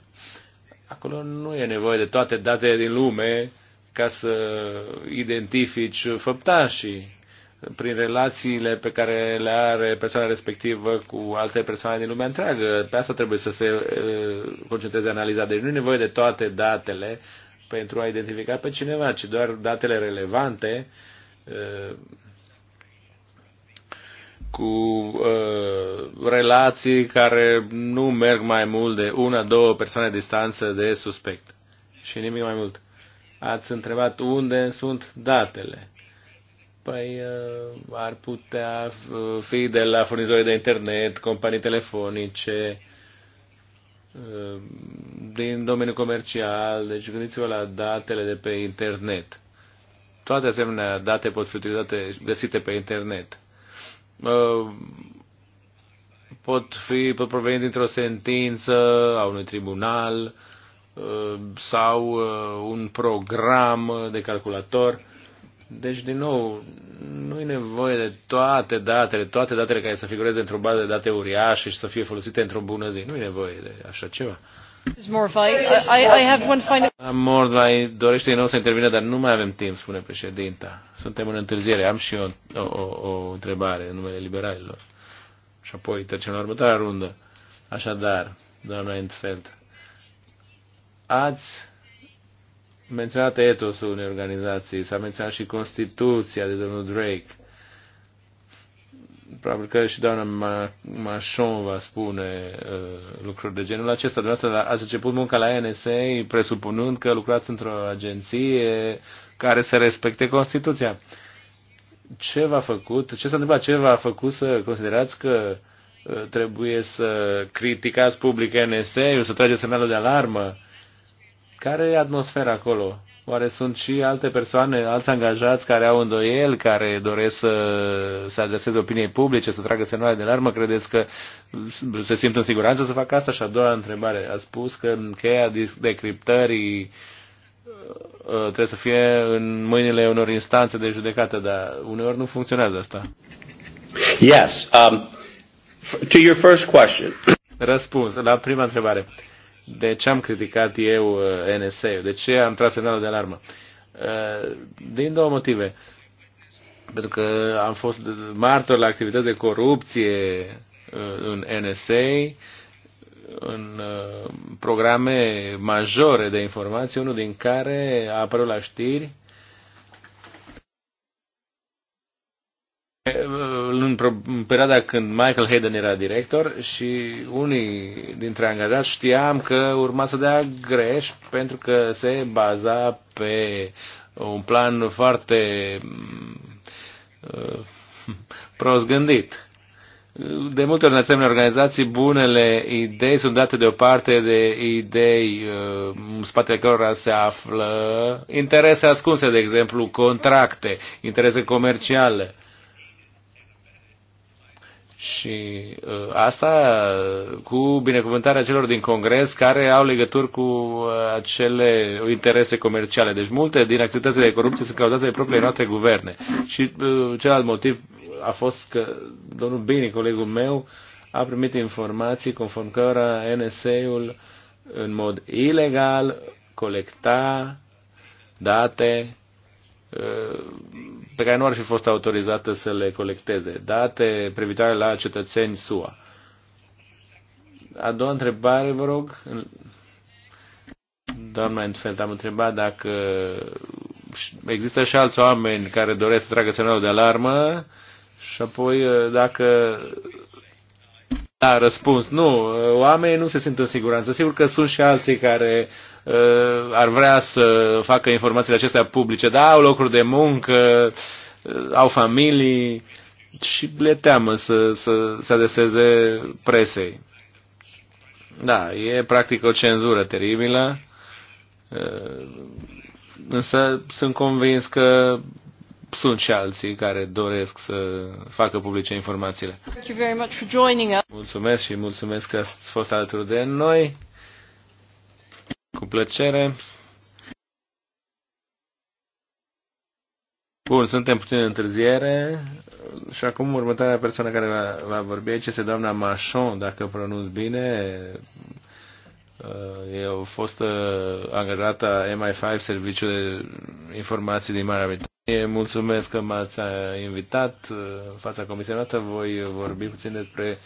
acolo nu e nevoie de toate datele din lume ca să identifici făptașii prin relațiile pe care le are persoana respectivă cu alte persoane din lumea întreagă. Pe asta trebuie să se concentreze analiza. Deci nu e nevoie de toate datele pentru a identifica pe cineva, ci doar datele relevante cu relații care nu merg mai mult de una, două persoane distanță de suspect. Și nimic mai mult. Ați întrebat unde sunt datele. Păi uh, ar putea uh, fi de la furnizori de internet, companii telefonice, uh, din domeniul comercial, deci gândiți-vă la datele de pe internet. Toate asemenea date pot fi utilizate, găsite pe internet. Pot fi, pot proveni dintr-o sentință a unui tribunal sau un program de calculator deci, din nou, nu e nevoie de toate datele, toate datele care să figureze într-o bază de date uriașă și să fie folosite într-o bună zi. Nu e nevoie de așa ceva. Morvai, I, I dorește din nou să intervine, dar nu mai avem timp, spune președinta. Suntem în întârziere. Am și eu o, o, o întrebare în numele liberalilor. Și apoi trecem la următoarea rundă. Așadar, doamna Entfeld, ați menționat etosul unei organizații, s-a menționat și Constituția de domnul Drake. Probabil că și doamna Machon va spune uh, lucruri de genul acesta. Dumneavoastră ați început munca la NSA presupunând că lucrați într-o agenție care să respecte Constituția. Ce v-a făcut? Ce s-a întâmplat? Ce v-a făcut să considerați că uh, trebuie să criticați public NSA-ul, să trageți semnalul de alarmă? Care e atmosfera acolo? Oare sunt și alte persoane, alți angajați care au îndoiel, care doresc să să adreseze opiniei publice, să tragă semnale de alarmă? Credeți că se simt în siguranță să facă asta? Și a doua întrebare. A spus că cheia decriptării uh, trebuie să fie în mâinile unor instanțe de judecată, dar uneori nu funcționează asta. Yes. Um, to your first question. Răspuns la prima întrebare. Uh, de ce am criticat eu uh, NSA-ul? De ce am tras semnalul de alarmă? Uh, din două motive. Pentru că am fost martor la activități de corupție uh, în NSA, în programe majore de informații, unul din care a apărut la știri în, perioada când Michael Hayden era director și unii dintre angajați știam că urma să dea greș pentru că se baza pe un plan foarte mm, uh, prost gândit. De multe ori în asemenea organizații, bunele idei sunt date deoparte de idei uh, în spatele cărora se află interese ascunse, de exemplu, contracte, interese comerciale și uh, asta cu binecuvântarea celor din Congres care au legături cu uh, acele interese comerciale. Deci multe din activitățile de corupție sunt cauzate de propriile noastre guverne. Și uh, celălalt motiv a fost că domnul Bini, colegul meu, a primit informații conform cărora NSA-ul în mod ilegal colecta date pe care nu ar fi fost autorizată să le colecteze, date privitoare la cetățeni SUA. A doua întrebare, vă rog, doamna Entfeld, am întrebat dacă există și alți oameni care doresc să tragă semnalul de alarmă și apoi uh, dacă da, răspuns, nu, uh, oamenii nu se simt în siguranță. Sigur că sunt și alții care Eh, ar vrea să facă informațiile acestea publice, dar au locuri de muncă, eh, au familii și le teamă să, să se adeseze presei. Da, e practic o cenzură teribilă, eh, însă sunt convins că sunt și alții care doresc să facă publice informațiile. Mulțumesc și mulțumesc că ați fost alături de noi plăcere. Bun, suntem puțin în întârziere și acum următoarea persoană care va, va vorbi aici este doamna Machon, dacă pronunț bine. Uh, e o fostă angajată a MI5, Serviciul de Informații din Marea Britanie. Mulțumesc că m-ați invitat uh, în fața comisiei noastră. Voi vorbi puțin despre uh,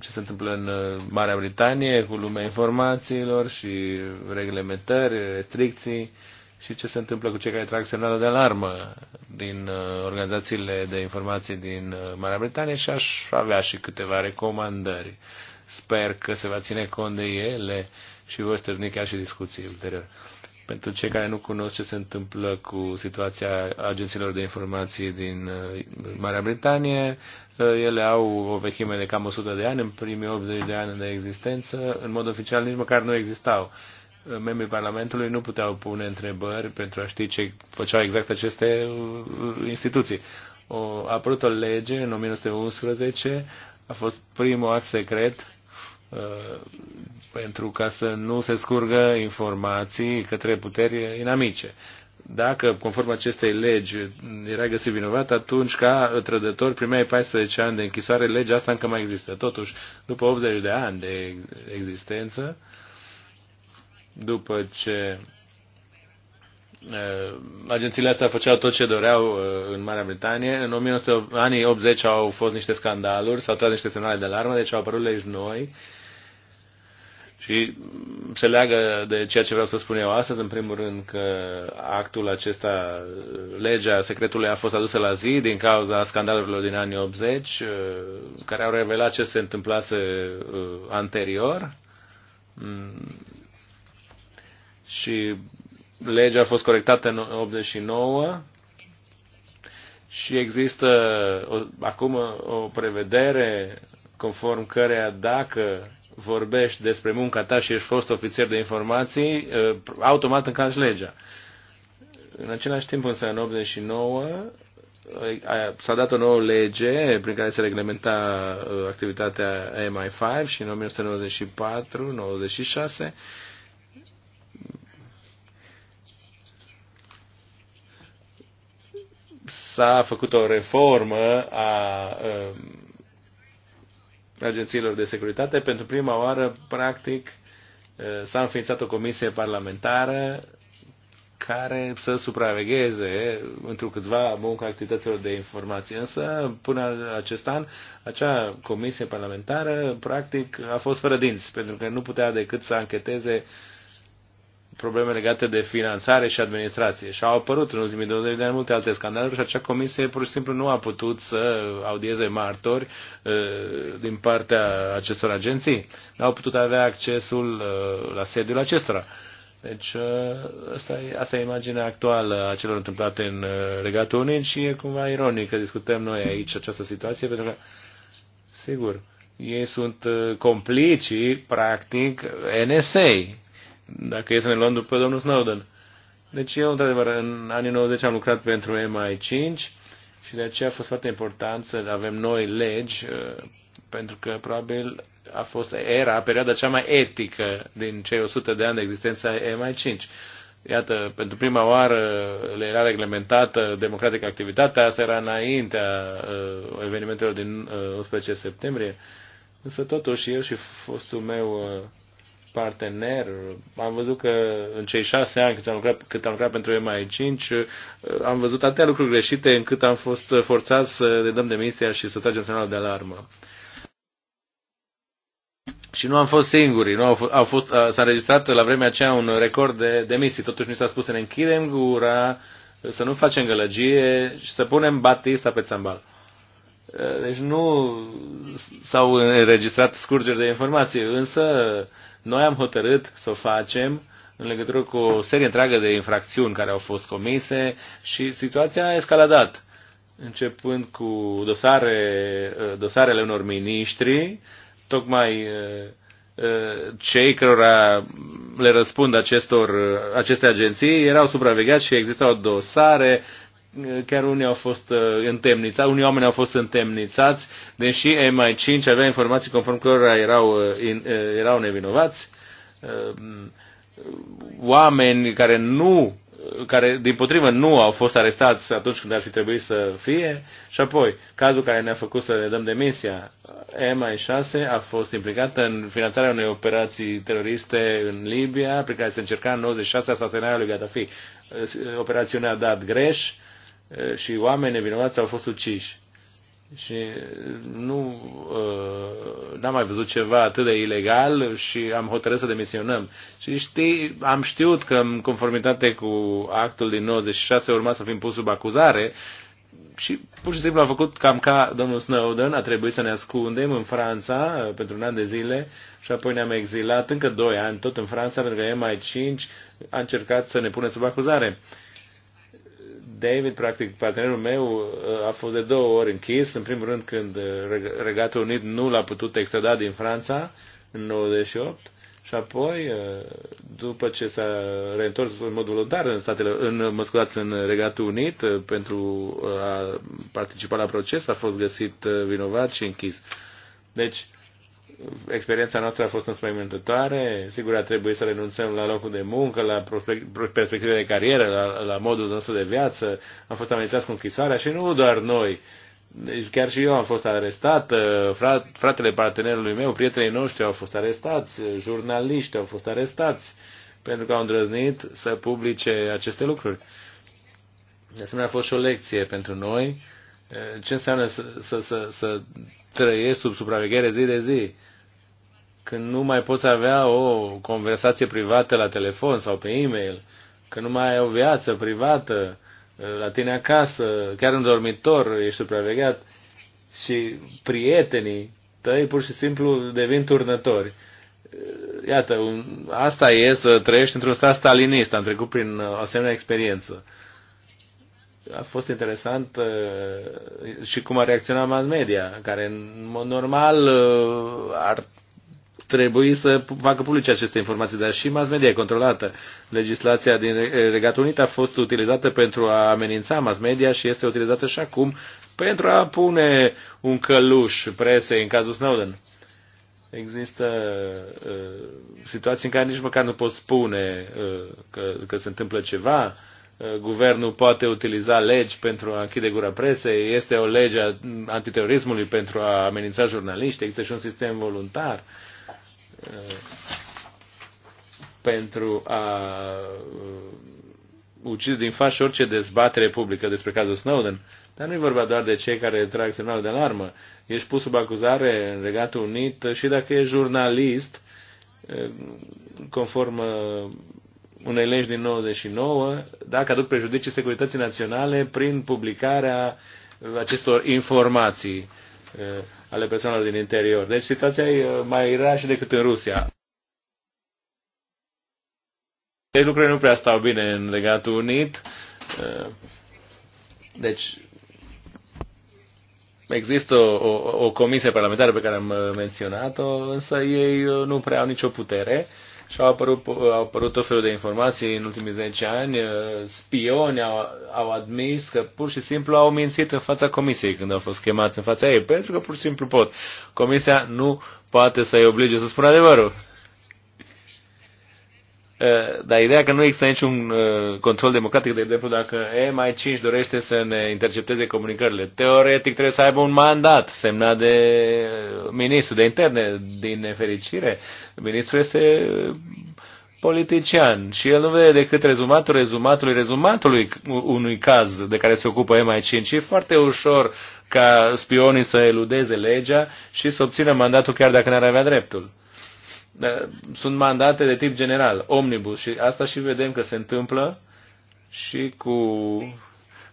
ce se întâmplă în uh, Marea Britanie cu lumea informațiilor și reglementări, restricții și ce se întâmplă cu cei care trag semnalul de alarmă din uh, organizațiile de informații din uh, Marea Britanie și aș avea și câteva recomandări. Sper că se va ține cont de ele și voi stârni chiar și discuții ulterior. Pentru cei care nu cunosc ce se întâmplă cu situația agențiilor de informații din uh, Marea Britanie, uh, ele au o vechime de cam 100 de ani, în primii 80 de ani de existență, în mod oficial nici măcar nu existau. Uh, membrii Parlamentului nu puteau pune întrebări pentru a ști ce făceau exact aceste instituții. a apărut o lege în 1911, a fost primul act secret Uh, pentru ca să nu se scurgă informații către puteri inamice. Dacă, conform acestei legi, era găsit vinovat, atunci, ca trădător, primeai 14 ani de închisoare. Legea asta încă mai există. Totuși, după 80 de ani de existență, după ce Eh, agențiile astea făceau tot ce doreau eh, în Marea Britanie. În 1900, anii 80 au fost niște scandaluri, s-au tras niște semnale de alarmă, deci au apărut legi noi. Și se leagă de ceea ce vreau să spun eu astăzi, în primul rând că actul acesta, eh, legea secretului a fost adusă la zi din cauza scandalurilor din anii 80, care au revelat ce se întâmplase anterior. Mm. Și legea a fost corectată în 89 și există o, acum o prevedere conform căreia dacă vorbești despre munca ta și ești fost ofițer de informații, ă, automat încalci legea. În același timp, însă, în 89, s-a dat o nouă lege prin care se reglementa ă, activitatea MI5 și în 1994-96 s-a făcut o reformă a um, agențiilor de securitate. Pentru prima oară, practic, uh, s-a înființat o comisie parlamentară care să supravegheze câtva munca activităților de informație. Însă, până acest an, acea comisie parlamentară, practic, a fost fără dinți, pentru că nu putea decât să ancheteze uh, probleme legate de finanțare și administrație. Și au apărut în ultimii 20 de ani multe alte scandaluri și acea comisie pur și simplu nu a putut să audieze martori uh, din partea acestor agenții. Nu au putut avea accesul uh, la sediul acestora. Deci uh, asta e, asta e imaginea actuală a celor întâmplate în Regatul Unit și e cumva ironic că discutăm noi aici această situație, pentru că, sigur, ei sunt complicii, practic, NSA, dacă e să ne luăm după domnul Snowden. Deci eu, într-adevăr, în anii 90 am lucrat pentru MI5 și de aceea a fost foarte important să avem noi legi, uh, pentru că probabil a fost era, perioada cea mai etică din cei 100 de ani de existență a MI5. Iată, pentru prima oară le era reglementată democratic activitatea, asta era înaintea uh, evenimentelor din uh, 11 septembrie, însă totuși eu și fostul meu uh, partener. Am văzut că în cei șase ani cât am lucrat, cât am lucrat pentru MI5, am văzut atâtea lucruri greșite încât am fost forțat să le dăm demisia și să tragem semnalul de alarmă. Și nu am fost singuri, nu au fost, au fost, s-a înregistrat la vremea aceea un record de demisii, totuși ni s-a spus să ne închidem gura, să nu facem gălăgie și să punem Batista pe țambal. Deci nu s-au înregistrat scurgeri de informații, însă noi am hotărât să o facem în legătură cu o serie întreagă de infracțiuni care au fost comise și situația a escaladat, începând cu dosare, uh, dosarele unor miniștri, tocmai uh, uh, cei cărora le răspund acestor, aceste agenții erau supravegheați și existau dosare chiar unii au fost uh, întemnițați, unii oameni au fost întemnițați, deși MI5 avea informații conform cărora erau, uh, uh, erau nevinovați, oameni care nu care din potrivă nu au fost arestați atunci când ar fi trebuit să fie și apoi cazul care ne-a făcut să ne dăm demisia MI6 a fost implicată în finanțarea unei operații teroriste în Libia prin care se încerca în 96 asasinarea lui Gaddafi operațiunea a dat greș Eh, și oameni nevinovați au fost uciși. Și eh, nu eh, n-am mai văzut ceva atât de ilegal și am hotărât să demisionăm. Și știi, am știut că în conformitate cu actul din 96 urma să fim pus sub acuzare și pur și simplu am făcut cam ca domnul Snowden, a trebuit să ne ascundem în Franța pentru un an de zile și apoi ne-am exilat încă doi ani tot în Franța pentru că MI5 a încercat să ne pune sub acuzare. Uh, David, practic, partenerul meu, uh, a fost de două ori închis. În primul rând când uh, Regatul Unit nu l-a putut extrada din Franța în 98 și apoi, uh, după ce s-a reîntors în mod voluntar în statele, în, mă scuzați, în Regatul Unit pentru a participa la proces, a fost găsit vinovat și închis. Deci, experiența noastră a fost înspăimântătoare. Sigur, a trebuit să renunțăm la locul de muncă, la perspective de carieră, la, la modul nostru de viață. Am fost amenințați cu închisoarea și nu doar noi. Deci chiar și eu am fost arestat, uh, fratele partenerului meu, prietenii noștri au fost arestați, uh, jurnaliști au fost arestați pentru că au îndrăznit să publice aceste lucruri. De asemenea, a fost și o lecție pentru noi uh, ce înseamnă să, să, să, să trăiesc sub supraveghere zi de zi, când nu mai poți avea o conversație privată la telefon sau pe e-mail, când nu mai ai o viață privată uh, la tine acasă, chiar în dormitor ești supravegheat și prietenii tăi pur și simplu devin turnători. Uh, iată, un, asta e să trăiești într-un stat stalinist. Am trecut prin uh, o asemenea experiență a fost interesant uh, și cum a reacționat mass media, care în mod normal uh, ar trebui să facă publice aceste informații, dar și mass media e controlată. Legislația din Regatul Unit a fost utilizată pentru a amenința mass media și este utilizată și acum pentru a pune un căluș presei în cazul Snowden. Există uh, situații în care nici măcar nu poți spune uh, că, că se întâmplă ceva, uh, Uh, guvernul poate utiliza legi pentru a închide gura presei, este o lege a antiterorismului pentru a amenința jurnaliști, există și un sistem voluntar uh, pentru a uh, ucide din fașă orice dezbatere publică despre cazul Snowden. Dar nu e vorba doar de cei care trag semnal de alarmă. Ești pus sub acuzare în Regatul Unit și dacă e jurnalist, conform unei legi din 99, dacă aduc prejudicii securității naționale prin publicarea acestor informații eh, ale persoanelor din interior. Deci situația e eh, mai rea și decât în Rusia. Deci lucrurile nu prea stau bine în Legatul Unit. Eh, deci există o, o, o comisie parlamentară pe care am menționat-o, însă ei nu prea au nicio putere. Și au apărut, au apărut tot felul de informații în ultimii 10 ani. Uh, Spioni au, au admis că pur și simplu au mințit în fața comisiei când au fost chemați în fața ei, pentru că pur și simplu pot. Comisia nu poate să-i oblige să spună adevărul. Uh, dar ideea că nu există niciun uh, control democratic, de exemplu, dacă MI5 dorește să ne intercepteze comunicările, teoretic trebuie să aibă un mandat semnat de uh, ministru de interne. Din nefericire, ministrul este politician și el nu vede decât rezumatul rezumatului rezumatului unui caz de care se ocupă MI5 și e foarte ușor ca spionii să eludeze legea și să obțină mandatul chiar dacă n-ar avea dreptul. Da, sunt mandate de tip general, omnibus, și asta și vedem că se întâmplă și cu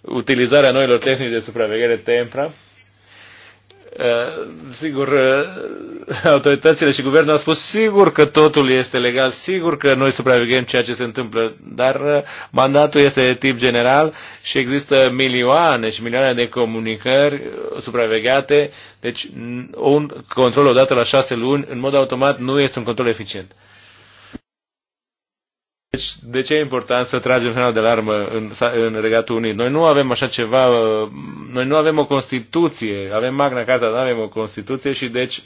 utilizarea noilor tehnici de supraveghere tempra, Eh, sigur, eh, autoritățile și guvernul au spus sigur că totul este legal, sigur că noi supraveghem ceea ce se întâmplă, dar eh, mandatul este de tip general și există milioane și milioane de comunicări supravegheate, deci un control odată la șase luni, în mod automat, nu este un control eficient. Deci, de ce e important să tragem semnal de alarmă în, în Regatul Unit? Noi nu avem așa ceva, uh, noi nu avem o Constituție, avem Magna Carta, nu avem o Constituție și deci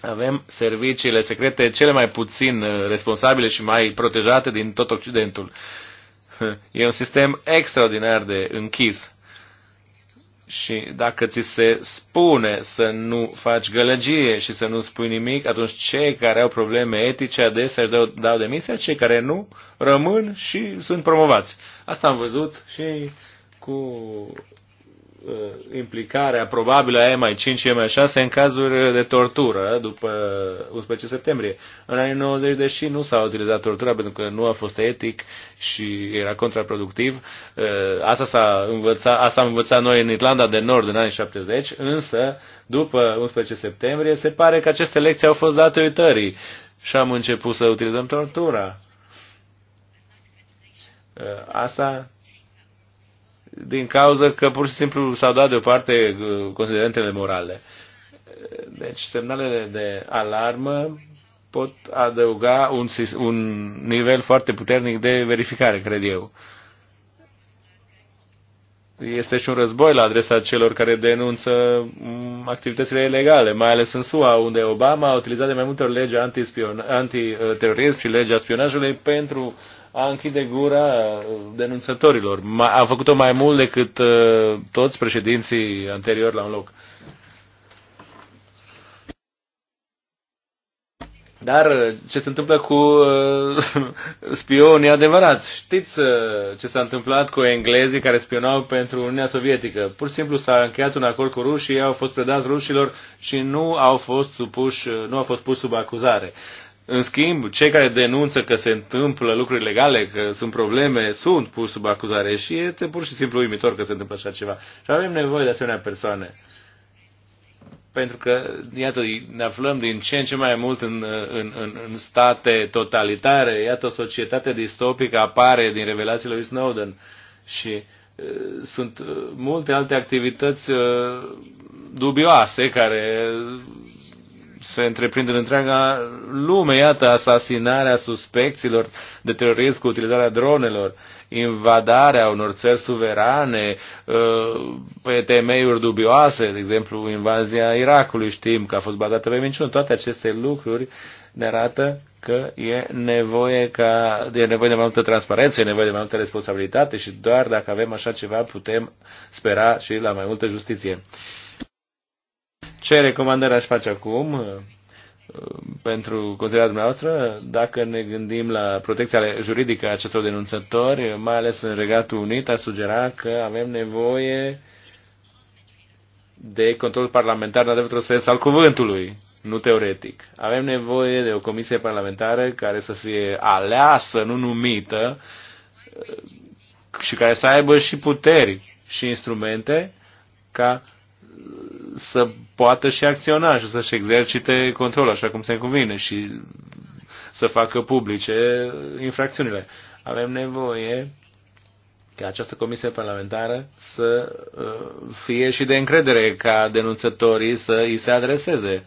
avem serviciile secrete cele mai puțin uh, responsabile și mai protejate din tot Occidentul. E un sistem extraordinar de închis. Și dacă ți se spune să nu faci gălăgie și să nu spui nimic, atunci cei care au probleme etice adesea își dau, dau demisia, cei care nu rămân și sunt promovați. Asta am văzut și cu Uh, implicarea probabilă a MI5 și MI6 în cazuri de tortură după 11 septembrie. În anii 90, deși nu s-a utilizat tortura pentru că nu a fost etic și era contraproductiv, uh, asta s-a învățat, asta am învățat noi în Irlanda de Nord în anii 70, însă după 11 septembrie se pare că aceste lecții au fost date uitării și am început să utilizăm tortura. Uh, asta din cauza că pur și simplu s-au dat deoparte uh, considerentele morale. Deci semnalele de alarmă pot adăuga un, un nivel foarte puternic de verificare, cred eu. Este și un război la adresa celor care denunță mm, activitățile ilegale, mai ales în SUA, unde Obama a utilizat de mai multe ori legea antiterorism anti uh, și legea spionajului pentru a închide gura uh, denunțătorilor. A făcut-o mai mult decât uh, toți președinții anteriori la un loc. Dar uh, ce se întâmplă cu uh, spionii adevărați? Știți uh, ce s-a întâmplat cu englezii care spionau pentru Uniunea Sovietică? Pur și simplu s-a încheiat un acord cu rușii, au fost predați rușilor și nu au fost, supuși, nu au fost pus sub acuzare. În schimb, cei care denunță că se întâmplă lucruri legale, că sunt probleme, sunt pus sub acuzare și este pur și simplu uimitor că se întâmplă așa ceva. Și avem nevoie de asemenea persoane. Pentru că, iată, ne aflăm din ce în ce mai mult în, în, în, în state totalitare. Iată, o societate distopică apare din revelațiile lui Snowden. Și sunt multe alte activități dubioase care se întreprinde în întreaga lume. Iată, asasinarea suspecților de terorism cu utilizarea dronelor, invadarea unor țări suverane uh, pe temeiuri dubioase, de exemplu, invazia Irakului, știm că a fost bazată pe minciună. Toate aceste lucruri ne arată că e nevoie, ca, e nevoie de mai multă transparență, e nevoie de mai multă responsabilitate și doar dacă avem așa ceva putem spera și la mai multă justiție. Ce recomandări aș face acum uh, pentru considerarea dumneavoastră dacă ne gândim la protecția juridică a acestor denunțători, mai ales în Regatul Unit, a sugera că avem nevoie de control parlamentar în adevăratul sens al cuvântului, nu teoretic. Avem nevoie de o comisie parlamentară care să fie aleasă, nu numită, uh, și care să aibă și puteri și instrumente ca să poată și acționa și să-și exercite controlul așa cum se convine și să facă publice infracțiunile. Avem nevoie ca această comisie parlamentară să uh, fie și de încredere ca denunțătorii să îi se adreseze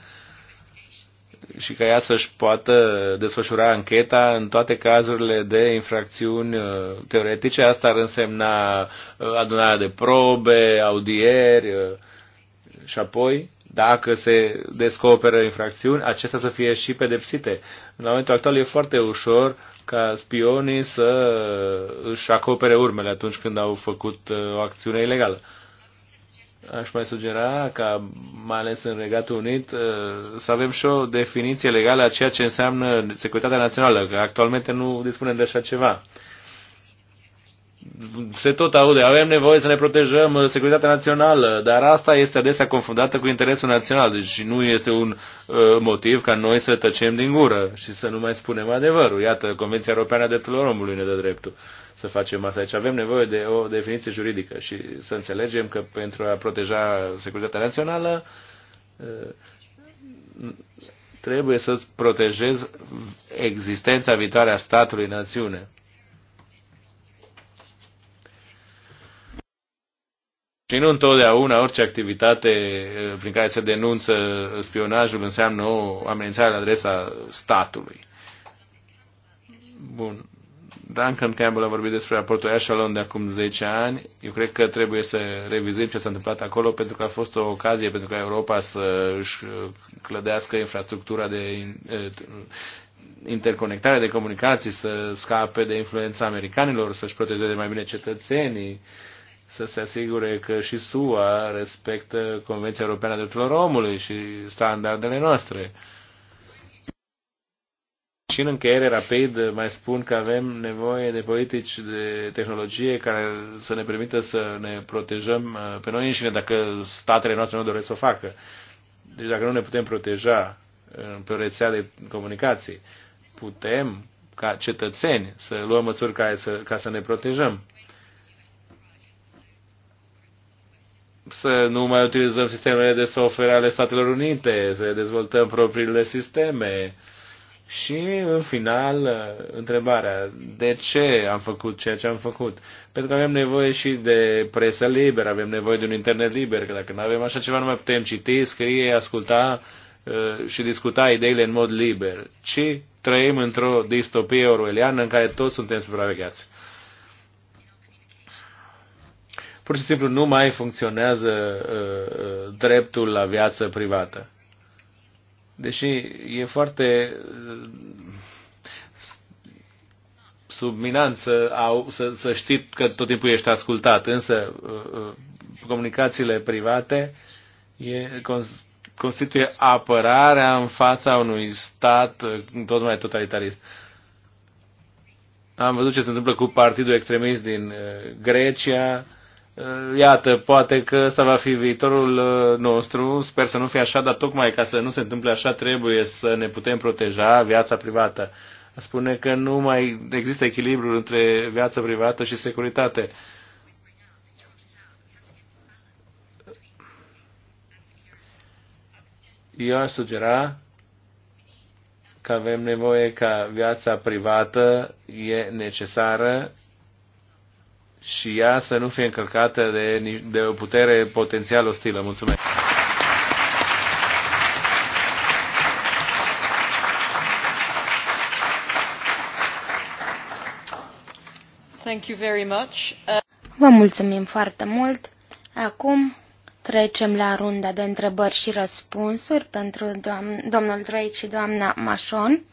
și ca ea să-și poată desfășura ancheta în toate cazurile de infracțiuni uh, teoretice. Asta ar însemna uh, adunarea de probe, audieri, și apoi, dacă se descoperă infracțiuni, acestea să fie și pedepsite. În momentul actual e foarte ușor ca spionii să își acopere urmele atunci când au făcut uh, o acțiune ilegală. Aș mai sugera ca, mai ales în Regatul Unit, uh, să avem și o definiție legală a ceea ce înseamnă securitatea națională, că actualmente nu dispunem de așa ceva se tot aude, avem nevoie să ne protejăm uh, securitatea națională, dar asta este adesea confundată cu interesul național, deci nu este un uh, motiv ca noi să tăcem din gură și să nu mai spunem adevărul. Iată, Convenția Europeană a Drepturilor Omului ne dă dreptul să facem asta. Deci avem nevoie de o definiție juridică și să înțelegem că pentru a proteja securitatea națională uh, trebuie să protejezi existența viitoare a statului națiune. Și nu întotdeauna orice activitate eh, prin care se denunță spionajul înseamnă o amenințare la adresa statului. Bun. Duncan Campbell a vorbit despre raportul Echelon de acum 10 ani. Eu cred că trebuie să revizuim ce s-a întâmplat acolo pentru că a fost o ocazie pentru ca Europa să își eh, clădească infrastructura de eh, interconectare de comunicații, să scape de influența americanilor, să-și protejeze mai bine cetățenii să se asigure că și SUA respectă Convenția Europeană a Drepturilor Omului și standardele noastre. Și în încheiere rapid mai spun că avem nevoie de politici de tehnologie care să ne permită să ne protejăm uh, pe noi înșine dacă statele noastre nu doresc să o facă. Deci dacă nu ne putem proteja uh, pe o rețea de comunicații, putem ca cetățeni să luăm măsuri ca să, ca să ne protejăm. să nu mai utilizăm sistemele de software ale Statelor Unite, să dezvoltăm propriile sisteme. Și, în final, întrebarea, de ce am făcut ceea ce am făcut? Pentru că avem nevoie și de presă liberă, avem nevoie de un internet liber, că dacă nu avem așa ceva, nu mai putem citi, scrie, asculta uh, și discuta ideile în mod liber, ci trăim într-o distopie orwelliană în care toți suntem supravegheați. pur și simplu nu mai funcționează uh, uh, dreptul la viață privată. Deși e foarte uh, subminant să, au, să, să știi că tot timpul ești ascultat, însă uh, uh comunicațiile private e, constituie apărarea în fața unui stat uh, tot mai totalitarist. Am văzut ce se întâmplă cu partidul extremist din Grecia, Eh, iată, poate că ăsta va fi viitorul eh, nostru, sper să nu fie așa, dar tocmai ca să nu se întâmple așa trebuie să ne putem proteja viața privată. Spune că nu mai există echilibru între viața privată și securitate. Eu aș sugera că avem nevoie ca viața privată e necesară și ea să nu fie încălcată de, de o putere potențial ostilă. Mulțumesc! Thank you very much. Uh, Vă mulțumim foarte mult. Acum trecem la runda de întrebări și răspunsuri pentru doam- domnul Drake și doamna Mașon.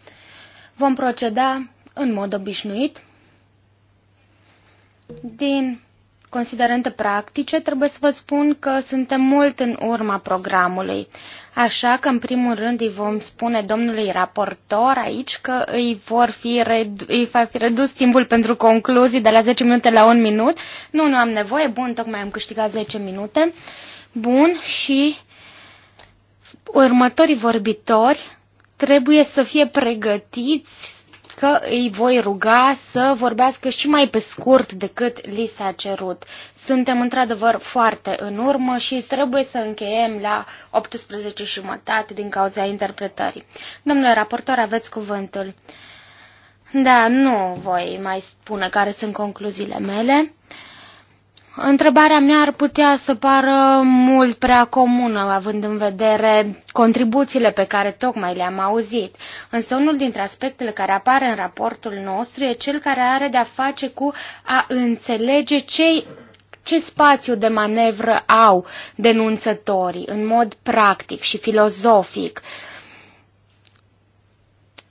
Vom proceda în mod obișnuit. Din considerente practice, trebuie să vă spun că suntem mult în urma programului. Așa că, în primul rând, îi vom spune domnului raportor aici că îi, vor fi redu- îi va fi redus timpul pentru concluzii de la 10 minute la 1 minut. Nu, nu am nevoie. Bun, tocmai am câștigat 10 minute. Bun, și următorii vorbitori trebuie să fie pregătiți că îi voi ruga să vorbească și mai pe scurt decât li s-a cerut. Suntem într-adevăr foarte în urmă și trebuie să încheiem la 18 jumătate din cauza interpretării. Domnule raportor, aveți cuvântul. Da, nu voi mai spune care sunt concluziile mele. Întrebarea mea ar putea să pară mult prea comună, având în vedere contribuțiile pe care tocmai le-am auzit, însă unul dintre aspectele care apare în raportul nostru e cel care are de-a face cu a înțelege ce, ce spațiu de manevră au denunțătorii în mod practic și filozofic. Uh,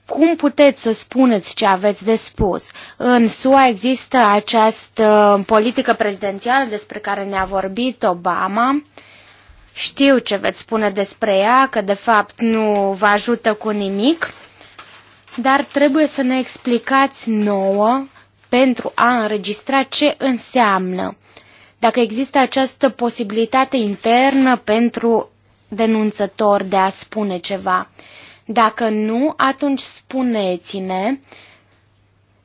cum puteți să spuneți ce aveți de spus? În SUA există această politică prezidențială despre care ne-a vorbit Obama. Știu ce veți spune despre ea, că de fapt nu vă ajută cu nimic, dar trebuie să ne explicați nouă pentru a înregistra ce înseamnă. Dacă există această posibilitate internă pentru denunțător de a spune ceva. Dacă nu, atunci spuneți-ne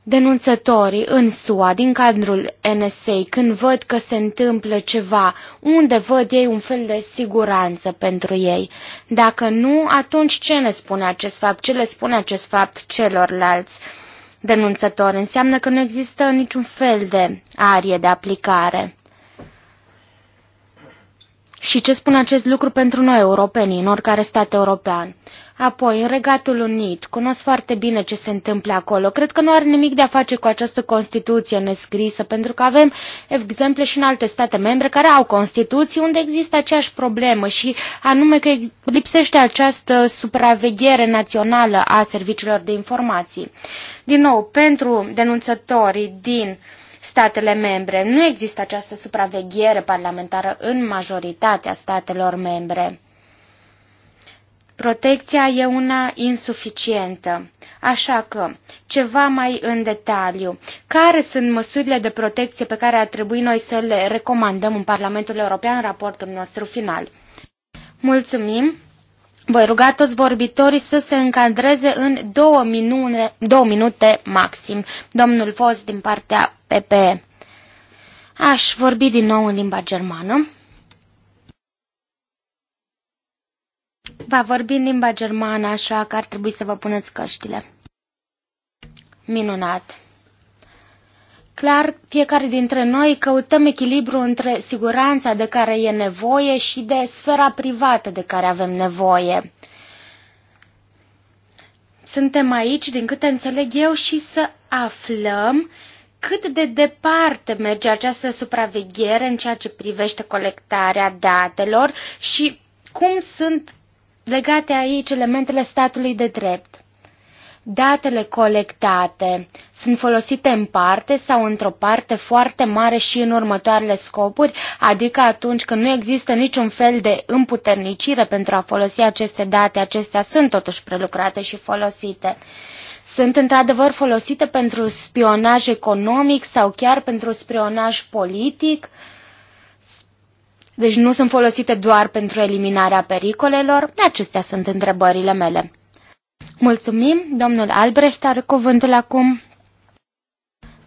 denunțătorii în SUA din cadrul NSA când văd că se întâmplă ceva, unde văd ei un fel de siguranță pentru ei. Dacă nu, atunci ce ne spune acest fapt? Ce le spune acest fapt celorlalți denunțători? Înseamnă că nu există niciun fel de arie de aplicare și ce spune acest lucru pentru noi, europenii, în oricare stat european. Apoi, în Regatul Unit, cunosc foarte bine ce se întâmplă acolo. Cred că nu are nimic de a face cu această Constituție nescrisă, pentru că avem exemple și în alte state membre care au Constituții unde există aceeași problemă și anume că lipsește această supraveghere națională a serviciilor de informații. Din nou, pentru denunțătorii din uh, statele membre. Nu există această supraveghere parlamentară în majoritatea statelor membre. Protecția e una insuficientă. Așa că, ceva mai în detaliu. Care sunt măsurile de protecție pe care ar trebui noi să le recomandăm în Parlamentul European în raportul nostru final? Mulțumim! Voi ruga toți vorbitorii să se încadreze în două minute, două minute maxim. Domnul Vos din partea PPE. Aș vorbi din nou în limba germană. Va vorbi în limba germană, așa că ar trebui să vă puneți căștile. Minunat! clar, fiecare dintre noi căutăm echilibru între siguranța de care e nevoie și de sfera privată de care avem nevoie. Suntem aici, din câte înțeleg eu, și să aflăm cât de departe merge această supraveghere în ceea ce privește colectarea datelor și cum sunt legate aici elementele statului de drept. Datele colectate sunt folosite în parte sau într-o parte foarte mare și în următoarele scopuri, adică atunci când nu există niciun fel de împuternicire pentru a folosi aceste date, acestea sunt totuși prelucrate și folosite sunt într-adevăr folosite pentru spionaj economic sau chiar pentru spionaj politic. Deci nu sunt folosite doar pentru eliminarea pericolelor. Acestea sunt întrebările mele. Mulțumim, domnul Albrecht are cuvântul acum.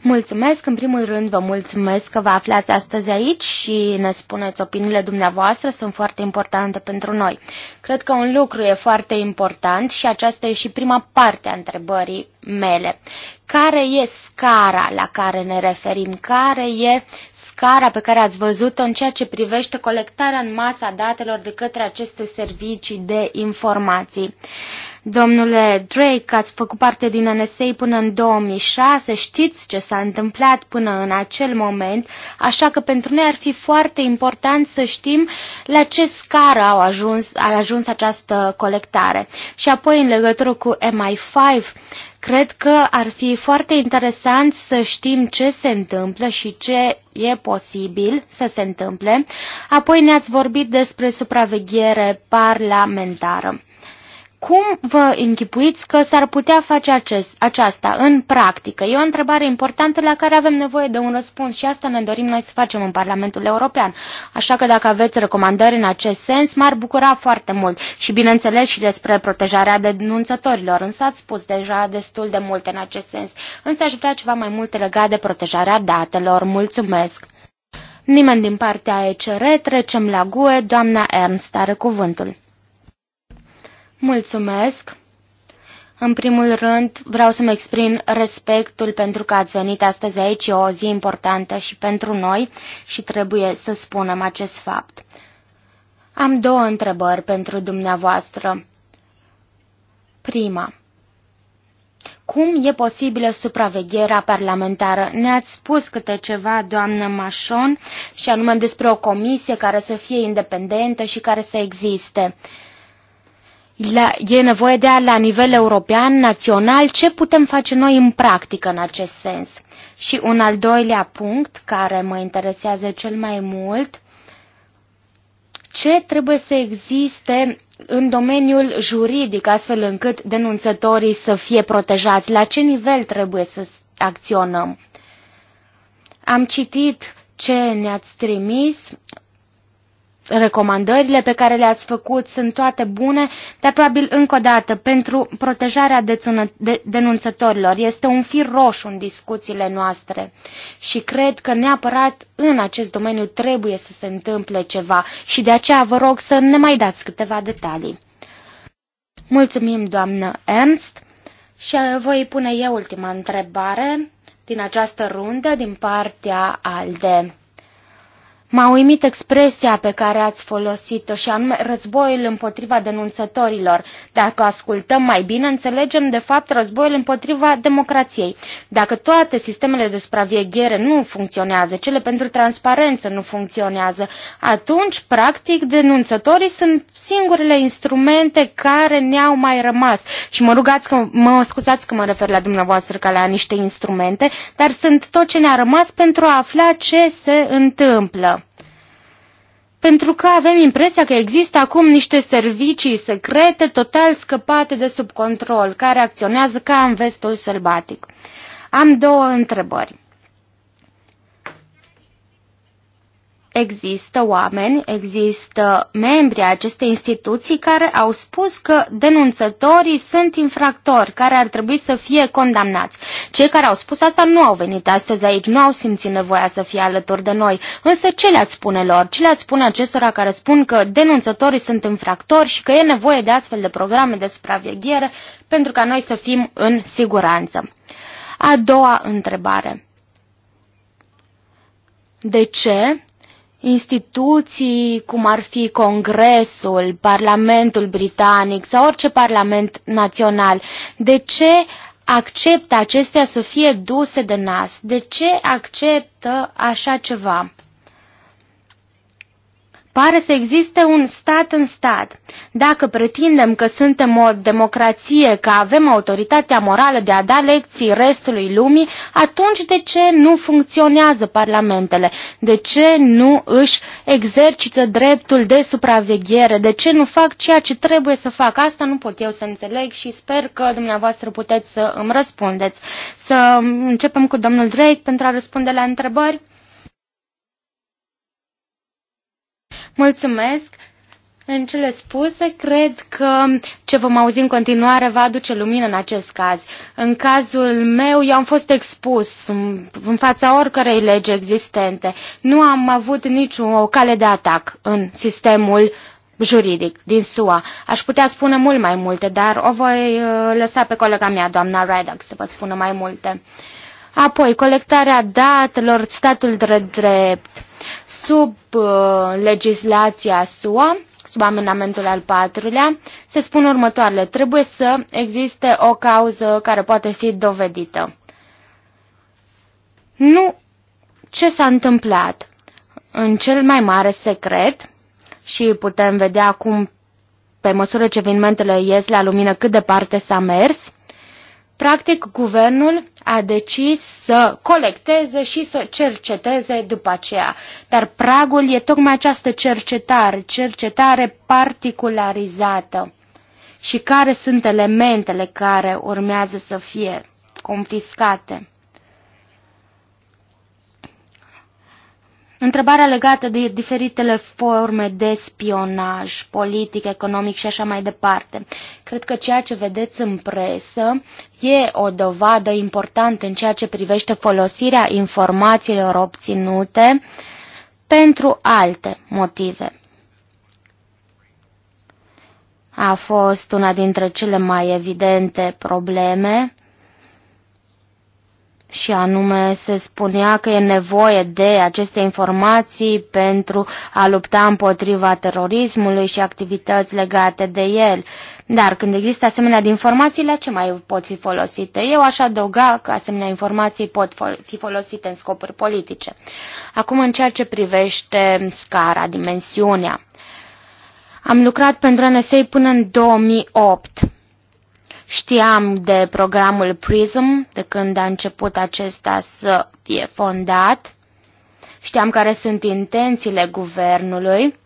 Mulțumesc, în primul rând vă mulțumesc că vă aflați astăzi aici și ne spuneți opiniile dumneavoastră, sunt foarte importante pentru noi. Cred că un lucru e foarte important și aceasta e și prima parte a întrebării mele. Care e scara la care ne referim? Care e scara pe care ați văzut-o în ceea ce privește colectarea în masă datelor de către aceste servicii de informații? Uh, Domnule Drake, ați făcut parte din NSA până în 2006, știți ce s-a întâmplat până în acel moment, așa că pentru noi ar fi foarte important să știm la ce scară au ajuns, a ajuns această colectare. Și apoi, în legătură cu MI5, cred că ar fi foarte interesant să știm ce se întâmplă și ce e posibil să se întâmple. Apoi ne-ați vorbit despre supraveghere parlamentară. Cum vă închipuiți că s-ar putea face acest, aceasta în practică? E o întrebare importantă la care avem nevoie de un răspuns și asta ne dorim noi să facem în Parlamentul European. Așa că dacă aveți recomandări în acest sens, m-ar bucura foarte mult. Și bineînțeles și despre protejarea denunțătorilor, însă ați spus deja destul de multe în acest sens. Însă aș vrea ceva mai mult legat de protejarea datelor. Mulțumesc! Nimeni din partea ECR, trecem la GUE, doamna Ernst are cuvântul. Mulțumesc! În primul rând, vreau să-mi exprim respectul pentru că ați venit astăzi aici, e o zi importantă și pentru noi și trebuie să spunem acest fapt. Am două întrebări pentru dumneavoastră. Prima. Cum e posibilă supravegherea parlamentară? Ne-ați spus câte ceva, doamnă Mașon, și anume despre o comisie care să fie independentă și care să existe. Uh, la, e nevoie de a la nivel european, național, ce putem face noi în practică în acest sens. Și un al doilea punct care mă interesează cel mai mult, ce trebuie să existe în domeniul juridic, astfel încât denunțătorii să fie protejați? La ce nivel trebuie să acționăm? Am citit ce ne-ați trimis recomandările pe care le-ați făcut sunt toate bune, dar probabil încă o dată pentru protejarea de denunțătorilor. Este un fir roșu în discuțiile noastre și cred că neapărat în acest domeniu trebuie să se întâmple ceva și de aceea vă rog să ne mai dați câteva detalii. Mulțumim, doamnă Ernst, și voi pune eu ultima întrebare din această rundă din partea ALDE. M-a uimit expresia pe care ați folosit-o și anume războiul împotriva denunțătorilor. Dacă ascultăm mai bine, înțelegem de fapt războiul împotriva democrației. Dacă toate sistemele de supraveghere nu funcționează, cele pentru transparență nu funcționează, atunci, practic, denunțătorii sunt singurele instrumente care ne-au mai rămas. Și mă rugați că mă scuzați că mă refer la dumneavoastră ca la niște instrumente, dar sunt tot ce ne-a rămas pentru a afla ce se întâmplă pentru că avem impresia că există acum niște servicii secrete total scăpate de sub control, care acționează ca în vestul sălbatic. Am două întrebări. Există oameni, există membri acestei instituții care au spus că denunțătorii sunt infractori, care ar trebui să fie condamnați. Cei care au spus asta nu au venit astăzi aici, nu au simțit nevoia să fie alături de noi. Însă ce le-ați spune lor? Ce le-ați spune acestora care spun că denunțătorii sunt infractori și că e nevoie de astfel de programe de supraveghere pentru ca noi să fim în siguranță? A doua întrebare. De ce instituții cum ar fi Congresul, Parlamentul Britanic sau orice Parlament Național. De ce acceptă acestea să fie duse de nas? De ce acceptă așa ceva? Pare să existe un stat în stat. Dacă pretindem că suntem o democrație, că avem autoritatea morală de a da lecții restului lumii, atunci de ce nu funcționează parlamentele? De ce nu își exercită dreptul de supraveghere? De ce nu fac ceea ce trebuie să fac? Asta nu pot eu să înțeleg și sper că dumneavoastră puteți să îmi răspundeți. Să începem cu domnul Drake pentru a răspunde la întrebări. Mulțumesc! În cele spuse, cred că ce vom auzi în continuare va aduce lumină în acest caz. În cazul meu, eu am fost expus în fața oricărei legi existente. Nu am avut nicio cale de atac în sistemul juridic din SUA. Aș putea spune mult mai multe, dar o voi uh, lăsa pe colega mea, doamna Redac, să vă spună mai multe. Apoi, colectarea datelor, statul de drept, sub uh, legislația SUA, sub amendamentul al patrulea, se spun următoarele. Trebuie să existe o cauză care poate fi dovedită. Nu ce s-a întâmplat. În cel mai mare secret, și putem vedea acum, pe măsură ce evenimentele ies la lumină, cât departe s-a mers, Practic, guvernul a decis să colecteze și să cerceteze după aceea. Dar pragul e tocmai această cercetare, cercetare particularizată. Și care sunt elementele care urmează să fie confiscate? Întrebarea legată de diferitele forme de spionaj politic, economic și așa mai departe. Cred că ceea ce vedeți în presă e o dovadă importantă în ceea ce privește folosirea informațiilor obținute pentru alte motive. A fost una dintre cele mai evidente probleme și anume se spunea că e nevoie de aceste informații pentru a lupta împotriva terorismului și activități legate de el. Dar când există asemenea de informații, ce mai pot fi folosite? Eu aș adăuga că asemenea informații pot fi folosite în scopuri politice. Acum, în ceea ce privește scara, dimensiunea. Am lucrat pentru NSA până în 2008 Știam de programul PRISM, de când a început acesta să fie fondat. Știam care sunt intențiile guvernului,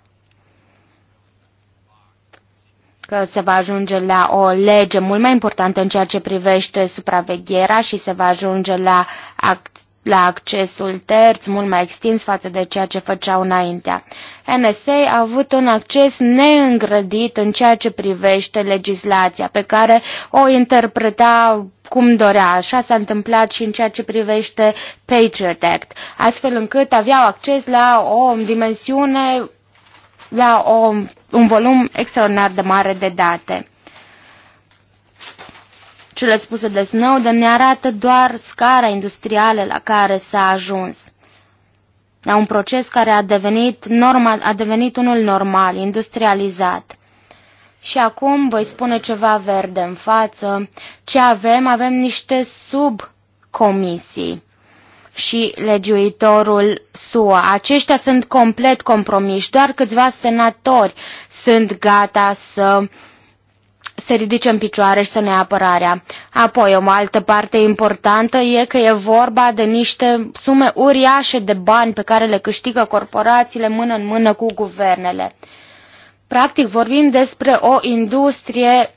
că se va ajunge la o lege mult mai importantă în ceea ce privește supravegherea și se va ajunge la act la accesul terț mult mai extins față de ceea ce făceau înaintea. NSA a avut un acces neîngrădit în ceea ce privește legislația, pe care o interpreta cum dorea. Așa s-a întâmplat și în ceea ce privește Patriot Act, astfel încât aveau acces la o dimensiune, la o, un volum extraordinar de mare de date. Cele spuse de Snowden ne arată doar scara industrială la care s-a ajuns. La un proces care a devenit, normal, a devenit unul normal, industrializat. Și acum voi spune ceva verde în față. Ce avem? Avem niște subcomisii și legiuitorul SUA. Aceștia sunt complet compromiși, doar câțiva senatori sunt gata să se ridice în picioare și să ne apărarea. Apoi, o altă parte importantă e că e vorba de niște sume uriașe de bani pe care le câștigă corporațiile mână în mână cu guvernele. Practic, vorbim despre o industrie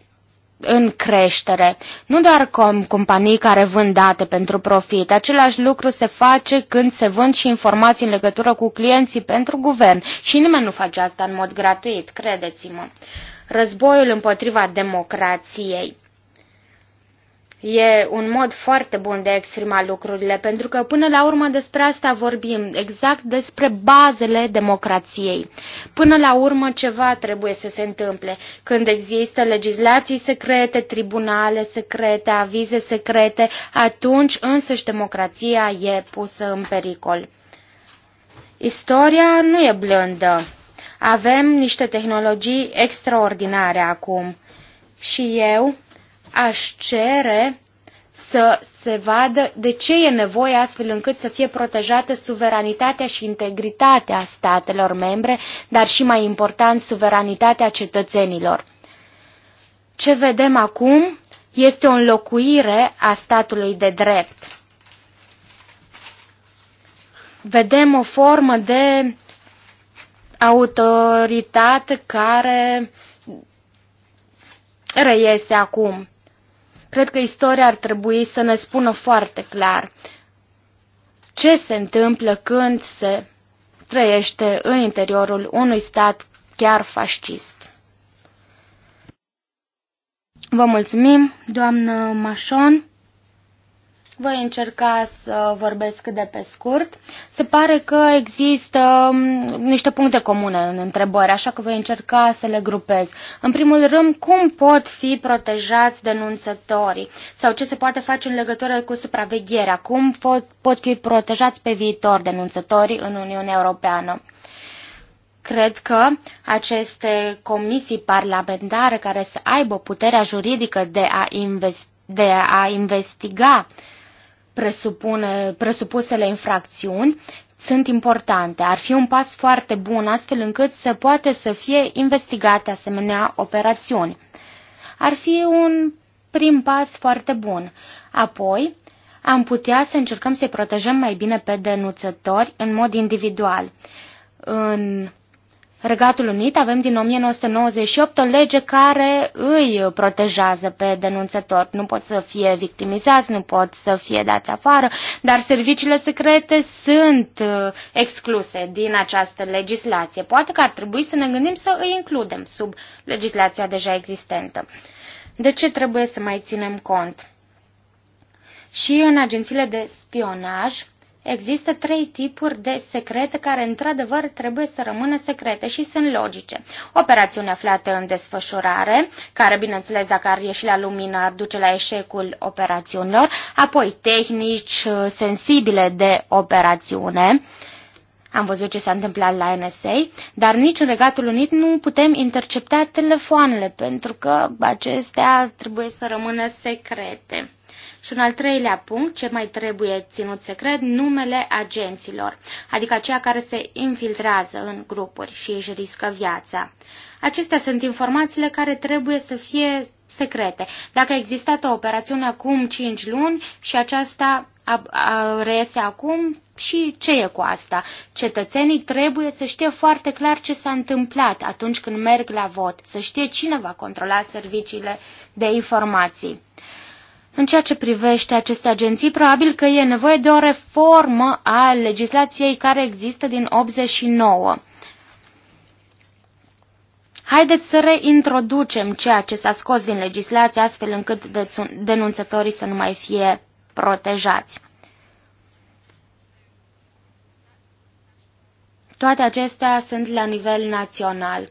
în creștere. Nu doar com companii care vând date pentru profit, același lucru se face când se vând și informații în legătură cu clienții pentru guvern și nimeni nu face asta în mod gratuit, credeți-mă războiul împotriva democrației. E un mod foarte bun de a exprima lucrurile, pentru că până la urmă despre asta vorbim, exact despre bazele democrației. Până la urmă ceva trebuie să se întâmple. Când există legislații secrete, tribunale secrete, avize secrete, atunci însăși democrația e pusă în pericol. Istoria nu e blândă. Avem niște tehnologii extraordinare acum și eu aș cere să se vadă de ce e nevoie astfel încât să fie protejată suveranitatea și integritatea statelor membre, dar și mai important suveranitatea cetățenilor. Ce vedem acum este o înlocuire a statului de drept. Vedem o formă de autoritate care reiese acum. Cred că istoria ar trebui să ne spună foarte clar ce se întâmplă când se trăiește în interiorul unui stat chiar fascist. Vă mulțumim, doamnă Mașon. Voi încerca să vorbesc de pe scurt. Se pare că există um, niște puncte comune în întrebări, așa că voi încerca să le grupez. În primul rând, cum pot fi protejați denunțătorii sau ce se poate face în legătură cu supravegherea? Cum pot, pot fi protejați pe viitor denunțătorii în Uniunea Europeană? Cred că aceste comisii parlamentare care să aibă puterea juridică de a, investi, de a investiga presupune, presupusele infracțiuni sunt importante. Ar fi un pas foarte bun astfel încât să poate să fie investigate asemenea operațiuni. Ar fi un prim pas foarte bun. Apoi, am putea să încercăm să-i protejăm mai bine pe denunțători în mod individual. În Regatul Unit avem din 1998 o lege care îi protejează pe denunțător. Nu pot să fie victimizați, nu pot să fie dați afară, dar serviciile secrete sunt uh, excluse din această legislație. Poate că ar trebui să ne gândim să îi includem sub legislația deja existentă. De ce trebuie să mai ținem cont? Și în agențiile de spionaj Există trei tipuri de secrete care, într-adevăr, trebuie să rămână secrete și sunt logice. Operațiuni aflate în desfășurare, care, bineînțeles, dacă ar ieși la lumină, ar duce la eșecul operațiunilor, apoi tehnici uh, sensibile de operațiune, am văzut ce s-a întâmplat la NSA, dar nici în Regatul Unit nu putem intercepta telefoanele, pentru că acestea trebuie să rămână secrete. Și un al treilea punct, ce mai trebuie ținut secret, numele agenților, adică aceia care se infiltrează în grupuri și își riscă viața. Acestea sunt informațiile care trebuie să fie secrete. Dacă a existat o operațiune acum 5 luni și aceasta a, a, reiese acum și ce e cu asta? Cetățenii trebuie să știe foarte clar ce s-a întâmplat atunci când merg la vot, să știe cine va controla serviciile de informații. În ceea ce privește aceste agenții, probabil că e nevoie de o reformă a legislației care există din 89. Haideți să reintroducem ceea ce s-a scos din legislație astfel încât denunțătorii să nu mai fie protejați. Toate acestea sunt la nivel național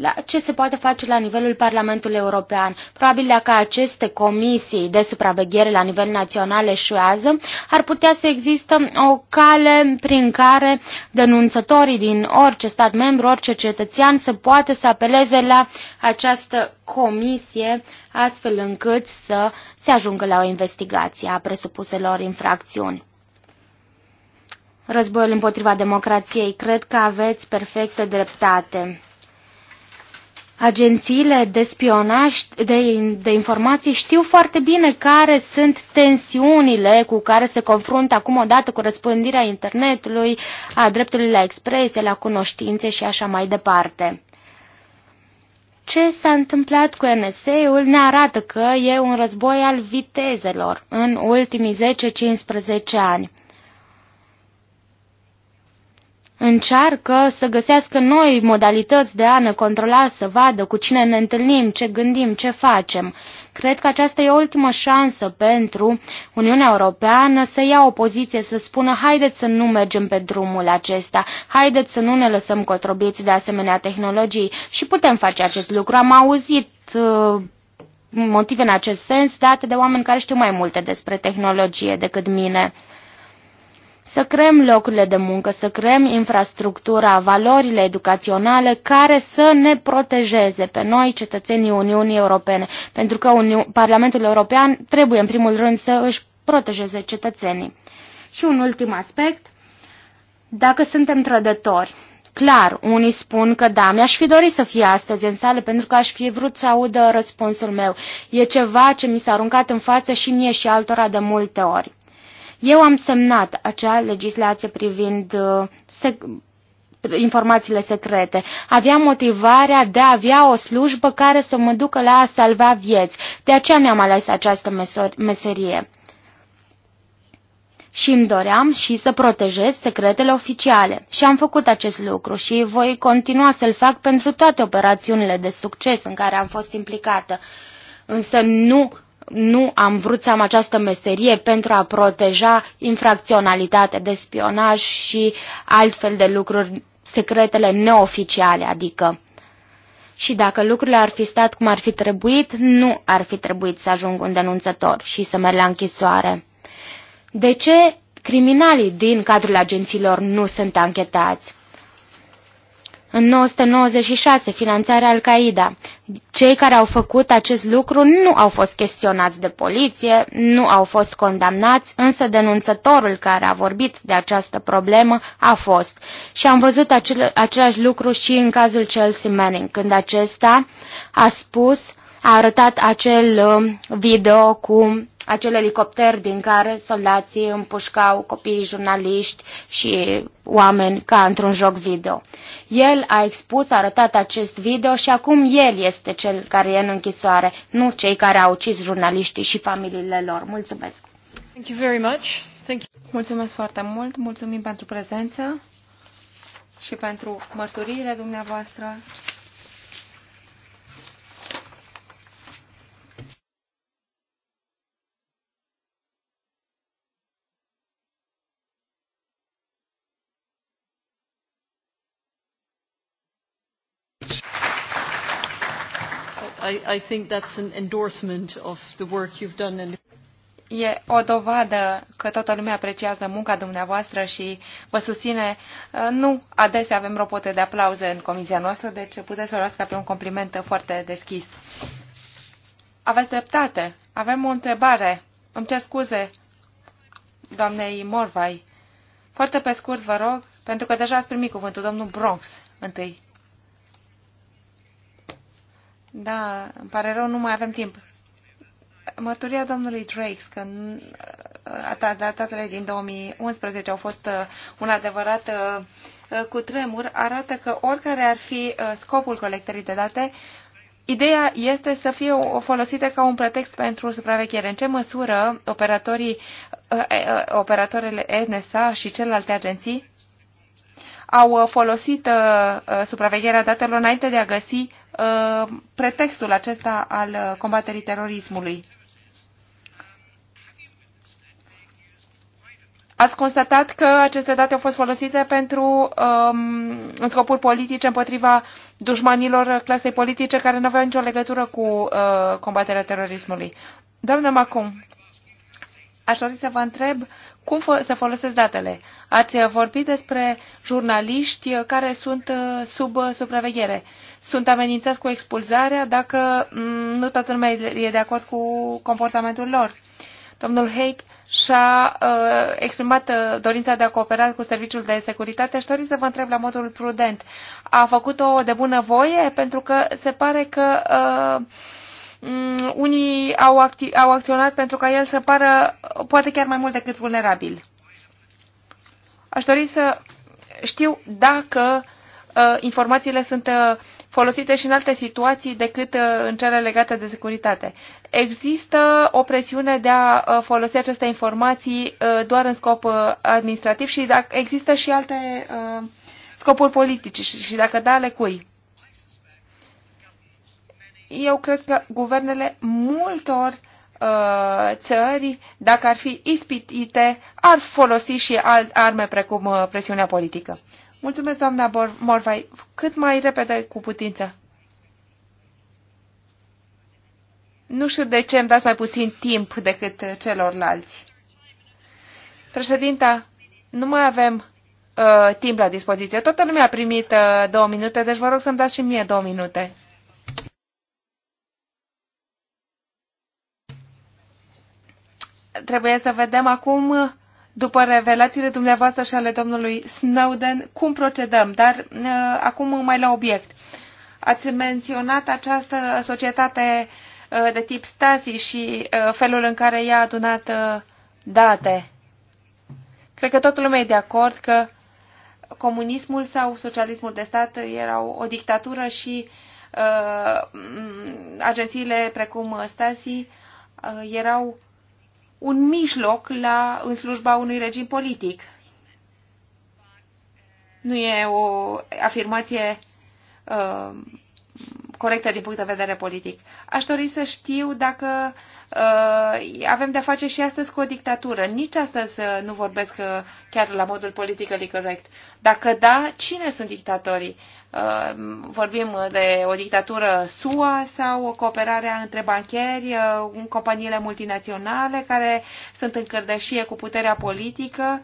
la ce se poate face la nivelul Parlamentului European. Probabil dacă aceste comisii de supraveghere la nivel național eșuează, ar putea să există o cale prin care denunțătorii din orice stat membru, orice cetățean să poată să apeleze la această comisie astfel încât să se ajungă la o investigație a presupuselor infracțiuni războiul împotriva democrației. Cred că aveți perfectă dreptate. Agențiile de spionaj, de, de informații știu foarte bine care sunt tensiunile cu care se confruntă acum odată cu răspândirea internetului, a dreptului la expresie, la cunoștințe și așa mai departe ce s-a întâmplat cu NSA-ul ne arată că e un război al vitezelor în ultimii 10-15 ani încearcă să găsească noi modalități de a ne controla, să vadă cu cine ne întâlnim, ce gândim, ce facem. Cred că aceasta e o ultimă șansă pentru Uniunea Europeană să ia o poziție, să spună haideți să nu mergem pe drumul acesta, haideți să nu ne lăsăm cotrobiți de asemenea tehnologii și putem face acest lucru. Am auzit uh, motive în acest sens date de oameni care știu mai multe despre tehnologie decât mine. Să creăm locurile de muncă, să creăm infrastructura, valorile educaționale care să ne protejeze pe noi, cetățenii Uniunii Europene, pentru că Uni Parlamentul European trebuie în primul rând să își protejeze cetățenii. Și un ultim aspect, dacă suntem trădători, Clar, unii spun că da, mi-aș fi dorit să fie astăzi în sală pentru că aș fi vrut să audă răspunsul meu. E ceva ce mi s-a aruncat în față și mie și altora de multe ori. Eu am semnat acea legislație privind uh, sec informațiile secrete. Aveam motivarea de a avea o slujbă care să mă ducă la a salva vieți. De aceea mi-am ales această meserie și îmi doream și să protejez secretele oficiale. Și am făcut acest lucru și voi continua să-l fac pentru toate operațiunile de succes în care am fost implicată. Însă nu nu am vrut să am această meserie pentru a proteja infracționalitate de spionaj și altfel de lucruri, secretele neoficiale, adică. Și dacă lucrurile ar fi stat cum ar fi trebuit, nu ar fi trebuit să ajung un denunțător și să merg la închisoare. De ce criminalii din cadrul agențiilor nu sunt anchetați? În 1996, finanțarea Al-Qaeda. Cei care au făcut acest lucru nu au fost chestionați de poliție, nu au fost condamnați, însă denunțătorul care a vorbit de această problemă a fost. Și am văzut acel, același lucru și în cazul Chelsea Manning, când acesta a spus, a arătat acel um, video cu acel elicopter din care soldații împușcau copiii jurnaliști și oameni ca într-un joc video. El a expus, a arătat acest video și acum el este cel care e în închisoare, nu cei care au ucis jurnaliștii și familiile lor. Mulțumesc! Thank you very much. Thank you. Mulțumesc foarte mult, mulțumim pentru prezență și pentru mărturiile dumneavoastră. I, I think that's an endorsement of the work you've done. And... E o dovadă că toată lumea apreciază munca dumneavoastră și vă susține. Nu adesea avem ropote de aplauze în comisia noastră, deci puteți să o luați ca pe un compliment foarte deschis. Aveți dreptate. Avem o întrebare. Îmi cer scuze, doamnei Morvai. Foarte pe scurt, vă rog, pentru că deja ați primit cuvântul, domnul Bronx, întâi. Da, îmi pare rău, nu mai avem timp. Mărturia domnului Drake că uh, datele din 2011 au fost uh, un adevărat uh, cu tremur. arată că oricare ar fi scopul colectării de date, Ideea este să fie folosită ca un pretext pentru supraveghere. În ce măsură operatorii, operatorele NSA și celelalte agenții au folosit supravegherea datelor înainte de a găsi Uh, pretextul acesta al uh, combaterii terorismului. Ați constatat că aceste date au fost folosite pentru um, în scopuri politice împotriva dușmanilor clasei politice care nu aveau nicio legătură cu uh, combaterea terorismului. Doamnă Macum, aș dori să vă întreb cum se folosesc datele. Ați uh, vorbit despre jurnaliști uh, care sunt uh, sub supraveghere. Sunt amenințați cu expulzarea dacă mm, nu toată lumea e de acord cu comportamentul lor. Domnul Haig și-a uh, exprimat uh, dorința de a coopera cu Serviciul de Securitate și dori să vă întreb la modul prudent. A făcut-o de bună voie pentru că se pare că uh, Mm, unii au, acti au acționat pentru ca el să pară poate chiar mai mult decât vulnerabil. Aș dori să știu dacă uh, informațiile sunt uh, folosite și în alte situații decât uh, în cele legate de securitate. Există o presiune de a uh, folosi aceste informații uh, doar în scop administrativ și dacă există și alte scopuri politice și dacă da, ale cui? eu cred că guvernele multor uh, țări, dacă ar fi ispitite, ar folosi și arme precum uh, presiunea politică. Mulțumesc, doamna Morvai, cât mai repede cu putință. Nu știu de ce îmi dați mai puțin timp decât celorlalți. Președinta, nu mai avem uh, timp la dispoziție. Toată lumea a primit uh, două minute, deci vă rog să-mi dați și mie două minute. trebuie să vedem acum, după revelațiile dumneavoastră și ale domnului Snowden, cum procedăm. Dar uh, acum mai la obiect. Ați menționat această societate uh, de tip Stasi și uh, felul în care ea a adunat date. Cred că toată lumea e de acord că comunismul sau socialismul de stat erau o dictatură și uh, agențiile precum Stasi uh, erau un mijloc la, în slujba unui regim politic. Nu e o afirmație uh, corectă din punct de vedere politic. Aș dori să știu dacă Uh, avem de-a face și astăzi cu o dictatură. Nici astăzi uh, nu vorbesc uh, chiar la modul politically correct. Dacă da, cine sunt dictatorii? Vorbim de o dictatură SUA sau o cooperare între bancheri, companiile multinaționale care sunt în cărdășie cu puterea politică?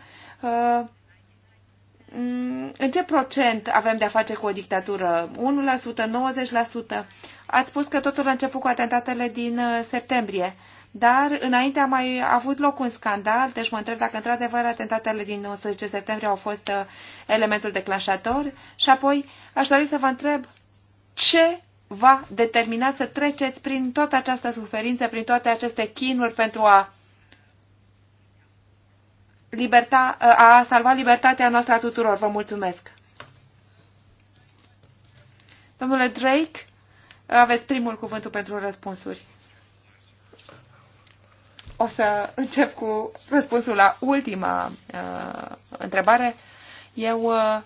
Mm, în ce procent avem de-a face cu o dictatură? 1%, 90%? Ați spus că totul a început cu atentatele din uh, septembrie, dar înainte a mai avut loc un scandal, deci mă întreb dacă într-adevăr atentatele din 11 septembrie au fost uh, elementul declanșator și apoi aș dori să vă întreb ce va determina să treceți prin toată această suferință, prin toate aceste chinuri pentru a liberta, a salva libertatea noastră a tuturor. Vă mulțumesc. Domnule Drake, aveți primul cuvântul pentru răspunsuri. O să încep cu răspunsul la ultima uh, întrebare. Eu uh,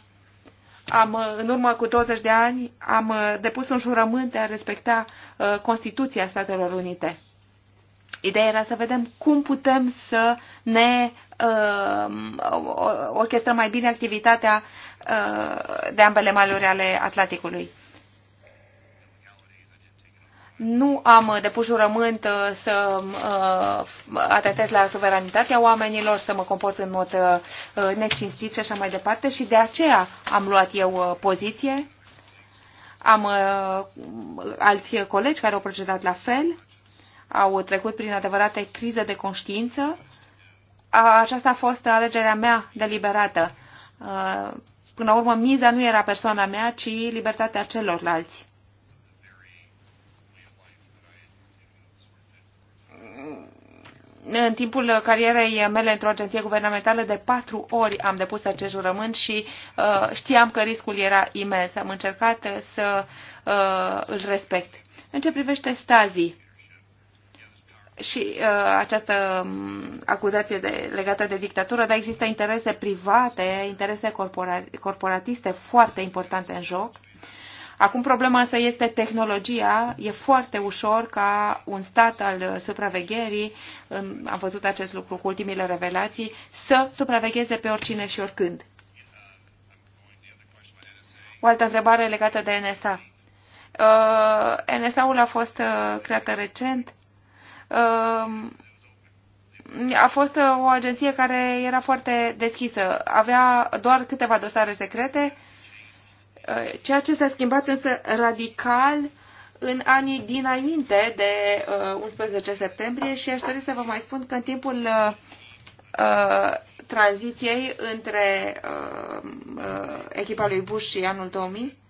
am, în urmă cu 20 de ani, am uh, depus un jurământ de a respecta uh, Constituția Statelor Unite. Ideea era să vedem cum putem să ne uh, orchestrăm mai bine activitatea uh, de ambele maluri ale Atlanticului. Nu am depus jurământ uh, să uh, atentez la suveranitatea oamenilor, să mă comport în mod uh, necinstit și așa mai departe și de aceea am luat eu poziție. Am alți colegi care au procedat la fel au trecut prin adevărate crize de conștiință. Aceasta a fost alegerea mea deliberată. Până la urmă, miza nu era persoana mea, ci libertatea celorlalți. în timpul carierei mele într-o agenție guvernamentală de patru ori am depus acest jurământ și uh, știam că riscul era imens. Am încercat să uh, îl respect. În ce privește stazii, și uh, această um, acuzație de, legată de dictatură, dar există interese private, interese corpora, corporatiste foarte importante în joc. Acum problema însă este tehnologia. E foarte ușor ca un stat al supravegherii, în, um, am văzut acest lucru cu ultimile revelații, să supravegheze pe oricine și oricând. O altă întrebare legată de NSA. Uh, NSA-ul a fost uh, creată recent Um, a fost o agenție care era foarte deschisă. Avea doar câteva dosare secrete, uh, ceea ce s-a schimbat însă radical în anii dinainte de 11 uh, septembrie și aș dori să vă mai spun că în timpul uh, tranziției între echipa lui Bush și anul 2000,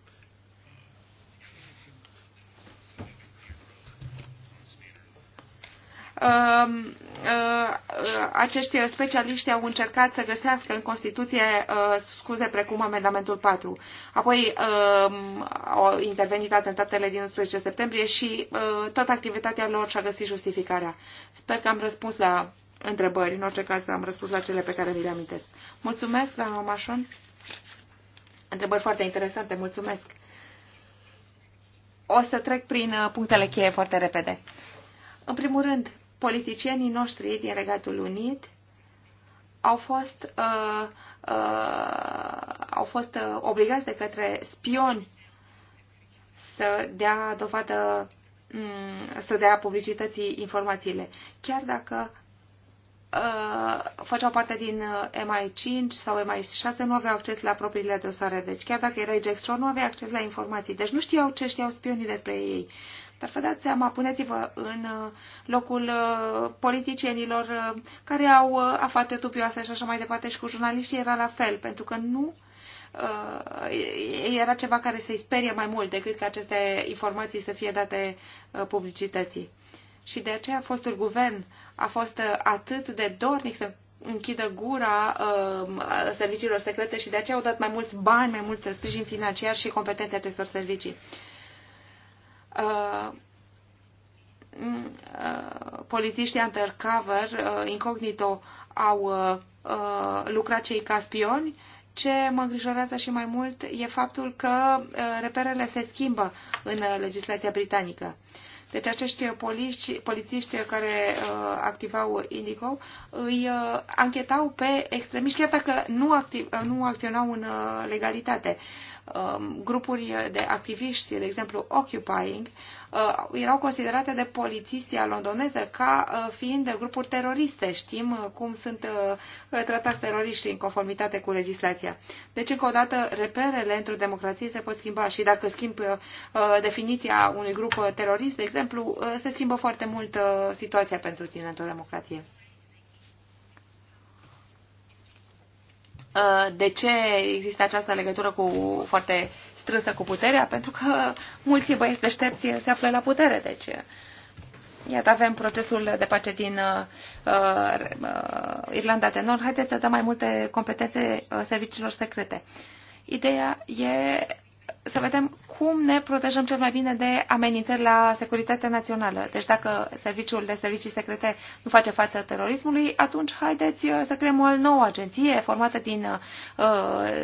Um, uh, acești specialiști au încercat să găsească în Constituție uh, scuze precum amendamentul 4. Apoi um, au intervenit atentatele din 11 septembrie și uh, toată activitatea lor și-a găsit justificarea. Sper că am răspuns la întrebări. În orice caz am răspuns la cele pe care mi le amintesc. Mulțumesc, doamna Mașon. Întrebări foarte interesante, mulțumesc. O să trec prin punctele cheie foarte repede. În primul rând, politicienii noștri din Regatul Unit au fost, uh, uh, au fost uh, obligați de către spioni să dea dovadă, um, să dea publicității informațiile. Chiar dacă uh, făceau parte din uh, MI5 sau MI6, nu aveau acces la propriile dosare. Deci chiar dacă erai Jack Straw, nu aveai acces la informații. Deci nu știau ce știau spionii despre ei. Dar vă dați seama, puneți-vă în uh, locul uh, politicienilor uh, care au afate tupioase și așa mai departe și cu jurnaliștii era la fel, pentru că nu era ceva care să-i sperie mai mult decât că aceste informații să fie date publicității. Și de aceea fostul guvern a fost atât de dornic să închidă gura uh, serviciilor secrete și de aceea au dat mai mulți bani, mai mult sprijin financiar și competențe acestor servicii. Uh, polițiștii undercover, uh, incognito, au uh, lucrat cei ca spioni, ce mă îngrijorează și mai mult e faptul că reperele se schimbă în legislația britanică. Deci acești poliști, polițiști care uh, activau Indigo îi uh, anchetau pe extremiști, chiar dacă nu, activ, nu acționau în uh, legalitate. Uh, Um, grupuri de activiști, de exemplu Occupying, uh, erau considerate de polițistia londoneză ca uh, fiind grupuri teroriste. Știm uh, cum sunt tratați teroriștii în conformitate cu legislația. Deci, încă o dată, reperele într-o democrație se pot schimba și dacă schimb definiția unui grup terorist, de exemplu, se schimbă foarte mult situația pentru tine într-o democrație. Uh, de ce există această legătură cu foarte strânsă cu puterea? Pentru că mulți băieți deștepți se află la putere, deci uh, Iată, avem procesul de pace din uh, uh, uh, Irlanda de Nord. Haideți să dăm mai multe competențe uh, serviciilor secrete. Ideea e să vedem cum ne protejăm cel mai bine de amenințări la securitatea națională. Deci dacă serviciul de servicii secrete nu face față terorismului, atunci haideți uh, să creăm o nouă agenție formată din uh,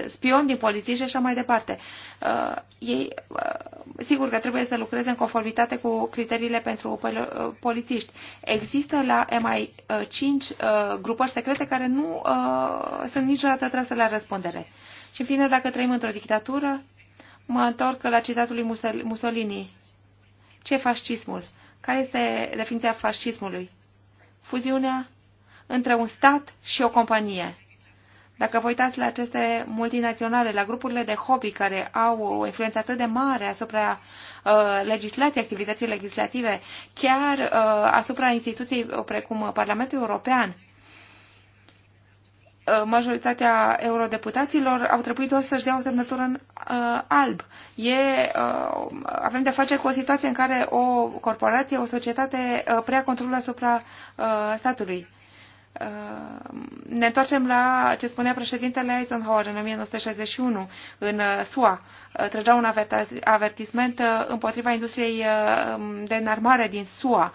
spioni, din polițiști și așa mai departe. Uh, ei, uh, sigur că trebuie să lucreze în conformitate cu criteriile pentru pol- uh, polițiști. Există la MI5 uh, grupări secrete care nu uh, sunt niciodată trase la răspundere. Și în fine, dacă trăim într-o dictatură, mă întorc la citatul lui Mussolini. Ce fascismul? Care este definiția fascismului? Fuziunea între un stat și o companie. Dacă vă uitați la aceste multinaționale, la grupurile de hobby care au o influență atât de mare asupra uh, legislației, activității legislative, chiar uh, asupra instituției uh, precum Parlamentul European, Uh, majoritatea eurodeputaților au trebuit doar să-și dea o semnătură în uh, alb. E, uh, avem de face cu o situație în care o corporație, o societate uh, prea controlul asupra uh, statului. Uh, ne întoarcem la ce spunea președintele Eisenhower în 1961 în uh, SUA. trăgea un avertisment împotriva industriei de înarmare din SUA.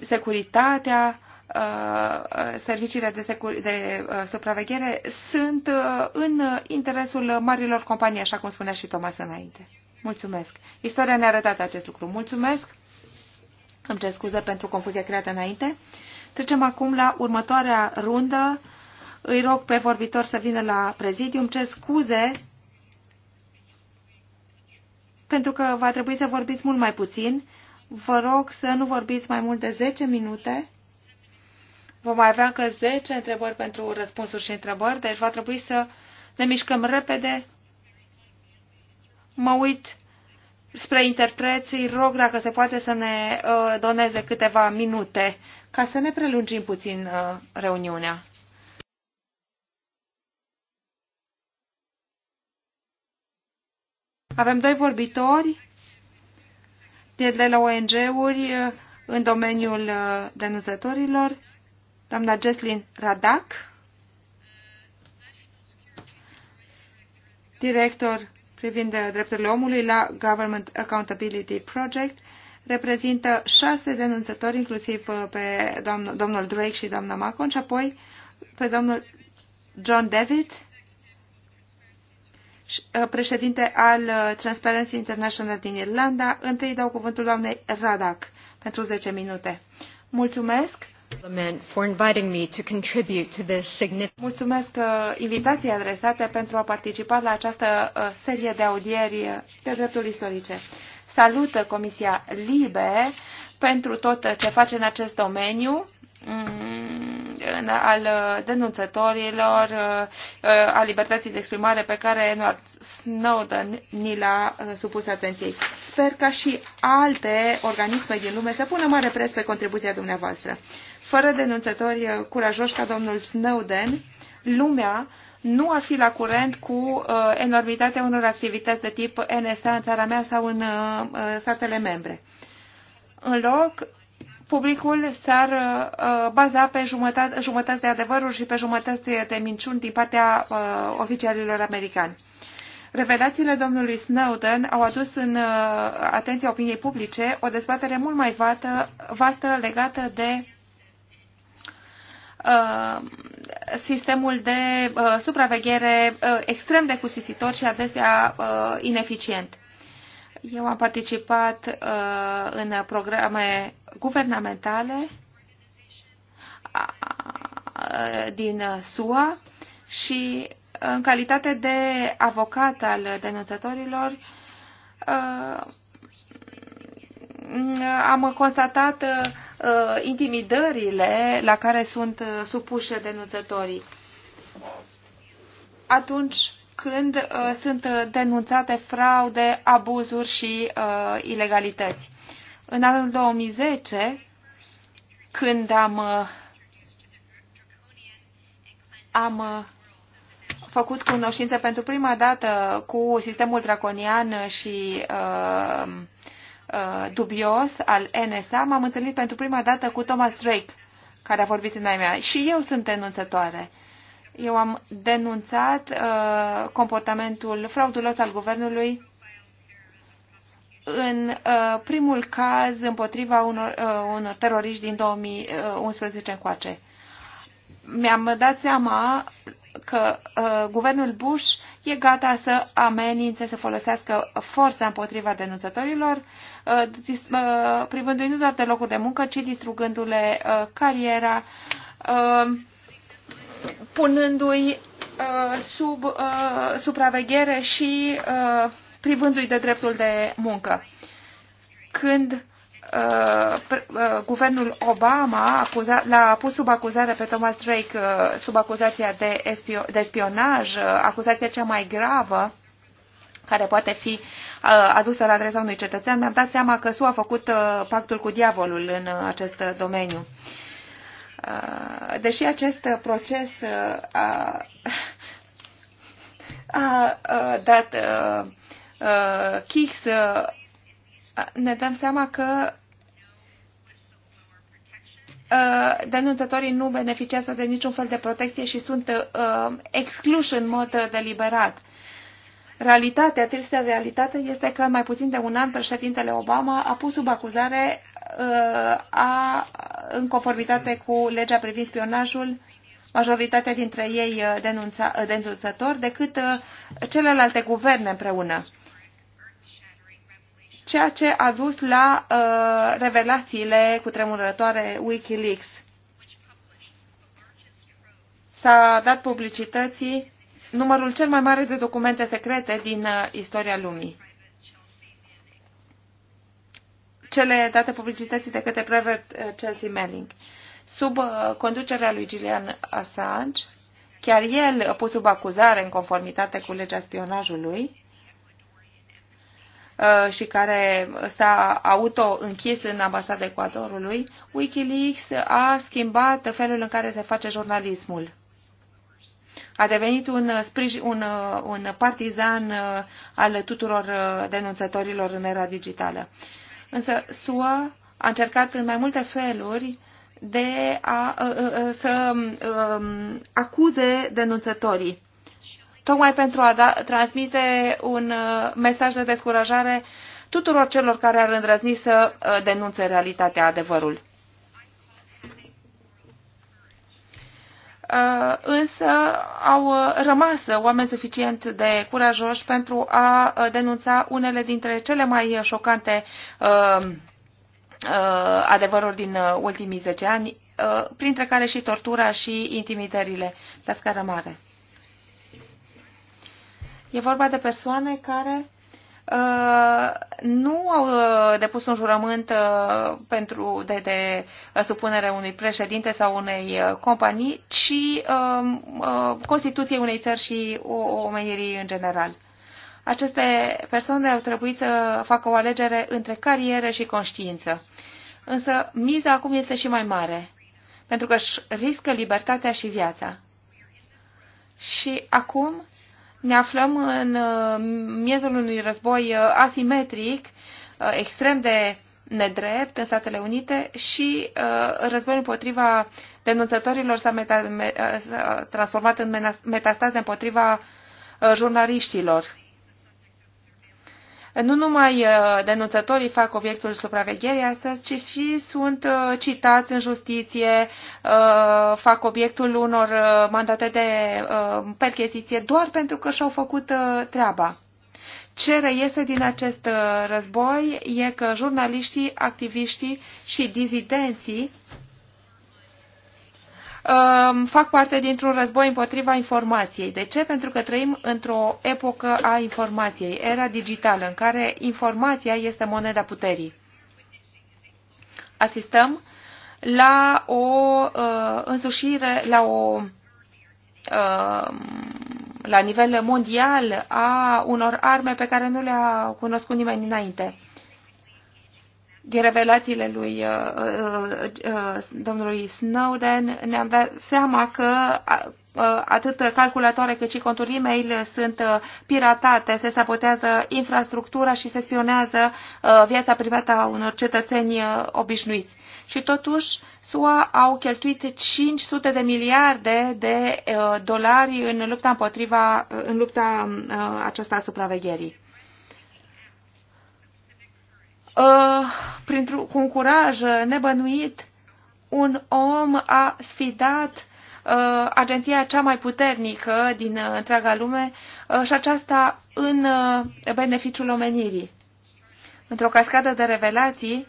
Securitatea, Uh, serviciile de, secur- de uh, supraveghere sunt uh, în interesul marilor companii, așa cum spunea și Thomas înainte. Mulțumesc. Istoria ne-a arătat acest lucru. Mulțumesc. Îmi cer scuze pentru confuzia creată înainte. Trecem acum la următoarea rundă. Îi rog pe vorbitor să vină la prezidium. Cer scuze pentru că va trebui să vorbiți mult mai puțin. Vă rog să nu vorbiți mai mult de 10 minute Vom mai avea încă 10 întrebări pentru răspunsuri și întrebări, deci va trebui să ne mișcăm repede. Mă uit spre interpreții, rog dacă se poate să ne uh, doneze câteva minute ca să ne prelungim puțin uh, reuniunea. Avem doi vorbitori de la ONG-uri uh, în domeniul uh, denunțătorilor doamna Jesslyn Radak, director privind drepturile omului la Government Accountability Project, reprezintă șase denunțători, inclusiv uh, pe doamn, domnul Drake și doamna Macon, și apoi pe domnul John David, uh, președinte al uh, Transparency International din Irlanda. Întâi dau cuvântul doamnei Radak pentru 10 minute. Mulțumesc! Mulțumesc uh, invitației adresate pentru a participa la această uh, serie de audieri uh, de dreptul istorice. Salută Comisia LIBE pentru tot ce face în acest domeniu mm, al denunțătorilor, a libertății de exprimare pe care Edward Snowden ni l-a supus atenției. Sper ca și alte organisme din lume să pună mare preț pe contribuția dumneavoastră. Fără denunțători curajoși ca domnul Snowden, lumea nu ar fi la curent cu uh, enormitatea unor activități de tip NSA în țara mea sau în uh, uh, statele membre. În loc, publicul s-ar uh, uh baza pe jumătate, jumătate de adevăruri și pe jumătate de minciuni din partea uh, oficialilor americani. Revelațiile domnului Snowden au adus în uh, atenția opiniei publice o dezbatere mult mai vată, vastă legată de Uh, sistemul de uh, supraveghere uh, extrem de custisitor și adesea ineficient. Eu am participat în programe guvernamentale din SUA și în calitate de avocat al denunțătorilor am constatat uh, intimidările la care sunt uh, supuși denunțătorii. Atunci când uh, sunt denunțate fraude, abuzuri și uh, ilegalități. În anul 2010, când am uh, am uh, făcut cunoștință pentru prima dată cu sistemul draconian și uh, Uh, dubios al NSA, m-am întâlnit pentru prima dată cu Thomas Drake, care a vorbit înaintea mea. Și eu sunt denunțătoare. Eu am denunțat uh, comportamentul fraudulos al guvernului în uh, primul caz împotriva unor, uh, unor teroriști din 2011 uh, încoace. Mi-am dat seama că uh, guvernul Bush e gata să amenințe, să folosească forța împotriva denunțătorilor, uh, uh, privându-i nu doar de locuri de muncă, ci distrugându-le uh, cariera, uh, punându-i uh, sub uh, supraveghere și uh, privându-i de dreptul de muncă. Când uh, Uh, uh, guvernul Obama l-a pus sub acuzare pe Thomas Drake uh, sub acuzația de, espio, de spionaj, acuzația cea mai gravă care poate fi adusă la adresa unui cetățean, mi-am dat seama că SU a făcut pactul cu diavolul în acest domeniu. Deși acest proces a, a dat Kix ne dăm seama că uh, denunțătorii nu beneficiază de niciun fel de protecție și sunt uh, excluși în mod deliberat. Realitatea, tristă realitate, este că în mai puțin de un an președintele Obama a pus sub acuzare uh, a, în conformitate cu legea privind spionajul majoritatea dintre ei denunța, denunțători decât celelalte guverne împreună ceea ce a dus la uh, revelațiile cu tremurătoare Wikileaks. S-a dat publicității numărul cel mai mare de documente secrete din uh, istoria lumii. Cele date publicității de către uh, Chelsea Manning. Sub uh, conducerea lui Julian Assange, chiar el a pus sub acuzare în conformitate cu legea spionajului, Uh, și care s-a auto-închis în ambasada Ecuadorului, Wikileaks a schimbat felul în care se face jurnalismul. A devenit un, un, uh, un partizan uh, al tuturor denunțătorilor în era digitală. Însă SUA a încercat în mai multe feluri de a, să um, acuze denunțătorii tocmai pentru a da, transmite un uh, mesaj de descurajare tuturor celor care ar îndrăzni să uh, denunțe realitatea, adevărul. Uh, însă au uh, rămas oameni suficient de curajoși pentru a uh, denunța unele dintre cele mai șocante adevăruri din ultimii 10 ani, printre care și tortura și intimidările la scară mare. E vorba de persoane care uh, nu au uh, depus un jurământ uh, pentru de, de supunere unui președinte sau unei companii, ci um, Constituției unei țări și omenirii în general. Aceste persoane au trebuit să facă o alegere între carieră și conștiință. Însă miza acum este și mai mare, pentru că își riscă libertatea și viața. Și acum ne aflăm în uh, miezul unui război uh, asimetric, uh, extrem de nedrept în Statele Unite și războiul împotriva denunțătorilor s-a transformat în metastaze împotriva jurnaliștilor nu numai uh, denunțătorii fac obiectul supravegherii astăzi, ci și sunt uh, citați în justiție, uh, fac obiectul unor mandate de percheziție doar pentru că și-au făcut treaba. Ce reiese din acest război e că jurnaliștii, activiștii și dizidenții fac parte dintr-un război împotriva informației. De ce? Pentru că trăim într-o epocă a informației, era digitală, în care informația este moneda puterii. Asistăm la o uh, însușire, la o uh, la nivel mondial a unor arme pe care nu le-a cunoscut nimeni înainte din revelațiile lui uh, uh, uh, domnului Snowden ne-am dat seama că uh, atât calculatoare cât și conturi e-mail sunt uh, piratate, se sabotează infrastructura și se spionează viața privată a unor cetățeni obișnuiți. Și totuși, SUA au cheltuit 500 de miliarde de dolari în lupta împotriva, în lupta aceasta a supravegherii. Uh, printr-un, cu un curaj nebănuit, un om a sfidat uh, agenția cea mai puternică din uh, întreaga lume uh, și aceasta în uh, beneficiul omenirii. Într-o cascadă de revelații,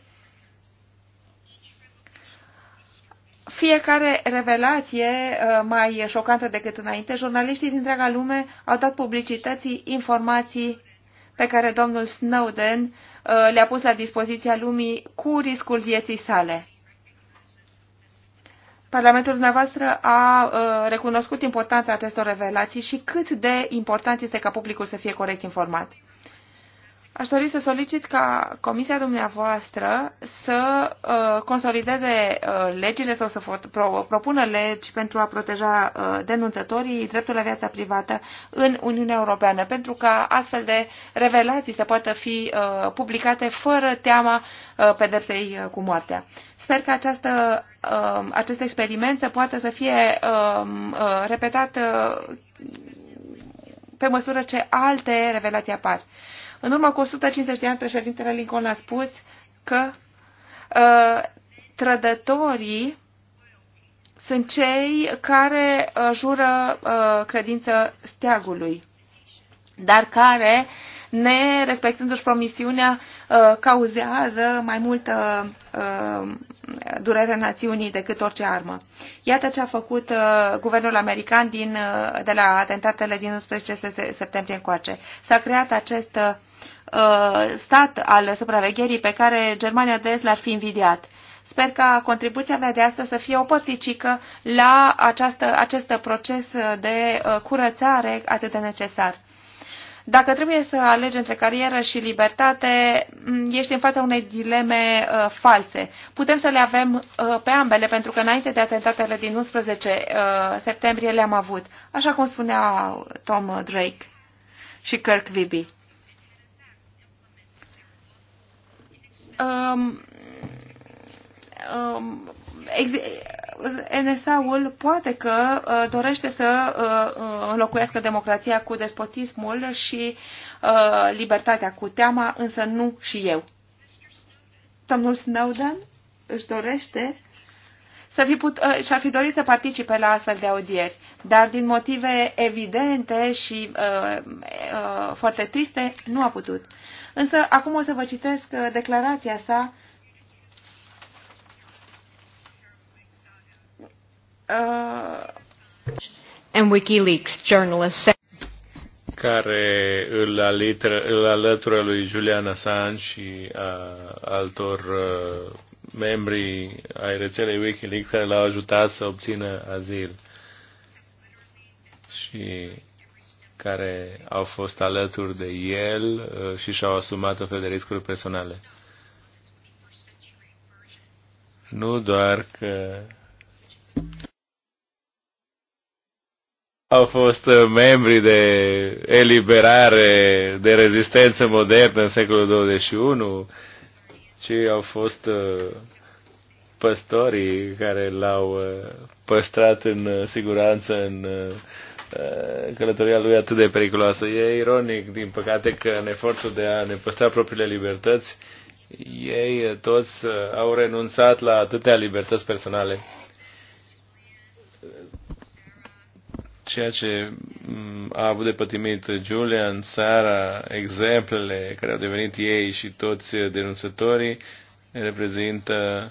fiecare revelație uh, mai șocantă decât înainte, jurnaliștii din întreaga lume au dat publicității informații pe care domnul Snowden Uh, le-a pus la dispoziția lumii cu riscul vieții sale. Parlamentul dumneavoastră a uh, recunoscut importanța acestor revelații și cât de important este ca publicul să fie corect informat. Aș dori să solicit ca comisia dumneavoastră să uh, consolideze uh, legile sau să pro propună legi pentru a proteja uh, denunțătorii dreptul la viața privată în Uniunea Europeană, pentru ca astfel de revelații să poată fi uh, publicate fără teama uh, pedepsei uh, cu moartea. Sper că această, uh, acest experiment să poată să fie uh, uh, repetat uh, pe măsură ce alte revelații apar. În urmă cu 150 de ani, președintele Lincoln a spus că uh, trădătorii sunt cei care uh, jură uh, credință steagului, dar care, ne respectându-și promisiunea, cauzează mai multă durere națiunii decât orice armă. Iată ce a făcut guvernul american din, de la atentatele din 11 septembrie încoace. S-a creat acest Uh, stat al supravegherii pe care Germania de Est l-ar fi invidiat. Sper ca contribuția mea de astăzi să fie o părticică la această, acest proces de uh, curățare atât de necesar. Dacă trebuie să alegi între carieră și libertate, ești în fața unei dileme uh, false. Putem să le avem uh, pe ambele, pentru că înainte de atentatele din 11 uh, septembrie le-am avut, așa cum spunea Tom Drake și Kirk Wiebe. Um, um, NSA-ul poate că uh, dorește să uh, înlocuiască democrația cu despotismul și uh, libertatea cu teama, însă nu și eu. Domnul Snowden își dorește să fi put, uh, și-ar fi dorit să participe la astfel de audieri, dar din motive evidente și uh, uh, foarte triste nu a putut. Însă acum o să vă citesc uh, declarația sa uh, and WikiLeaks journalist care îl, alitră, îl alătură lui Julian Assange și a altor uh, membrii ai rețelei Wikileaks care l-au ajutat să obțină azil și care au fost alături de el uh, și și-au asumat o fel de riscuri personale. Nu doar că au fost uh, membri de eliberare, de rezistență modernă în secolul 21, ci au fost uh, păstorii care l-au uh, păstrat în uh, siguranță în călătoria lui atât de periculoasă. E ironic, din păcate, că în efortul de a ne păstra propriile libertăți, ei toți au renunțat la atâtea libertăți personale. ceea ce mm, a avut de pătimit Julian, Sara, exemplele care au devenit ei și toți denunțătorii, reprezintă,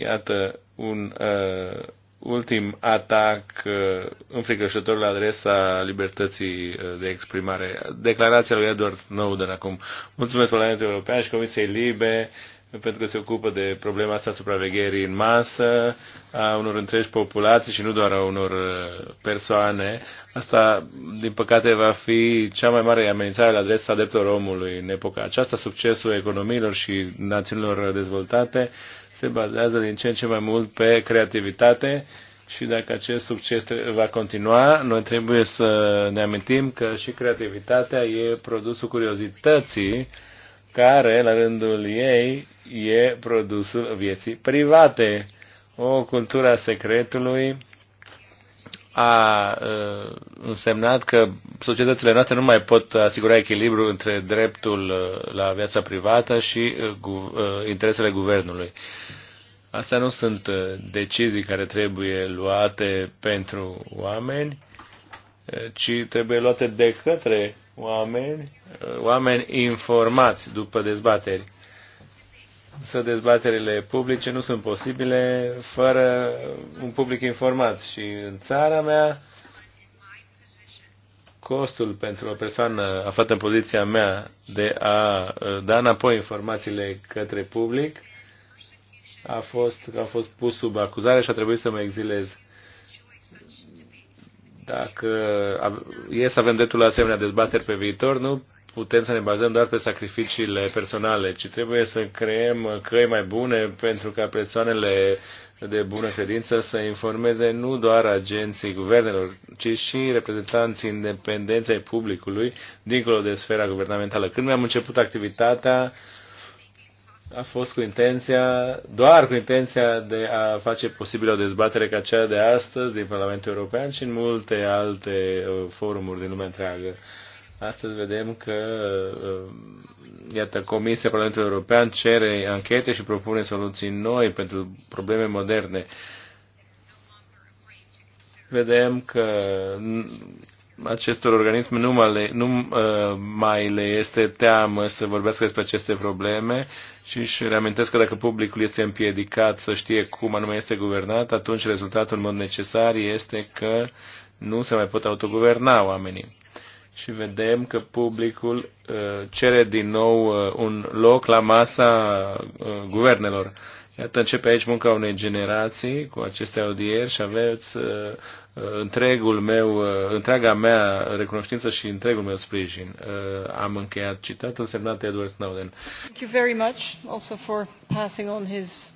iată, un uh, ultim atac uh, înfricășător la adresa libertății uh, de exprimare. Declarația lui Edward Snowden acum. Mulțumesc Parlamentului European și Comisiei Libe pentru că se ocupă de problema asta supravegherii în masă a unor întregi populații și nu doar a unor uh, persoane. Asta, din păcate, va fi cea mai mare amenințare la adresa dreptului omului în epoca aceasta. Succesul economiilor și națiunilor dezvoltate se bazează din ce în ce mai mult pe creativitate și dacă acest succes va continua, noi trebuie să ne amintim că și creativitatea e produsul curiozității care, la rândul ei, e produsul vieții private. O cultură a secretului a uh, însemnat că societățile noastre nu mai pot asigura echilibru între dreptul uh, la viața privată și uh, gu, uh, interesele guvernului. Astea nu sunt uh, decizii care trebuie luate pentru oameni, uh, ci trebuie luate de către oameni, uh, oameni informați după dezbateri. Să dezbaterile publice nu sunt posibile fără un public informat. Și în țara mea, costul pentru o persoană aflată în poziția mea de a uh, da înapoi informațiile către public a fost, a fost pus sub acuzare și a trebuit să mă exilez. Dacă e să avem dreptul la asemenea dezbateri pe viitor, nu putem să ne bazăm doar pe sacrificiile personale, ci trebuie să creăm căi mai bune pentru ca persoanele de bună credință să informeze nu doar agenții guvernelor, ci și reprezentanții independenței publicului, dincolo de sfera guvernamentală. Când mi-am început activitatea, uh, a fost cu intenția, doar cu intenția de a face posibilă o dezbatere ca cea de astăzi din Parlamentul European și în multe alte uh, forumuri din lumea întreagă. Astăzi vedem că, uh, iată, Comisia Parlamentului European cere anchete și propune soluții noi pentru probleme moderne. Vedem că acestor organisme nu, mai le, nu uh, mai le este teamă să vorbească despre aceste probleme și își reamintesc că dacă publicul este împiedicat să știe cum anume este guvernat, atunci rezultatul în mod necesar este că nu se mai pot autoguverna oamenii. Și vedem că publicul uh, cere din nou uh, un loc la masa uh, guvernelor. Uh, Iată, începe aici munca unei generații cu aceste audieri și aveți uh, uh, întregul meu, uh, întreaga mea recunoștință și întregul meu sprijin. Uh, am încheiat citatul semnat Edward Snowden. Thank you very much also for passing on his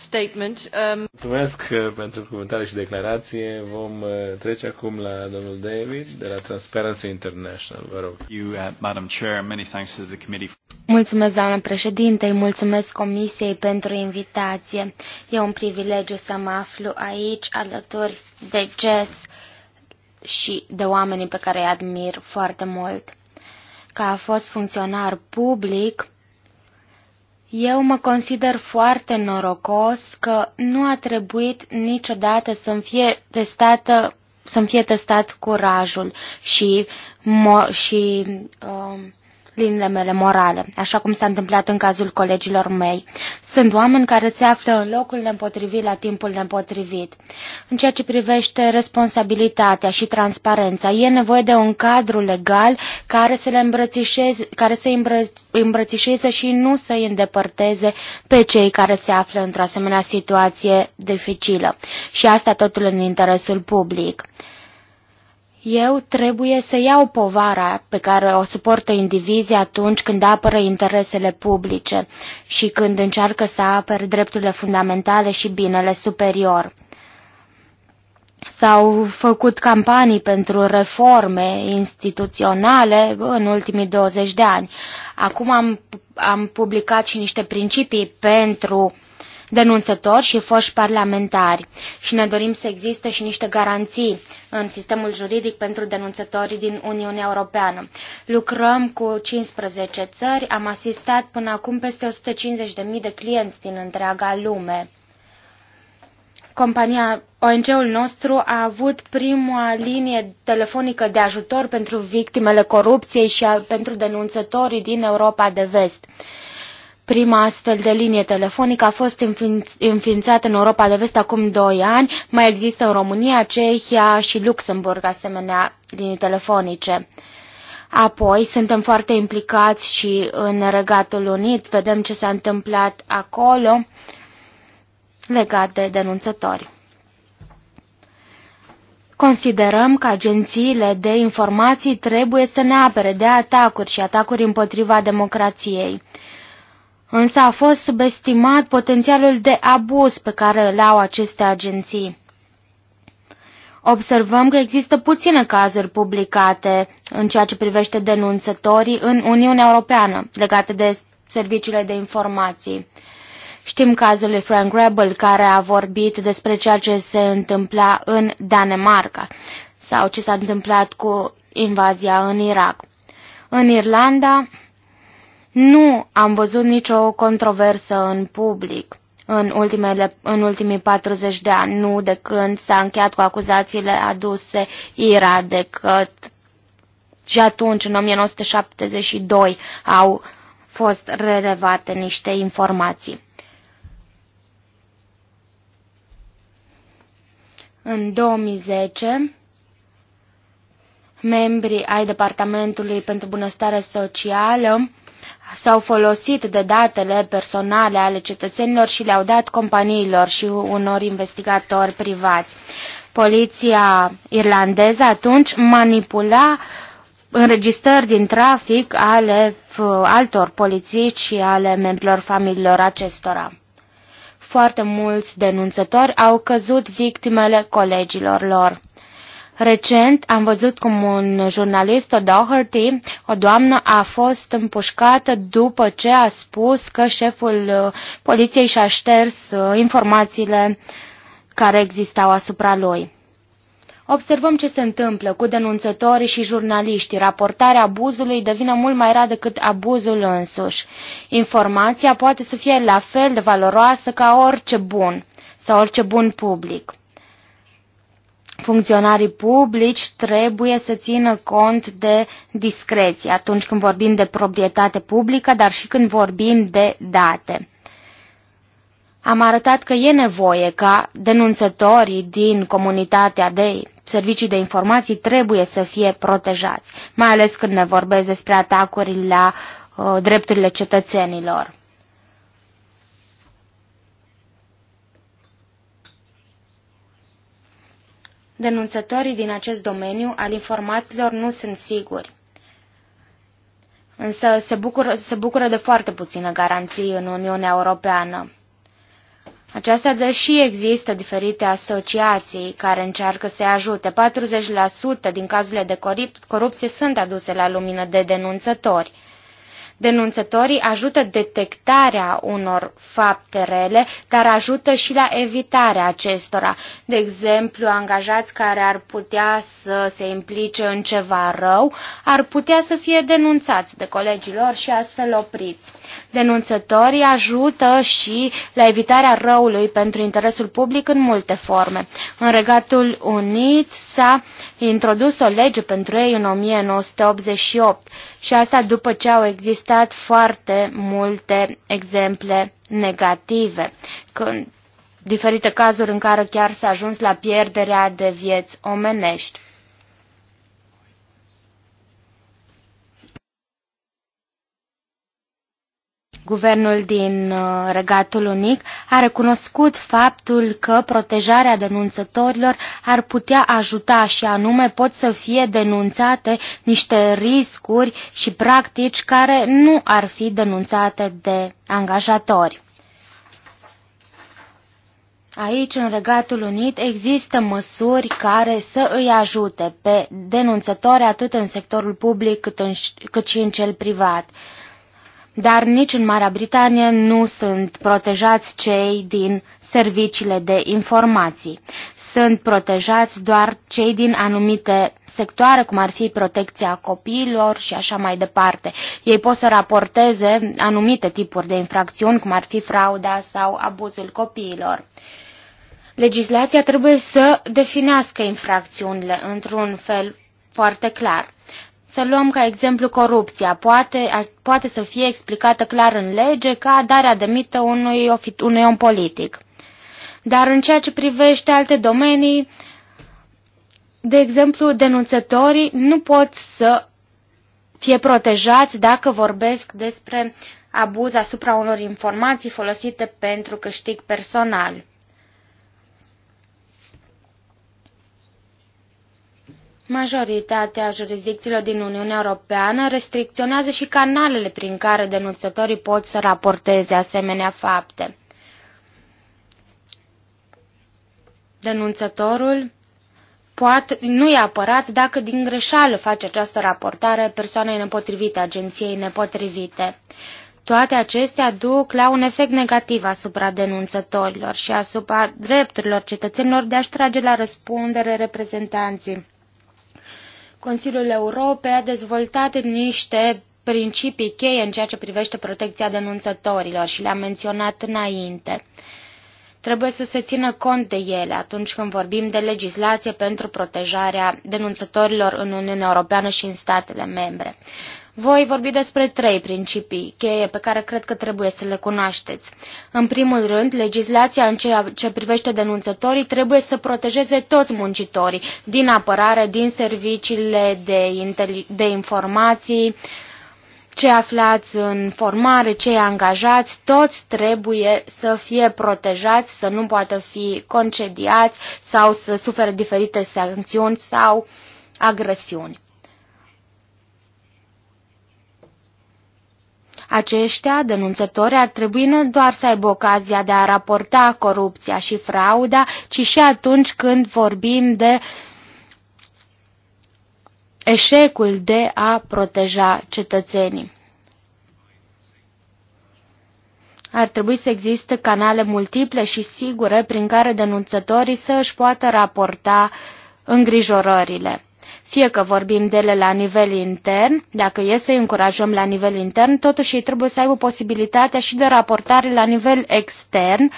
statement. Um, mulțumesc uh, pentru comentarii și declarație. Vom uh, trece acum la domnul David de la Transparency International. Vă rog. You, uh, Madam Chair, many thanks to the committee. Mulțumesc, doamnă președinte, mulțumesc Comisiei pentru invitație. E un privilegiu să mă aflu aici alături de Jess și de oamenii pe care îi admir foarte mult. Ca a fost funcționar public, eu mă consider foarte norocos că nu a trebuit niciodată să-mi fie testată să-mi fie testat curajul și, mo- și uh, liniile mele morale, așa cum s-a întâmplat în cazul colegilor mei. Sunt oameni care se află în locul nepotrivit la timpul nepotrivit. În ceea ce privește responsabilitatea și transparența, e nevoie de un cadru legal care să le îmbrățișeze, care să îmbră, îmbrățișeze și nu să îi îndepărteze pe cei care se află într-o asemenea situație dificilă. Și asta totul în interesul public. Eu trebuie să iau povara pe care o suportă indivizii atunci când apără interesele publice și când încearcă să apere drepturile fundamentale și binele superior. S-au făcut campanii pentru reforme instituționale în ultimii 20 de ani. Acum am, am publicat și niște principii pentru denunțători și foști parlamentari și ne dorim să existe și niște garanții în sistemul juridic pentru denunțătorii din Uniunea Europeană. Lucrăm cu 15 țări, am asistat până acum peste 150.000 de clienți din întreaga lume compania ONG-ul nostru a avut prima linie telefonică de ajutor pentru victimele corupției și a, pentru denunțătorii din Europa de Vest. Prima astfel de linie telefonică a fost înființată în Europa de Vest acum 2 ani. Mai există în România, Cehia și Luxemburg asemenea linii telefonice. Apoi suntem foarte implicați și în Regatul Unit, vedem ce s-a întâmplat acolo legat de denunțători. Considerăm că agențiile de informații trebuie să ne apere de atacuri și atacuri împotriva democrației. Însă a fost subestimat potențialul de abuz pe care îl au aceste agenții. Observăm că există puține cazuri publicate în ceea ce privește denunțătorii în Uniunea Europeană legate de serviciile de informații. Știm cazul lui Frank Rebel care a vorbit despre ceea ce se întâmpla în Danemarca sau ce s-a întâmplat cu invazia în Irak. În Irlanda, nu am văzut nicio controversă în public în, ultimele, în ultimii 40 de ani, nu de când s-a încheiat cu acuzațiile aduse IRA de că și atunci, în 1972, au fost relevate niște informații. În 2010, membrii ai Departamentului pentru Bunăstare Socială s-au folosit de datele personale ale cetățenilor și le-au dat companiilor și unor investigatori privați. Poliția irlandeză atunci manipula înregistrări din trafic ale uh, altor polițiști și ale membrilor familiilor acestora. Foarte mulți denunțători au căzut victimele colegilor lor. Recent am văzut cum un jurnalist, o Doherty, o doamnă, a fost împușcată după ce a spus că șeful uh, poliției și-a șters uh, informațiile care existau asupra lui. Observăm ce se întâmplă cu denunțătorii și jurnaliștii. Raportarea abuzului devine mult mai rar decât abuzul însuși. Informația poate să fie la fel de valoroasă ca orice bun sau orice bun public funcționarii publici trebuie să țină cont de discreție atunci când vorbim de proprietate publică, dar și când vorbim de date. Am arătat că e nevoie ca denunțătorii din comunitatea de servicii de informații trebuie să fie protejați, mai ales când ne vorbesc despre atacuri la uh, drepturile cetățenilor. Denunțătorii din acest domeniu al informațiilor nu sunt siguri, însă se bucură, se bucură de foarte puține garanții în Uniunea Europeană. Aceasta deși există diferite asociații care încearcă să ajute. 40% din cazurile de corupție sunt aduse la lumină de denunțători denunțătorii ajută detectarea unor fapte rele, dar ajută și la evitarea acestora. De exemplu, angajați care ar putea să se implice în ceva rău, ar putea să fie denunțați de colegilor și astfel opriți. Denunțătorii ajută și la evitarea răului pentru interesul public în multe forme. În Regatul Unit s-a introdus o lege pentru ei în 1988 și asta după ce au existat foarte multe exemple negative, când diferite cazuri în care chiar s-a ajuns la pierderea de vieți omenești. Guvernul din uh, Regatul Unic a recunoscut faptul că protejarea denunțătorilor ar putea ajuta și anume pot să fie denunțate niște riscuri și practici care nu ar fi denunțate de angajatori. Aici, în Regatul Unit, există măsuri care să îi ajute pe denunțători atât în sectorul public cât, în, cât și în cel privat dar nici în Marea Britanie nu sunt protejați cei din serviciile de informații. Sunt protejați doar cei din anumite sectoare, cum ar fi protecția copiilor și așa mai departe. Ei pot să raporteze anumite tipuri de infracțiuni, cum ar fi frauda sau abuzul copiilor. Legislația trebuie să definească infracțiunile într-un fel foarte clar. Să luăm ca exemplu corupția. Poate, a, poate să fie explicată clar în lege ca darea de mită unui, unui om politic. Dar în ceea ce privește alte domenii, de exemplu, denunțătorii nu pot să fie protejați dacă vorbesc despre abuz asupra unor informații folosite pentru câștig personal. Majoritatea jurisdicțiilor din Uniunea Europeană restricționează și canalele prin care denunțătorii pot să raporteze asemenea fapte. Denunțătorul poate, nu e apărat dacă din greșeală face această raportare persoanei nepotrivite, agenției nepotrivite. Toate acestea duc la un efect negativ asupra denunțătorilor și asupra drepturilor cetățenilor de a-și trage la răspundere reprezentanții Consiliul Europei a dezvoltat niște principii cheie în ceea ce privește protecția denunțătorilor și le-am menționat înainte. Trebuie să se țină cont de ele atunci când vorbim de legislație pentru protejarea denunțătorilor în Uniunea Europeană și în statele membre. Voi vorbi despre trei principii cheie pe care cred că trebuie să le cunoașteți. În primul rând, legislația în ceea ce privește denunțătorii trebuie să protejeze toți muncitorii din apărare, din serviciile de, de informații, cei aflați în formare, cei angajați, toți trebuie să fie protejați, să nu poată fi concediați sau să sufere diferite sancțiuni sau agresiuni. Aceștia, denunțători, ar trebui nu doar să aibă ocazia de a raporta corupția și frauda, ci și atunci când vorbim de eșecul de a proteja cetățenii. Ar trebui să existe canale multiple și sigure prin care denunțătorii să își poată raporta îngrijorările. Fie că vorbim de ele la nivel intern, dacă e să încurajăm la nivel intern, totuși ei trebuie să aibă posibilitatea și de raportare la nivel extern,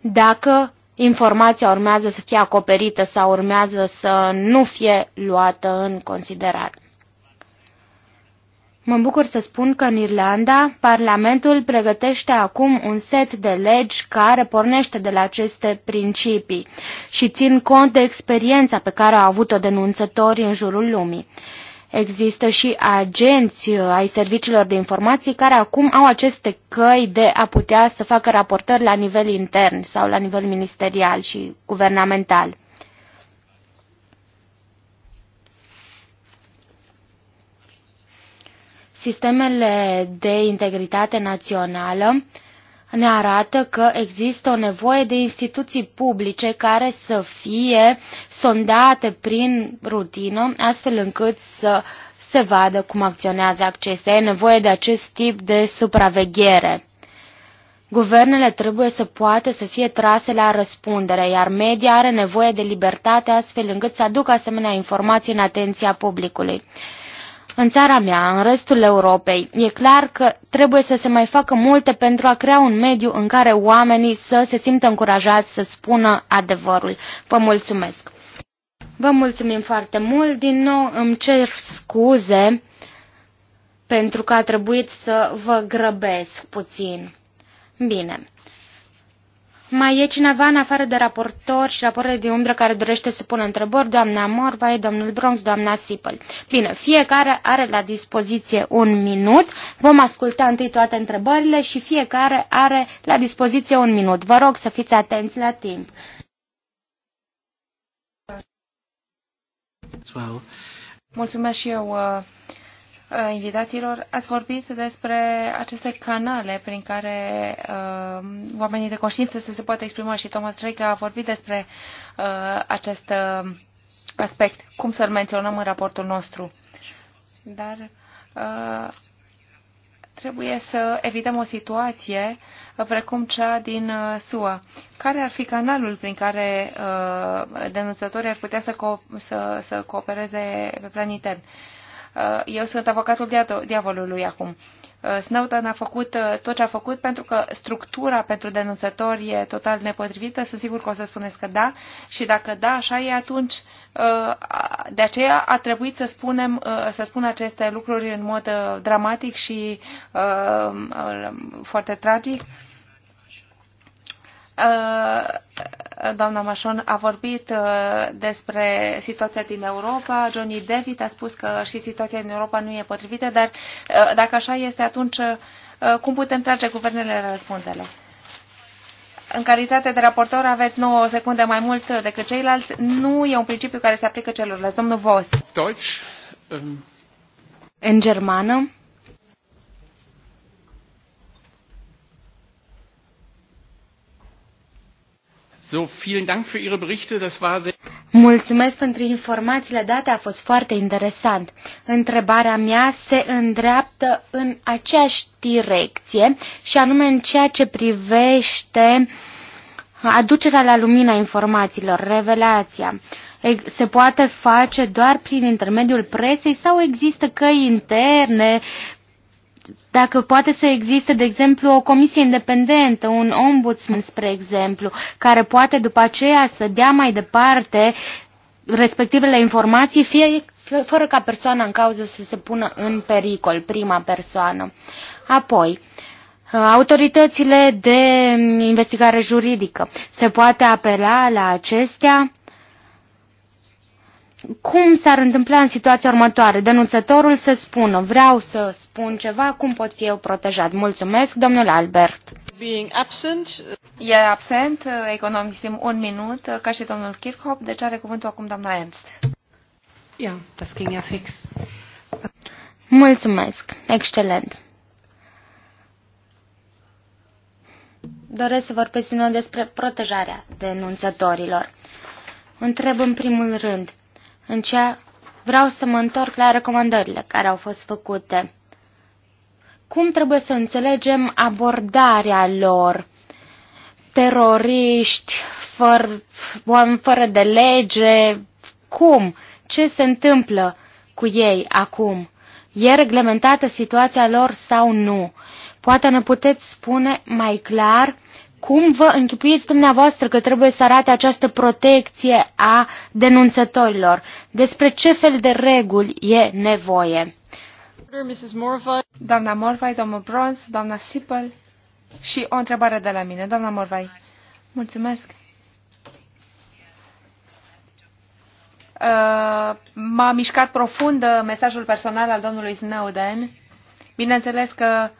dacă informația urmează să fie acoperită sau urmează să nu fie luată în considerare. Mă bucur să spun că în Irlanda, Parlamentul pregătește acum un set de legi care pornește de la aceste principii și țin cont de experiența pe care au avut-o denunțătorii în jurul lumii. Există și agenți uh, ai serviciilor de informații care acum au aceste căi de a putea să facă raportări la nivel intern sau la nivel ministerial și guvernamental. Sistemele de integritate națională ne arată că există o nevoie de instituții publice care să fie sondate prin rutină, astfel încât să se vadă cum acționează acestea. E nevoie de acest tip de supraveghere. Guvernele trebuie să poată să fie trase la răspundere, iar media are nevoie de libertate astfel încât să aducă asemenea informații în atenția publicului. În țara mea, în restul Europei, e clar că trebuie să se mai facă multe pentru a crea un mediu în care oamenii să se simtă încurajați să spună adevărul. Vă mulțumesc! Vă mulțumim foarte mult. Din nou îmi cer scuze pentru că a trebuit să vă grăbesc puțin. Bine, mai e cineva în afară de raportor și raportele din umbră care dorește să pună întrebări? Doamna Morvai, domnul Bronx, doamna Sipel. Bine, fiecare are la dispoziție un minut. Vom asculta întâi toate întrebările și fiecare are la dispoziție un minut. Vă rog să fiți atenți la timp. Mulțumesc și eu uh, Uh, invitațiilor, ați vorbit despre aceste canale prin care uh, oamenii de conștiință să se poată exprima și Thomas Drake a vorbit despre uh, acest uh, aspect, cum să-l menționăm în raportul nostru. Dar uh, trebuie să evităm o situație uh, precum cea din uh, SUA. Care ar fi canalul prin care uh, denunțătorii ar putea să, co- să, să coopereze pe plan intern? Uh, Uh, eu sunt avocatul diavolului acum. Uh, Snowden a făcut uh, tot ce a făcut pentru că structura pentru denunțători e total nepotrivită. Sunt sigur că o să spuneți că da și dacă da, așa e, atunci de aceea a trebuit să spunem, să spun aceste lucruri în mod dramatic și foarte tragic. Uh, doamna Mașon a vorbit uh, despre situația din Europa. Johnny David a spus că și situația din Europa nu e potrivită, dar uh, dacă așa este, atunci cum putem trage guvernele răspundele? În calitate de raportor aveți 9 secunde mai mult decât ceilalți. Nu e un principiu care se aplică celorlalți. Domnul Vos. Deutsch. Um. În germană. So, vielen Dank für Ihre Berichte. Das war sehr Mulțumesc pentru informațiile date, a fost foarte interesant. Întrebarea mea se îndreaptă în aceeași direcție și anume în ceea ce privește aducerea la lumina informațiilor, revelația. Se poate face doar prin intermediul presei sau există căi interne dacă poate să existe, de exemplu, o comisie independentă, un ombudsman, spre exemplu, care poate după aceea să dea mai departe respectivele informații, fie fără ca persoana în cauză să se pună în pericol, prima persoană. Apoi, autoritățile de investigare juridică. Se poate apela la acestea cum s-ar întâmpla în situația următoare? Denunțătorul să spună, vreau să spun ceva, cum pot fi eu protejat? Mulțumesc, domnul Albert. Being absent. E absent, economisim un minut, ca și domnul Kirchhoff, deci are cuvântul acum doamna Ernst. Ia, das ging ja fix. Mulțumesc, excelent. Doresc să vorbesc din nou despre protejarea denunțătorilor. Întreb în primul rând, în ce vreau să mă întorc la recomandările care au fost făcute. Cum trebuie să înțelegem abordarea lor? Teroriști, fără, oameni fără de lege, cum? Ce se întâmplă cu ei acum? E reglementată situația lor sau nu? Poate ne puteți spune mai clar cum vă închipuiți dumneavoastră că trebuie să arate această protecție a denunțătorilor? Despre ce fel de reguli e nevoie? Doamna Morvai, domnul Bronz, doamna Sipel și o întrebare de la mine. Doamna Morvai, mulțumesc. Uh, m-a mișcat profund uh, mesajul personal al domnului Snowden. Bineînțeles că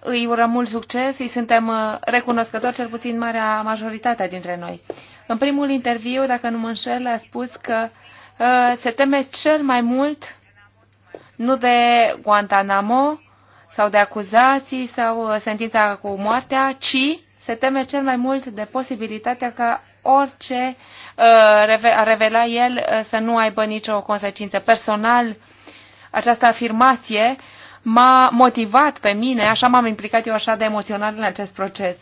îi urăm mult succes, îi suntem uh, recunoscători, cel puțin marea majoritatea dintre noi. În primul interviu, dacă nu mă înșel, a spus că uh, se teme cel mai mult nu de Guantanamo sau de acuzații sau uh, sentința cu moartea, ci se teme cel mai mult de posibilitatea ca orice uh, a revela el uh, să nu aibă nicio consecință. Personal, această afirmație m-a motivat pe mine, așa m-am implicat eu așa de emoțional în acest proces.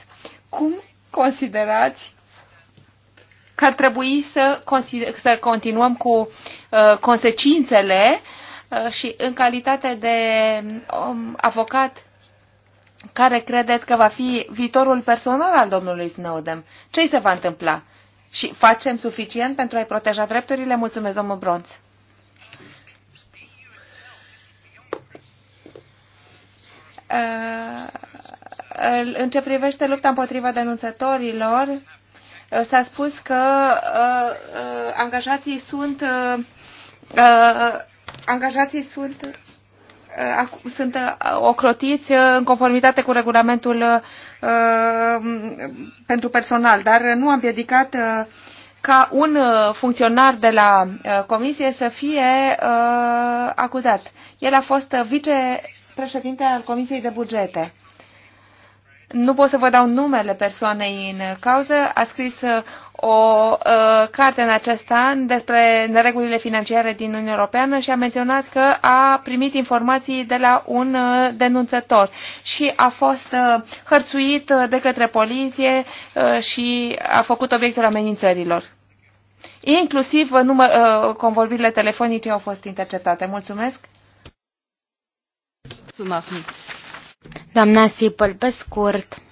Cum considerați că ar trebui să, să continuăm cu uh, consecințele uh, și în calitate de um, avocat care credeți că va fi viitorul personal al domnului Snowden? Ce se va întâmpla? Și facem suficient pentru a-i proteja drepturile? Mulțumesc, domnul Bronț. În ce privește lupta împotriva denunțătorilor, s-a spus că uh, uh, angajații sunt uh, angajații sunt sunt ocrotiți în conformitate cu regulamentul um, pentru personal, dar nu am piedicat ca un uh, funcționar de la uh, comisie să fie uh, acuzat. El a fost uh, vicepreședinte al Comisiei de Bugete. Nu pot să vă dau numele persoanei în cauză. A scris o uh, carte în acest an despre neregulile financiare din Uniunea Europeană și a menționat că a primit informații de la un uh, denunțător și a fost uh, hărțuit de către poliție uh, și a făcut obiectul amenințărilor. Inclusiv uh, număr, uh, convorbirile telefonice au fost interceptate. Mulțumesc! Doamna Sipăl, pe scurt,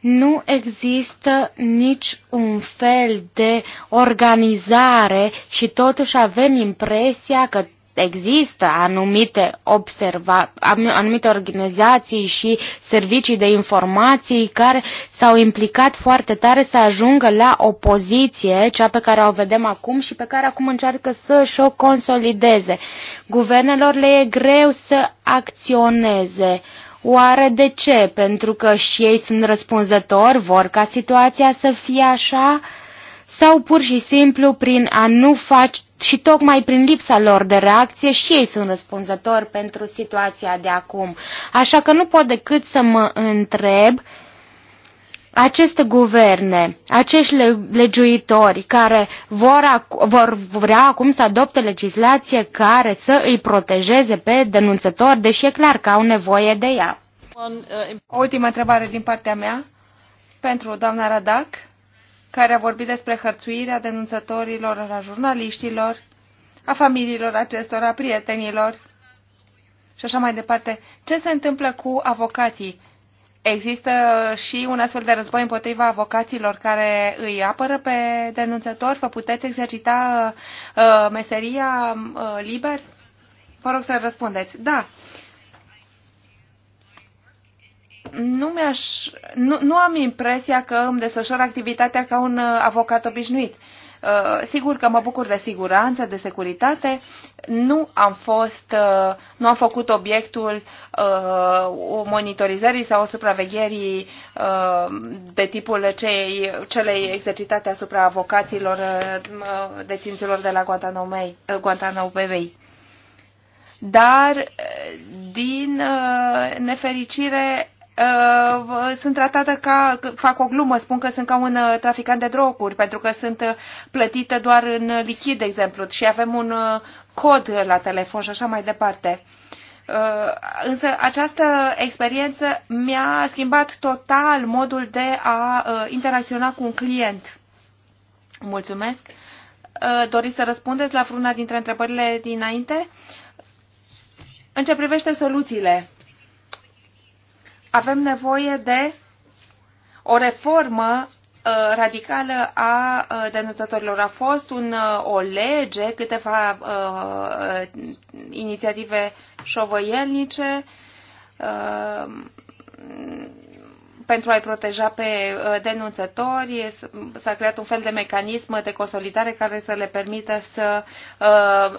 nu există nici un fel de organizare și totuși avem impresia că există anumite, observa, anumite organizații și servicii de informații care s-au implicat foarte tare să ajungă la opoziție cea pe care o vedem acum și pe care acum încearcă să și o consolideze. Guvernelor le e greu să acționeze. Oare de ce? Pentru că și ei sunt răspunzători, vor ca situația să fie așa? sau pur și simplu prin a nu face și tocmai prin lipsa lor de reacție și ei sunt răspunzători pentru situația de acum. Așa că nu pot decât să mă întreb aceste guverne, acești legiuitori care vor, vor vrea acum să adopte legislație care să îi protejeze pe denunțători, deși e clar că au nevoie de ea. O ultimă întrebare din partea mea pentru doamna Radac care a vorbit despre hărțuirea denunțătorilor, a jurnaliștilor, a familiilor acestora, a prietenilor și așa mai departe. Ce se întâmplă cu avocații? Există și un astfel de război împotriva avocaților care îi apără pe denunțători? Vă puteți exercita uh, meseria uh, liber? Vă rog să răspundeți. Da, nu, mi-aș, nu, nu am impresia că îmi desfășor activitatea ca un uh, avocat obișnuit. Uh, sigur că mă bucur de siguranță, de securitate. Nu am fost, uh, nu am făcut obiectul monitorizării sau supravegherii de tipul cei, celei exercitate asupra avocaților deținților de la Guantanamo Bay dar din nefericire Uh, sunt tratată ca, fac o glumă, spun că sunt ca un uh, traficant de droguri, pentru că sunt uh, plătită doar în lichid, de exemplu, și avem un cod la telefon și așa mai departe. Însă această experiență mi-a schimbat total modul de a interacționa cu un client. Mulțumesc. Doriți să răspundeți la vreuna dintre întrebările dinainte? În ce privește soluțiile avem nevoie de o reformă uh, radicală a uh, denunțătorilor. A fost un, uh, o lege, câteva uh, inițiative șovăielnice uh, pentru a-i proteja pe denunțători. S-a creat un fel de mecanism de consolidare care să le permită să uh,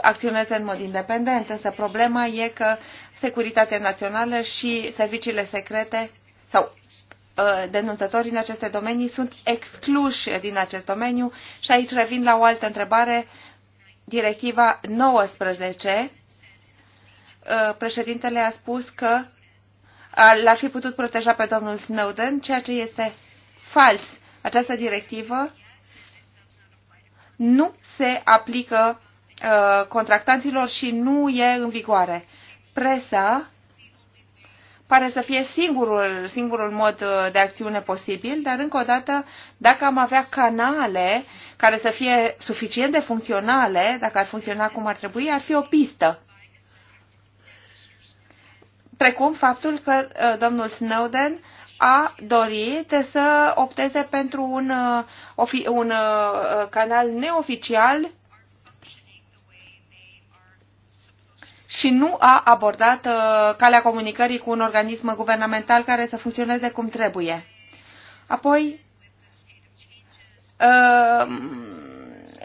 acționeze în mod independent. Însă problema e că securitatea națională și serviciile secrete sau uh, denunțătorii în aceste domenii sunt excluși din acest domeniu și aici revin la o altă întrebare, directiva 19. Uh, președintele a spus că l-ar fi putut proteja pe domnul Snowden, ceea ce este fals. Această directivă nu se aplică uh, contractanților și nu e în vigoare presa pare să fie singurul, singurul mod uh, de acțiune posibil, dar încă o dată, dacă am avea canale care să fie suficient de funcționale, dacă ar funcționa cum ar trebui, ar fi o pistă. Precum faptul că uh, domnul Snowden a dorit să opteze pentru un, uh, un uh, canal neoficial și nu a abordat uh, calea comunicării cu un organism guvernamental care să funcționeze cum trebuie. Apoi, uh,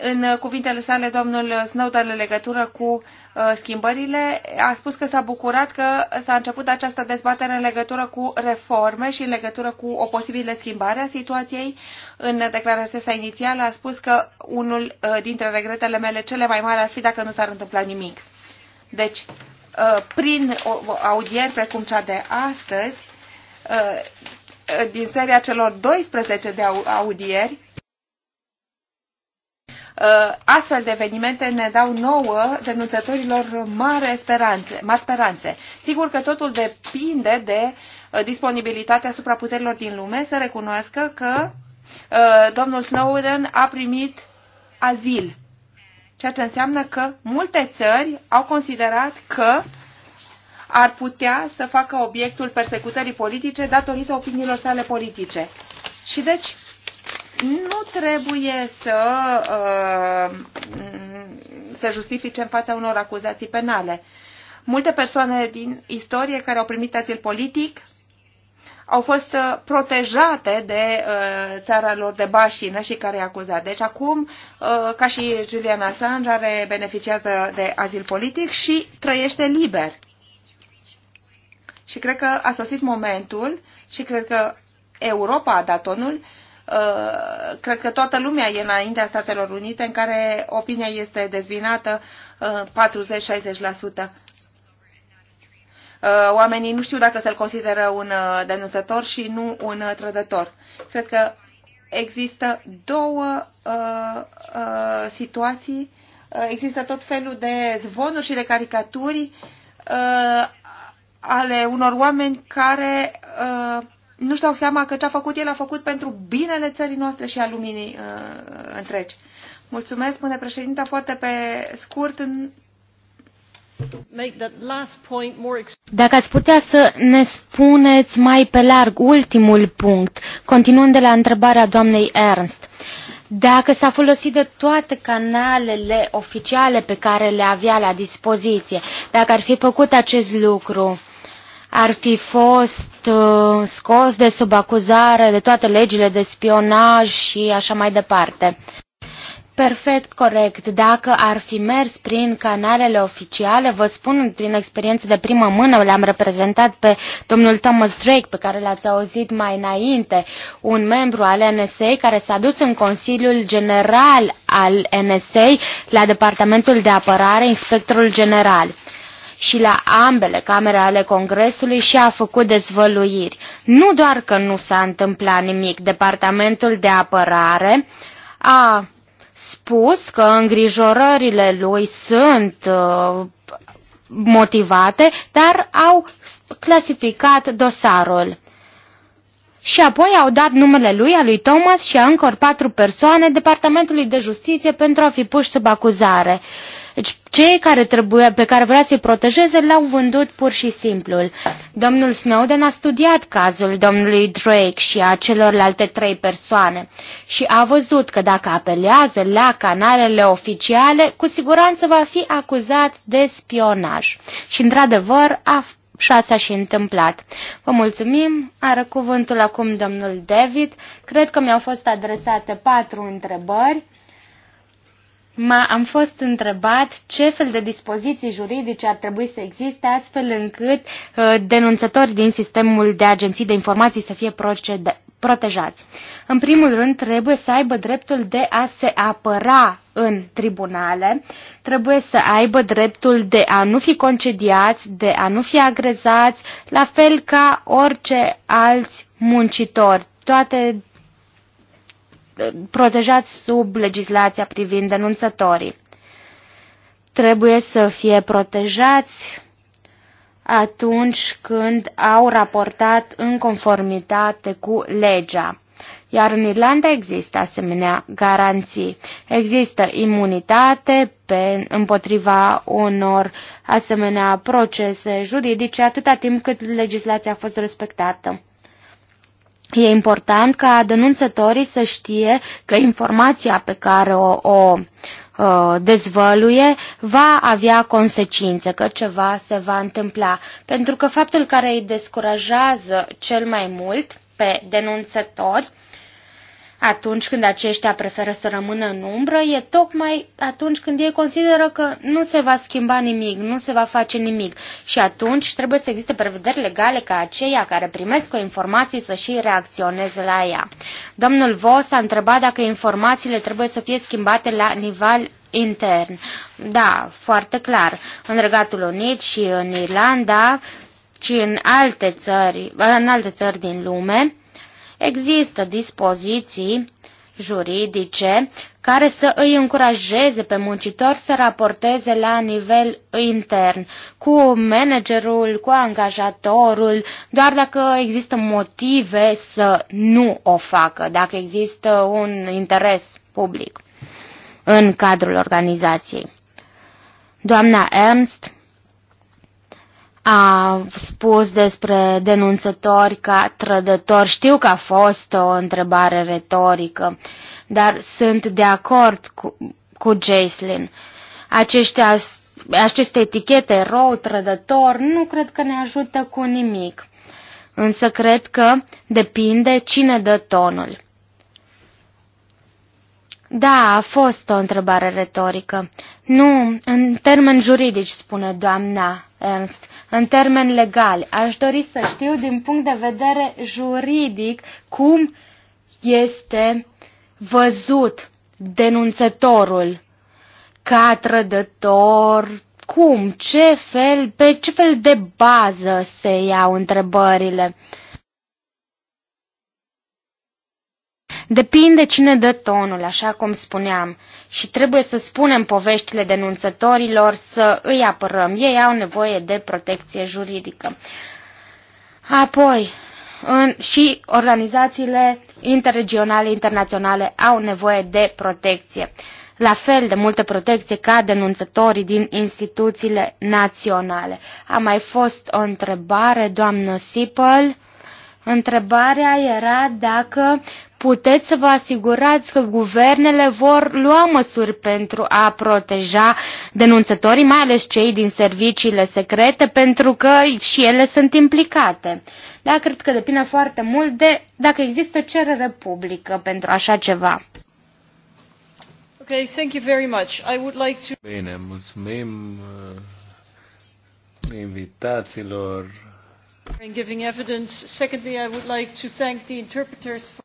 în cuvintele sale, domnul Snowden, în legătură cu uh, schimbările, a spus că s-a bucurat că s-a început această dezbatere în legătură cu reforme și în legătură cu o posibilă schimbare a situației. În declarația sa inițială a spus că unul dintre regretele mele cele mai mari ar fi dacă nu s-ar întâmpla nimic. Deci, uh, prin audieri precum cea de astăzi, uh, uh, din seria celor 12 de audieri, astfel de evenimente ne dau nouă denunțătorilor mare speranțe, mari speranțe. Sigur că totul depinde de disponibilitatea supraputerilor din lume să recunoască că domnul Snowden a primit azil Ceea ce înseamnă că multe țări au considerat că ar putea să facă obiectul persecutării politice datorită opiniilor sale politice. Și deci nu trebuie să uh, se justifice în fața unor acuzații penale. Multe persoane din istorie care au primit azil politic au fost uh, protejate de uh, țara lor de bașină și care e acuzat. Deci acum, uh, ca și Julian Assange, are, beneficiază de azil politic și trăiește liber. Și cred că a sosit momentul și cred că Europa a dat tonul cred că toată lumea e înaintea Statelor Unite în care opinia este dezbinată 40-60%. Uh, oamenii nu știu dacă să-l consideră un uh, denunțător și nu un uh, trădător. Cred că există două uh, uh, situații, uh, există tot felul de zvonuri și de caricaturi uh, ale unor oameni care uh, nu-și dau seama că ce a făcut el a făcut pentru binele țării noastre și a luminii uh, întregi. Mulțumesc, spune președinta, foarte pe scurt. În dacă ați putea să ne spuneți mai pe larg ultimul punct, continuând de la întrebarea doamnei Ernst, dacă s-a folosit de toate canalele oficiale pe care le avea la dispoziție, dacă ar fi făcut acest lucru, ar fi fost uh, scos de sub acuzare de toate legile de spionaj și așa mai departe perfect corect. Dacă ar fi mers prin canalele oficiale, vă spun din experiență de primă mână, l-am reprezentat pe domnul Thomas Drake, pe care l-ați auzit mai înainte, un membru al NSA care s-a dus în Consiliul General al NSA la Departamentul de Apărare, Inspectorul General și la ambele camere ale Congresului și a făcut dezvăluiri. Nu doar că nu s-a întâmplat nimic, Departamentul de Apărare a spus că îngrijorările lui sunt uh, motivate, dar au clasificat dosarul. Și apoi au dat numele lui, a lui Thomas și a încor patru persoane Departamentului de Justiție pentru a fi puși sub acuzare. Uh, deci cei care trebuie pe care vrea să-i protejeze l-au vândut pur și simplu. Domnul Snowden a studiat cazul domnului Drake și a celorlalte trei persoane și a văzut că dacă apelează la canalele oficiale, cu siguranță va fi acuzat de spionaj. Și într-adevăr a și asta și întâmplat. Vă mulțumim, are cuvântul acum domnul David. Cred că mi-au fost adresate patru întrebări ma am fost întrebat ce fel de dispoziții juridice ar trebui să existe astfel încât uh, denunțători din sistemul de agenții de informații să fie protejați. În primul rând, trebuie să aibă dreptul de a se apăra în tribunale, trebuie să aibă dreptul de a nu fi concediați, de a nu fi agrezați, la fel ca orice alți muncitori. Toate protejați sub legislația privind denunțătorii. Trebuie să fie protejați atunci când au raportat în conformitate cu legea. Iar în Irlanda există asemenea garanții. Există imunitate pe, împotriva unor asemenea procese juridice atâta timp cât legislația a fost respectată. E important ca denunțătorii să știe că informația pe care o, o dezvăluie, va avea consecințe, că ceva se va întâmpla. Pentru că faptul care îi descurajează cel mai mult pe denunțători atunci când aceștia preferă să rămână în umbră, e tocmai atunci când ei consideră că nu se va schimba nimic, nu se va face nimic. Și atunci trebuie să existe prevederi legale ca aceia care primesc o informație să și reacționeze la ea. Domnul Vos a întrebat dacă informațiile trebuie să fie schimbate la nivel intern. Da, foarte clar. În Regatul Unit și în Irlanda, ci în alte țări, în alte țări din lume, Există dispoziții juridice care să îi încurajeze pe muncitori să raporteze la nivel intern, cu managerul, cu angajatorul, doar dacă există motive să nu o facă, dacă există un interes public în cadrul organizației. Doamna Ernst a spus despre denunțători ca trădători. Știu că a fost o întrebare retorică, dar sunt de acord cu, cu Jaslin. Aceștia, aceste etichete, rău, trădător, nu cred că ne ajută cu nimic. Însă cred că depinde cine dă tonul. Da, a fost o întrebare retorică. Nu, în termeni juridici, spune doamna Ernst. În termeni legali, aș dori să știu din punct de vedere juridic cum este văzut denunțătorul ca trădător, cum, ce fel, pe ce fel de bază se iau întrebările. Depinde cine dă tonul, așa cum spuneam și trebuie să spunem poveștile denunțătorilor să îi apărăm. Ei au nevoie de protecție juridică. Apoi, în, și organizațiile interregionale, internaționale au nevoie de protecție. La fel de multă protecție ca denunțătorii din instituțiile naționale. A mai fost o întrebare, doamnă Sipăl. Întrebarea era dacă puteți să vă asigurați că guvernele vor lua măsuri pentru a proteja denunțătorii, mai ales cei din serviciile secrete, pentru că și ele sunt implicate. Da, cred că depinde foarte mult de dacă există cerere publică pentru așa ceva. Okay, thank you very much. I would like to... Bine, mulțumim uh, invitațiilor In giving evidence. Secondly, I would like to thank the interpreters for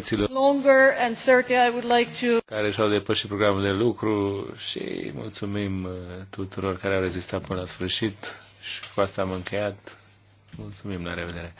și longer and thirdly, I would like to care s au depășit programul de lucru și mulțumim uh, tuturor care au rezistat până la sfârșit și cu asta am încheiat. Mulțumim, la revedere!